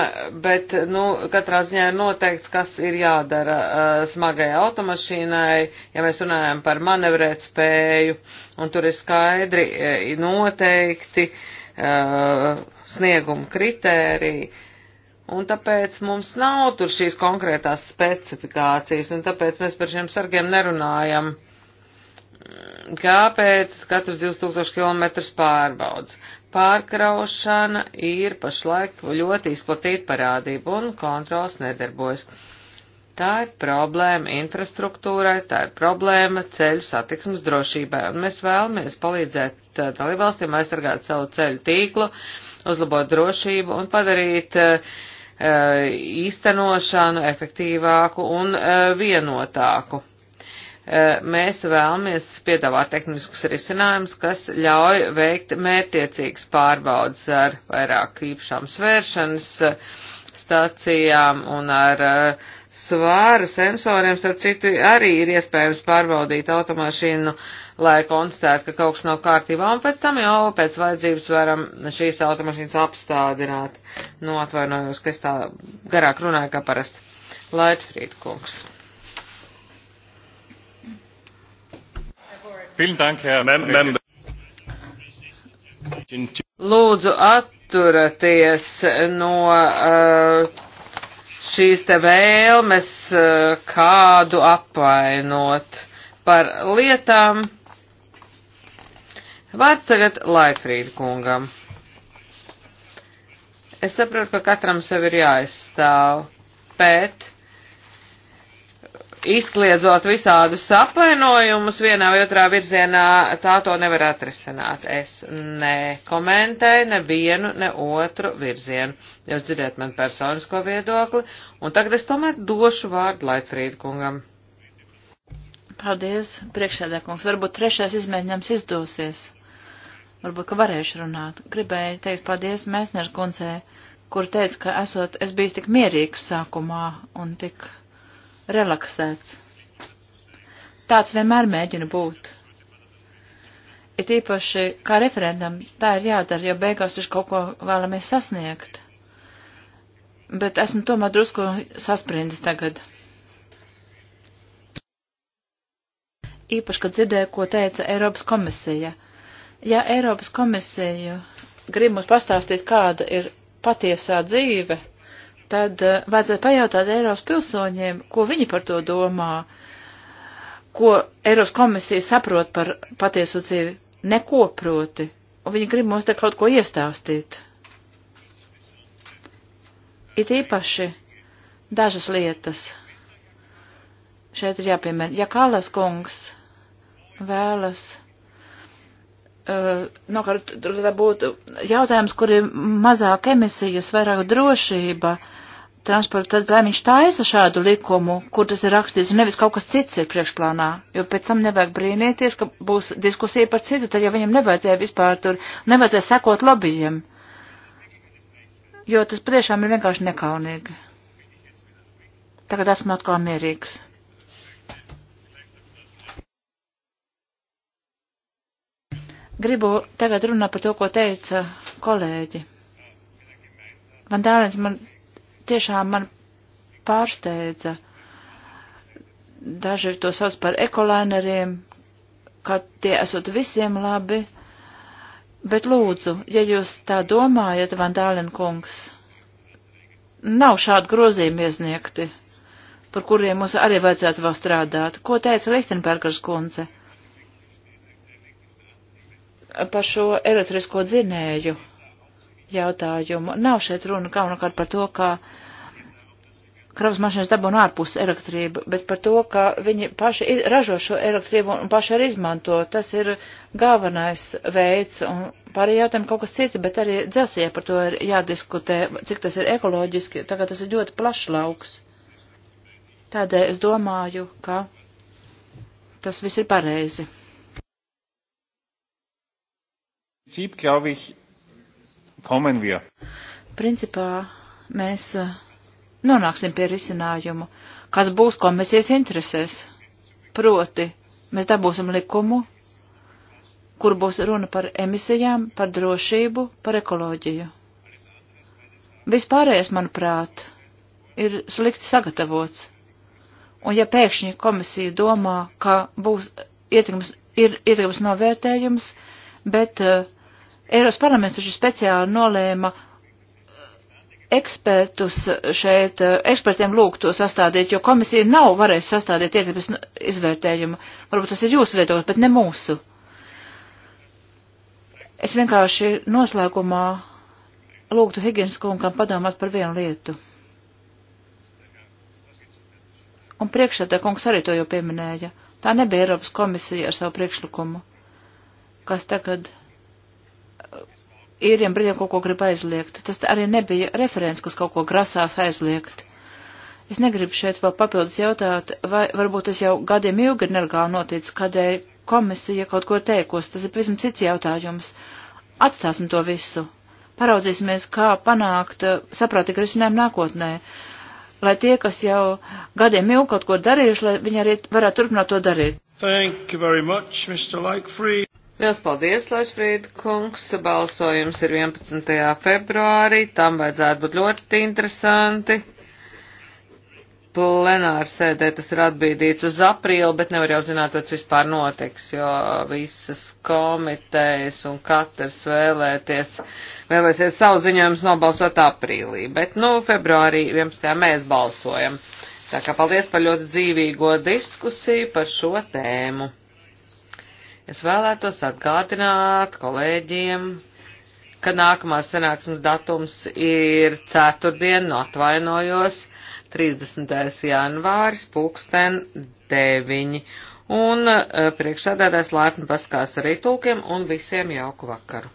B: bet, nu, katrā ziņā ir noteikts, kas ir jādara uh, smagai automašīnai, ja mēs runājam par manevrēt spēju, un tur ir skaidri uh, noteikti uh, snieguma kritēriji. Un tāpēc mums nav tur šīs konkrētās specifikācijas, un tāpēc mēs par šiem sargiem nerunājam kāpēc katrs 2000 km pārbaudas pārkraušana ir pašlaik ļoti izplatīta parādība un kontrols nedarbojas. Tā ir problēma infrastruktūrai, tā ir problēma ceļu satiksmes drošībai, un mēs vēlamies palīdzēt dalībvalstīm aizsargāt savu ceļu tīklu, uzlabot drošību un padarīt uh, īstenošanu efektīvāku un uh, vienotāku. Eh, mēs vēlamies piedāvāt tehniskus risinājumus, kas ļauj veikt mērtiecīgas pārbaudas ar vairāk īpašām svēršanas eh, stācijām un ar eh, svāra sensoriem, starp citu, arī ir iespējams pārbaudīt automašīnu, lai konstatētu, ka kaut kas nav kārtībā, un pēc tam jau pēc vajadzības varam šīs automašīnas apstādināt. Nu, atvainojos, ka es tā garāk runāju kā parasti. Laitfrīd kungs. Lūdzu, atturaties no uh, šīs te vēlmes uh, kādu apvainot par lietām. Vārds tagad Laifrīd kungam. Es saprotu, ka katram sev ir jāizstāv, bet izkliedzot visādus apvainojumus vienā vai otrā virzienā, tā to nevar atrisināt. Es nekomentēju nevienu, ne otru virzienu. Jūs dzirdēt man personisko viedokli, un tagad es tomēr došu vārdu Laitfrīd
C: kungam. Paldies, priekšsēdēkungs. Varbūt trešais izmēģinājums izdosies. Varbūt, ka varēšu runāt. Gribēju teikt paldies Mēsneru kundzei, kur teica, ka esot, es biju tik mierīgs sākumā un tik relaksēts. Tāds vienmēr mēģinu būt. It īpaši kā referendam tā ir jādara, jo beigās viņš kaut ko vēlamies sasniegt. Bet esmu tomēr drusku sasprindzis tagad. īpaši, kad dzirdēju, ko teica Eiropas komisija. Ja Eiropas komisija grib mums pastāstīt, kāda ir patiesā dzīve, tad eh, vajadzētu pajautāt Eiropas pilsoņiem, ko viņi par to domā, ko Eiropas komisija saprot par patieso dzīvi, neko proti, un viņi grib mums te kaut ko iestāstīt. It īpaši dažas lietas. Šeit ir jāpiemēr, ja Kālas kungs vēlas nu, tā būtu jautājums, kur ir mazāk emisijas, vairāk drošība transporta, tad lai viņš taisa šādu likumu, kur tas ir rakstīts, un nevis kaut kas cits ir priekšplānā, jo pēc tam nevajag brīnīties, ka būs diskusija par citu, tad jau viņam nevajadzēja vispār tur, nevajadzēja sekot lobbyiem, jo tas patiešām ir vienkārši nekaunīgi. Tagad esmu atkal mierīgs. gribu tagad runāt par to, ko teica kolēģi. Van Dālens man tiešām man pārsteidza. Daži to sauc par ekolaineriem, ka tie esot visiem labi, bet lūdzu, ja jūs tā domājat, Van Dālen kungs, nav šādi grozījumi iesniegti, par kuriem mums arī vajadzētu vēl strādāt. Ko teica Lichtenbergers kundze? par šo elektrisko dzinēju jautājumu. Nav šeit runa galvenokārt par to, ka kravas mašīnas dabūna ārpus elektrību, bet par to, ka viņi paši ražo šo elektrību un paši arī izmanto. Tas ir galvenais veids, un pārējie jautājumi kaut kas cits, bet arī dzelzceļā par to ir jādiskutē, cik tas ir ekoloģiski, tagad tas ir ļoti plašs lauks. Tādēļ es domāju, ka tas viss ir pareizi. Cip, glaube ich, kommen wir. Principā mēs eh, nonāksim pie risinājumu, kas būs komisijas interesēs. Proti, mēs dabūsim likumu, kur būs runa par emisijām, par drošību, par ekoloģiju. Vispārējais, manuprāt, ir slikti sagatavots. Un ja pēkšņi komisija domā, ka būs ietekmes, ir ietekmes novērtējums, bet uh, Eiros parlaments taču speciāli nolēma ekspertus šeit, eh, ekspertiem lūgt to sastādīt, jo komisija nav varējusi sastādīt ietekmes izvērtējumu. Varbūt tas ir jūsu viedoklis, bet ne mūsu. Es vienkārši noslēgumā lūgtu Higgins kungam padomāt par vienu lietu. Un priekšsēdē kungs arī to jau pieminēja. Tā nebija Eiropas komisija ar savu priekšlikumu, kas tagad īriem brīdiem kaut ko grib aizliegt. Tas arī nebija referents, kas kaut ko grasās aizliegt. Es negribu šeit vēl papildus jautāt, vai varbūt tas jau gadiem ilgi ir nelegāli noticis, kādēļ komisija kaut ko teikos. Tas ir pavisam cits jautājums. Atstāsim to visu. Paraudzīsimies, kā panākt eh, saprātīgu risinājumu nākotnē. Lai tie, kas jau gadiem ilgi kaut ko darījuši, lai viņi arī varētu turpināt to darīt. Thank you very much, Mr.
B: Lakefree. Liels paldies, Lašfrīd kungs. Balsojums ir 11. februārī. Tam vajadzētu būt ļoti interesanti. Plenāra sēdē tas ir atbīdīts uz aprīli, bet nevar jau zināt, kas vispār notiks, jo visas komitejas un katrs vēlēties, vēlēsies savu ziņojumus nobalsot aprīlī. Bet, nu, februārī 11. mēs balsojam. Tā kā paldies par ļoti dzīvīgo diskusiju par šo tēmu. Es vēlētos atgādināt kolēģiem, ka nākamā sanāksmes datums ir ceturtdien, no nu, atvainojos, 30. janvāris, pulksten 9. Un eh, priekšsēdētājs laipni paskās arī tulkiem un visiem jauku vakaru.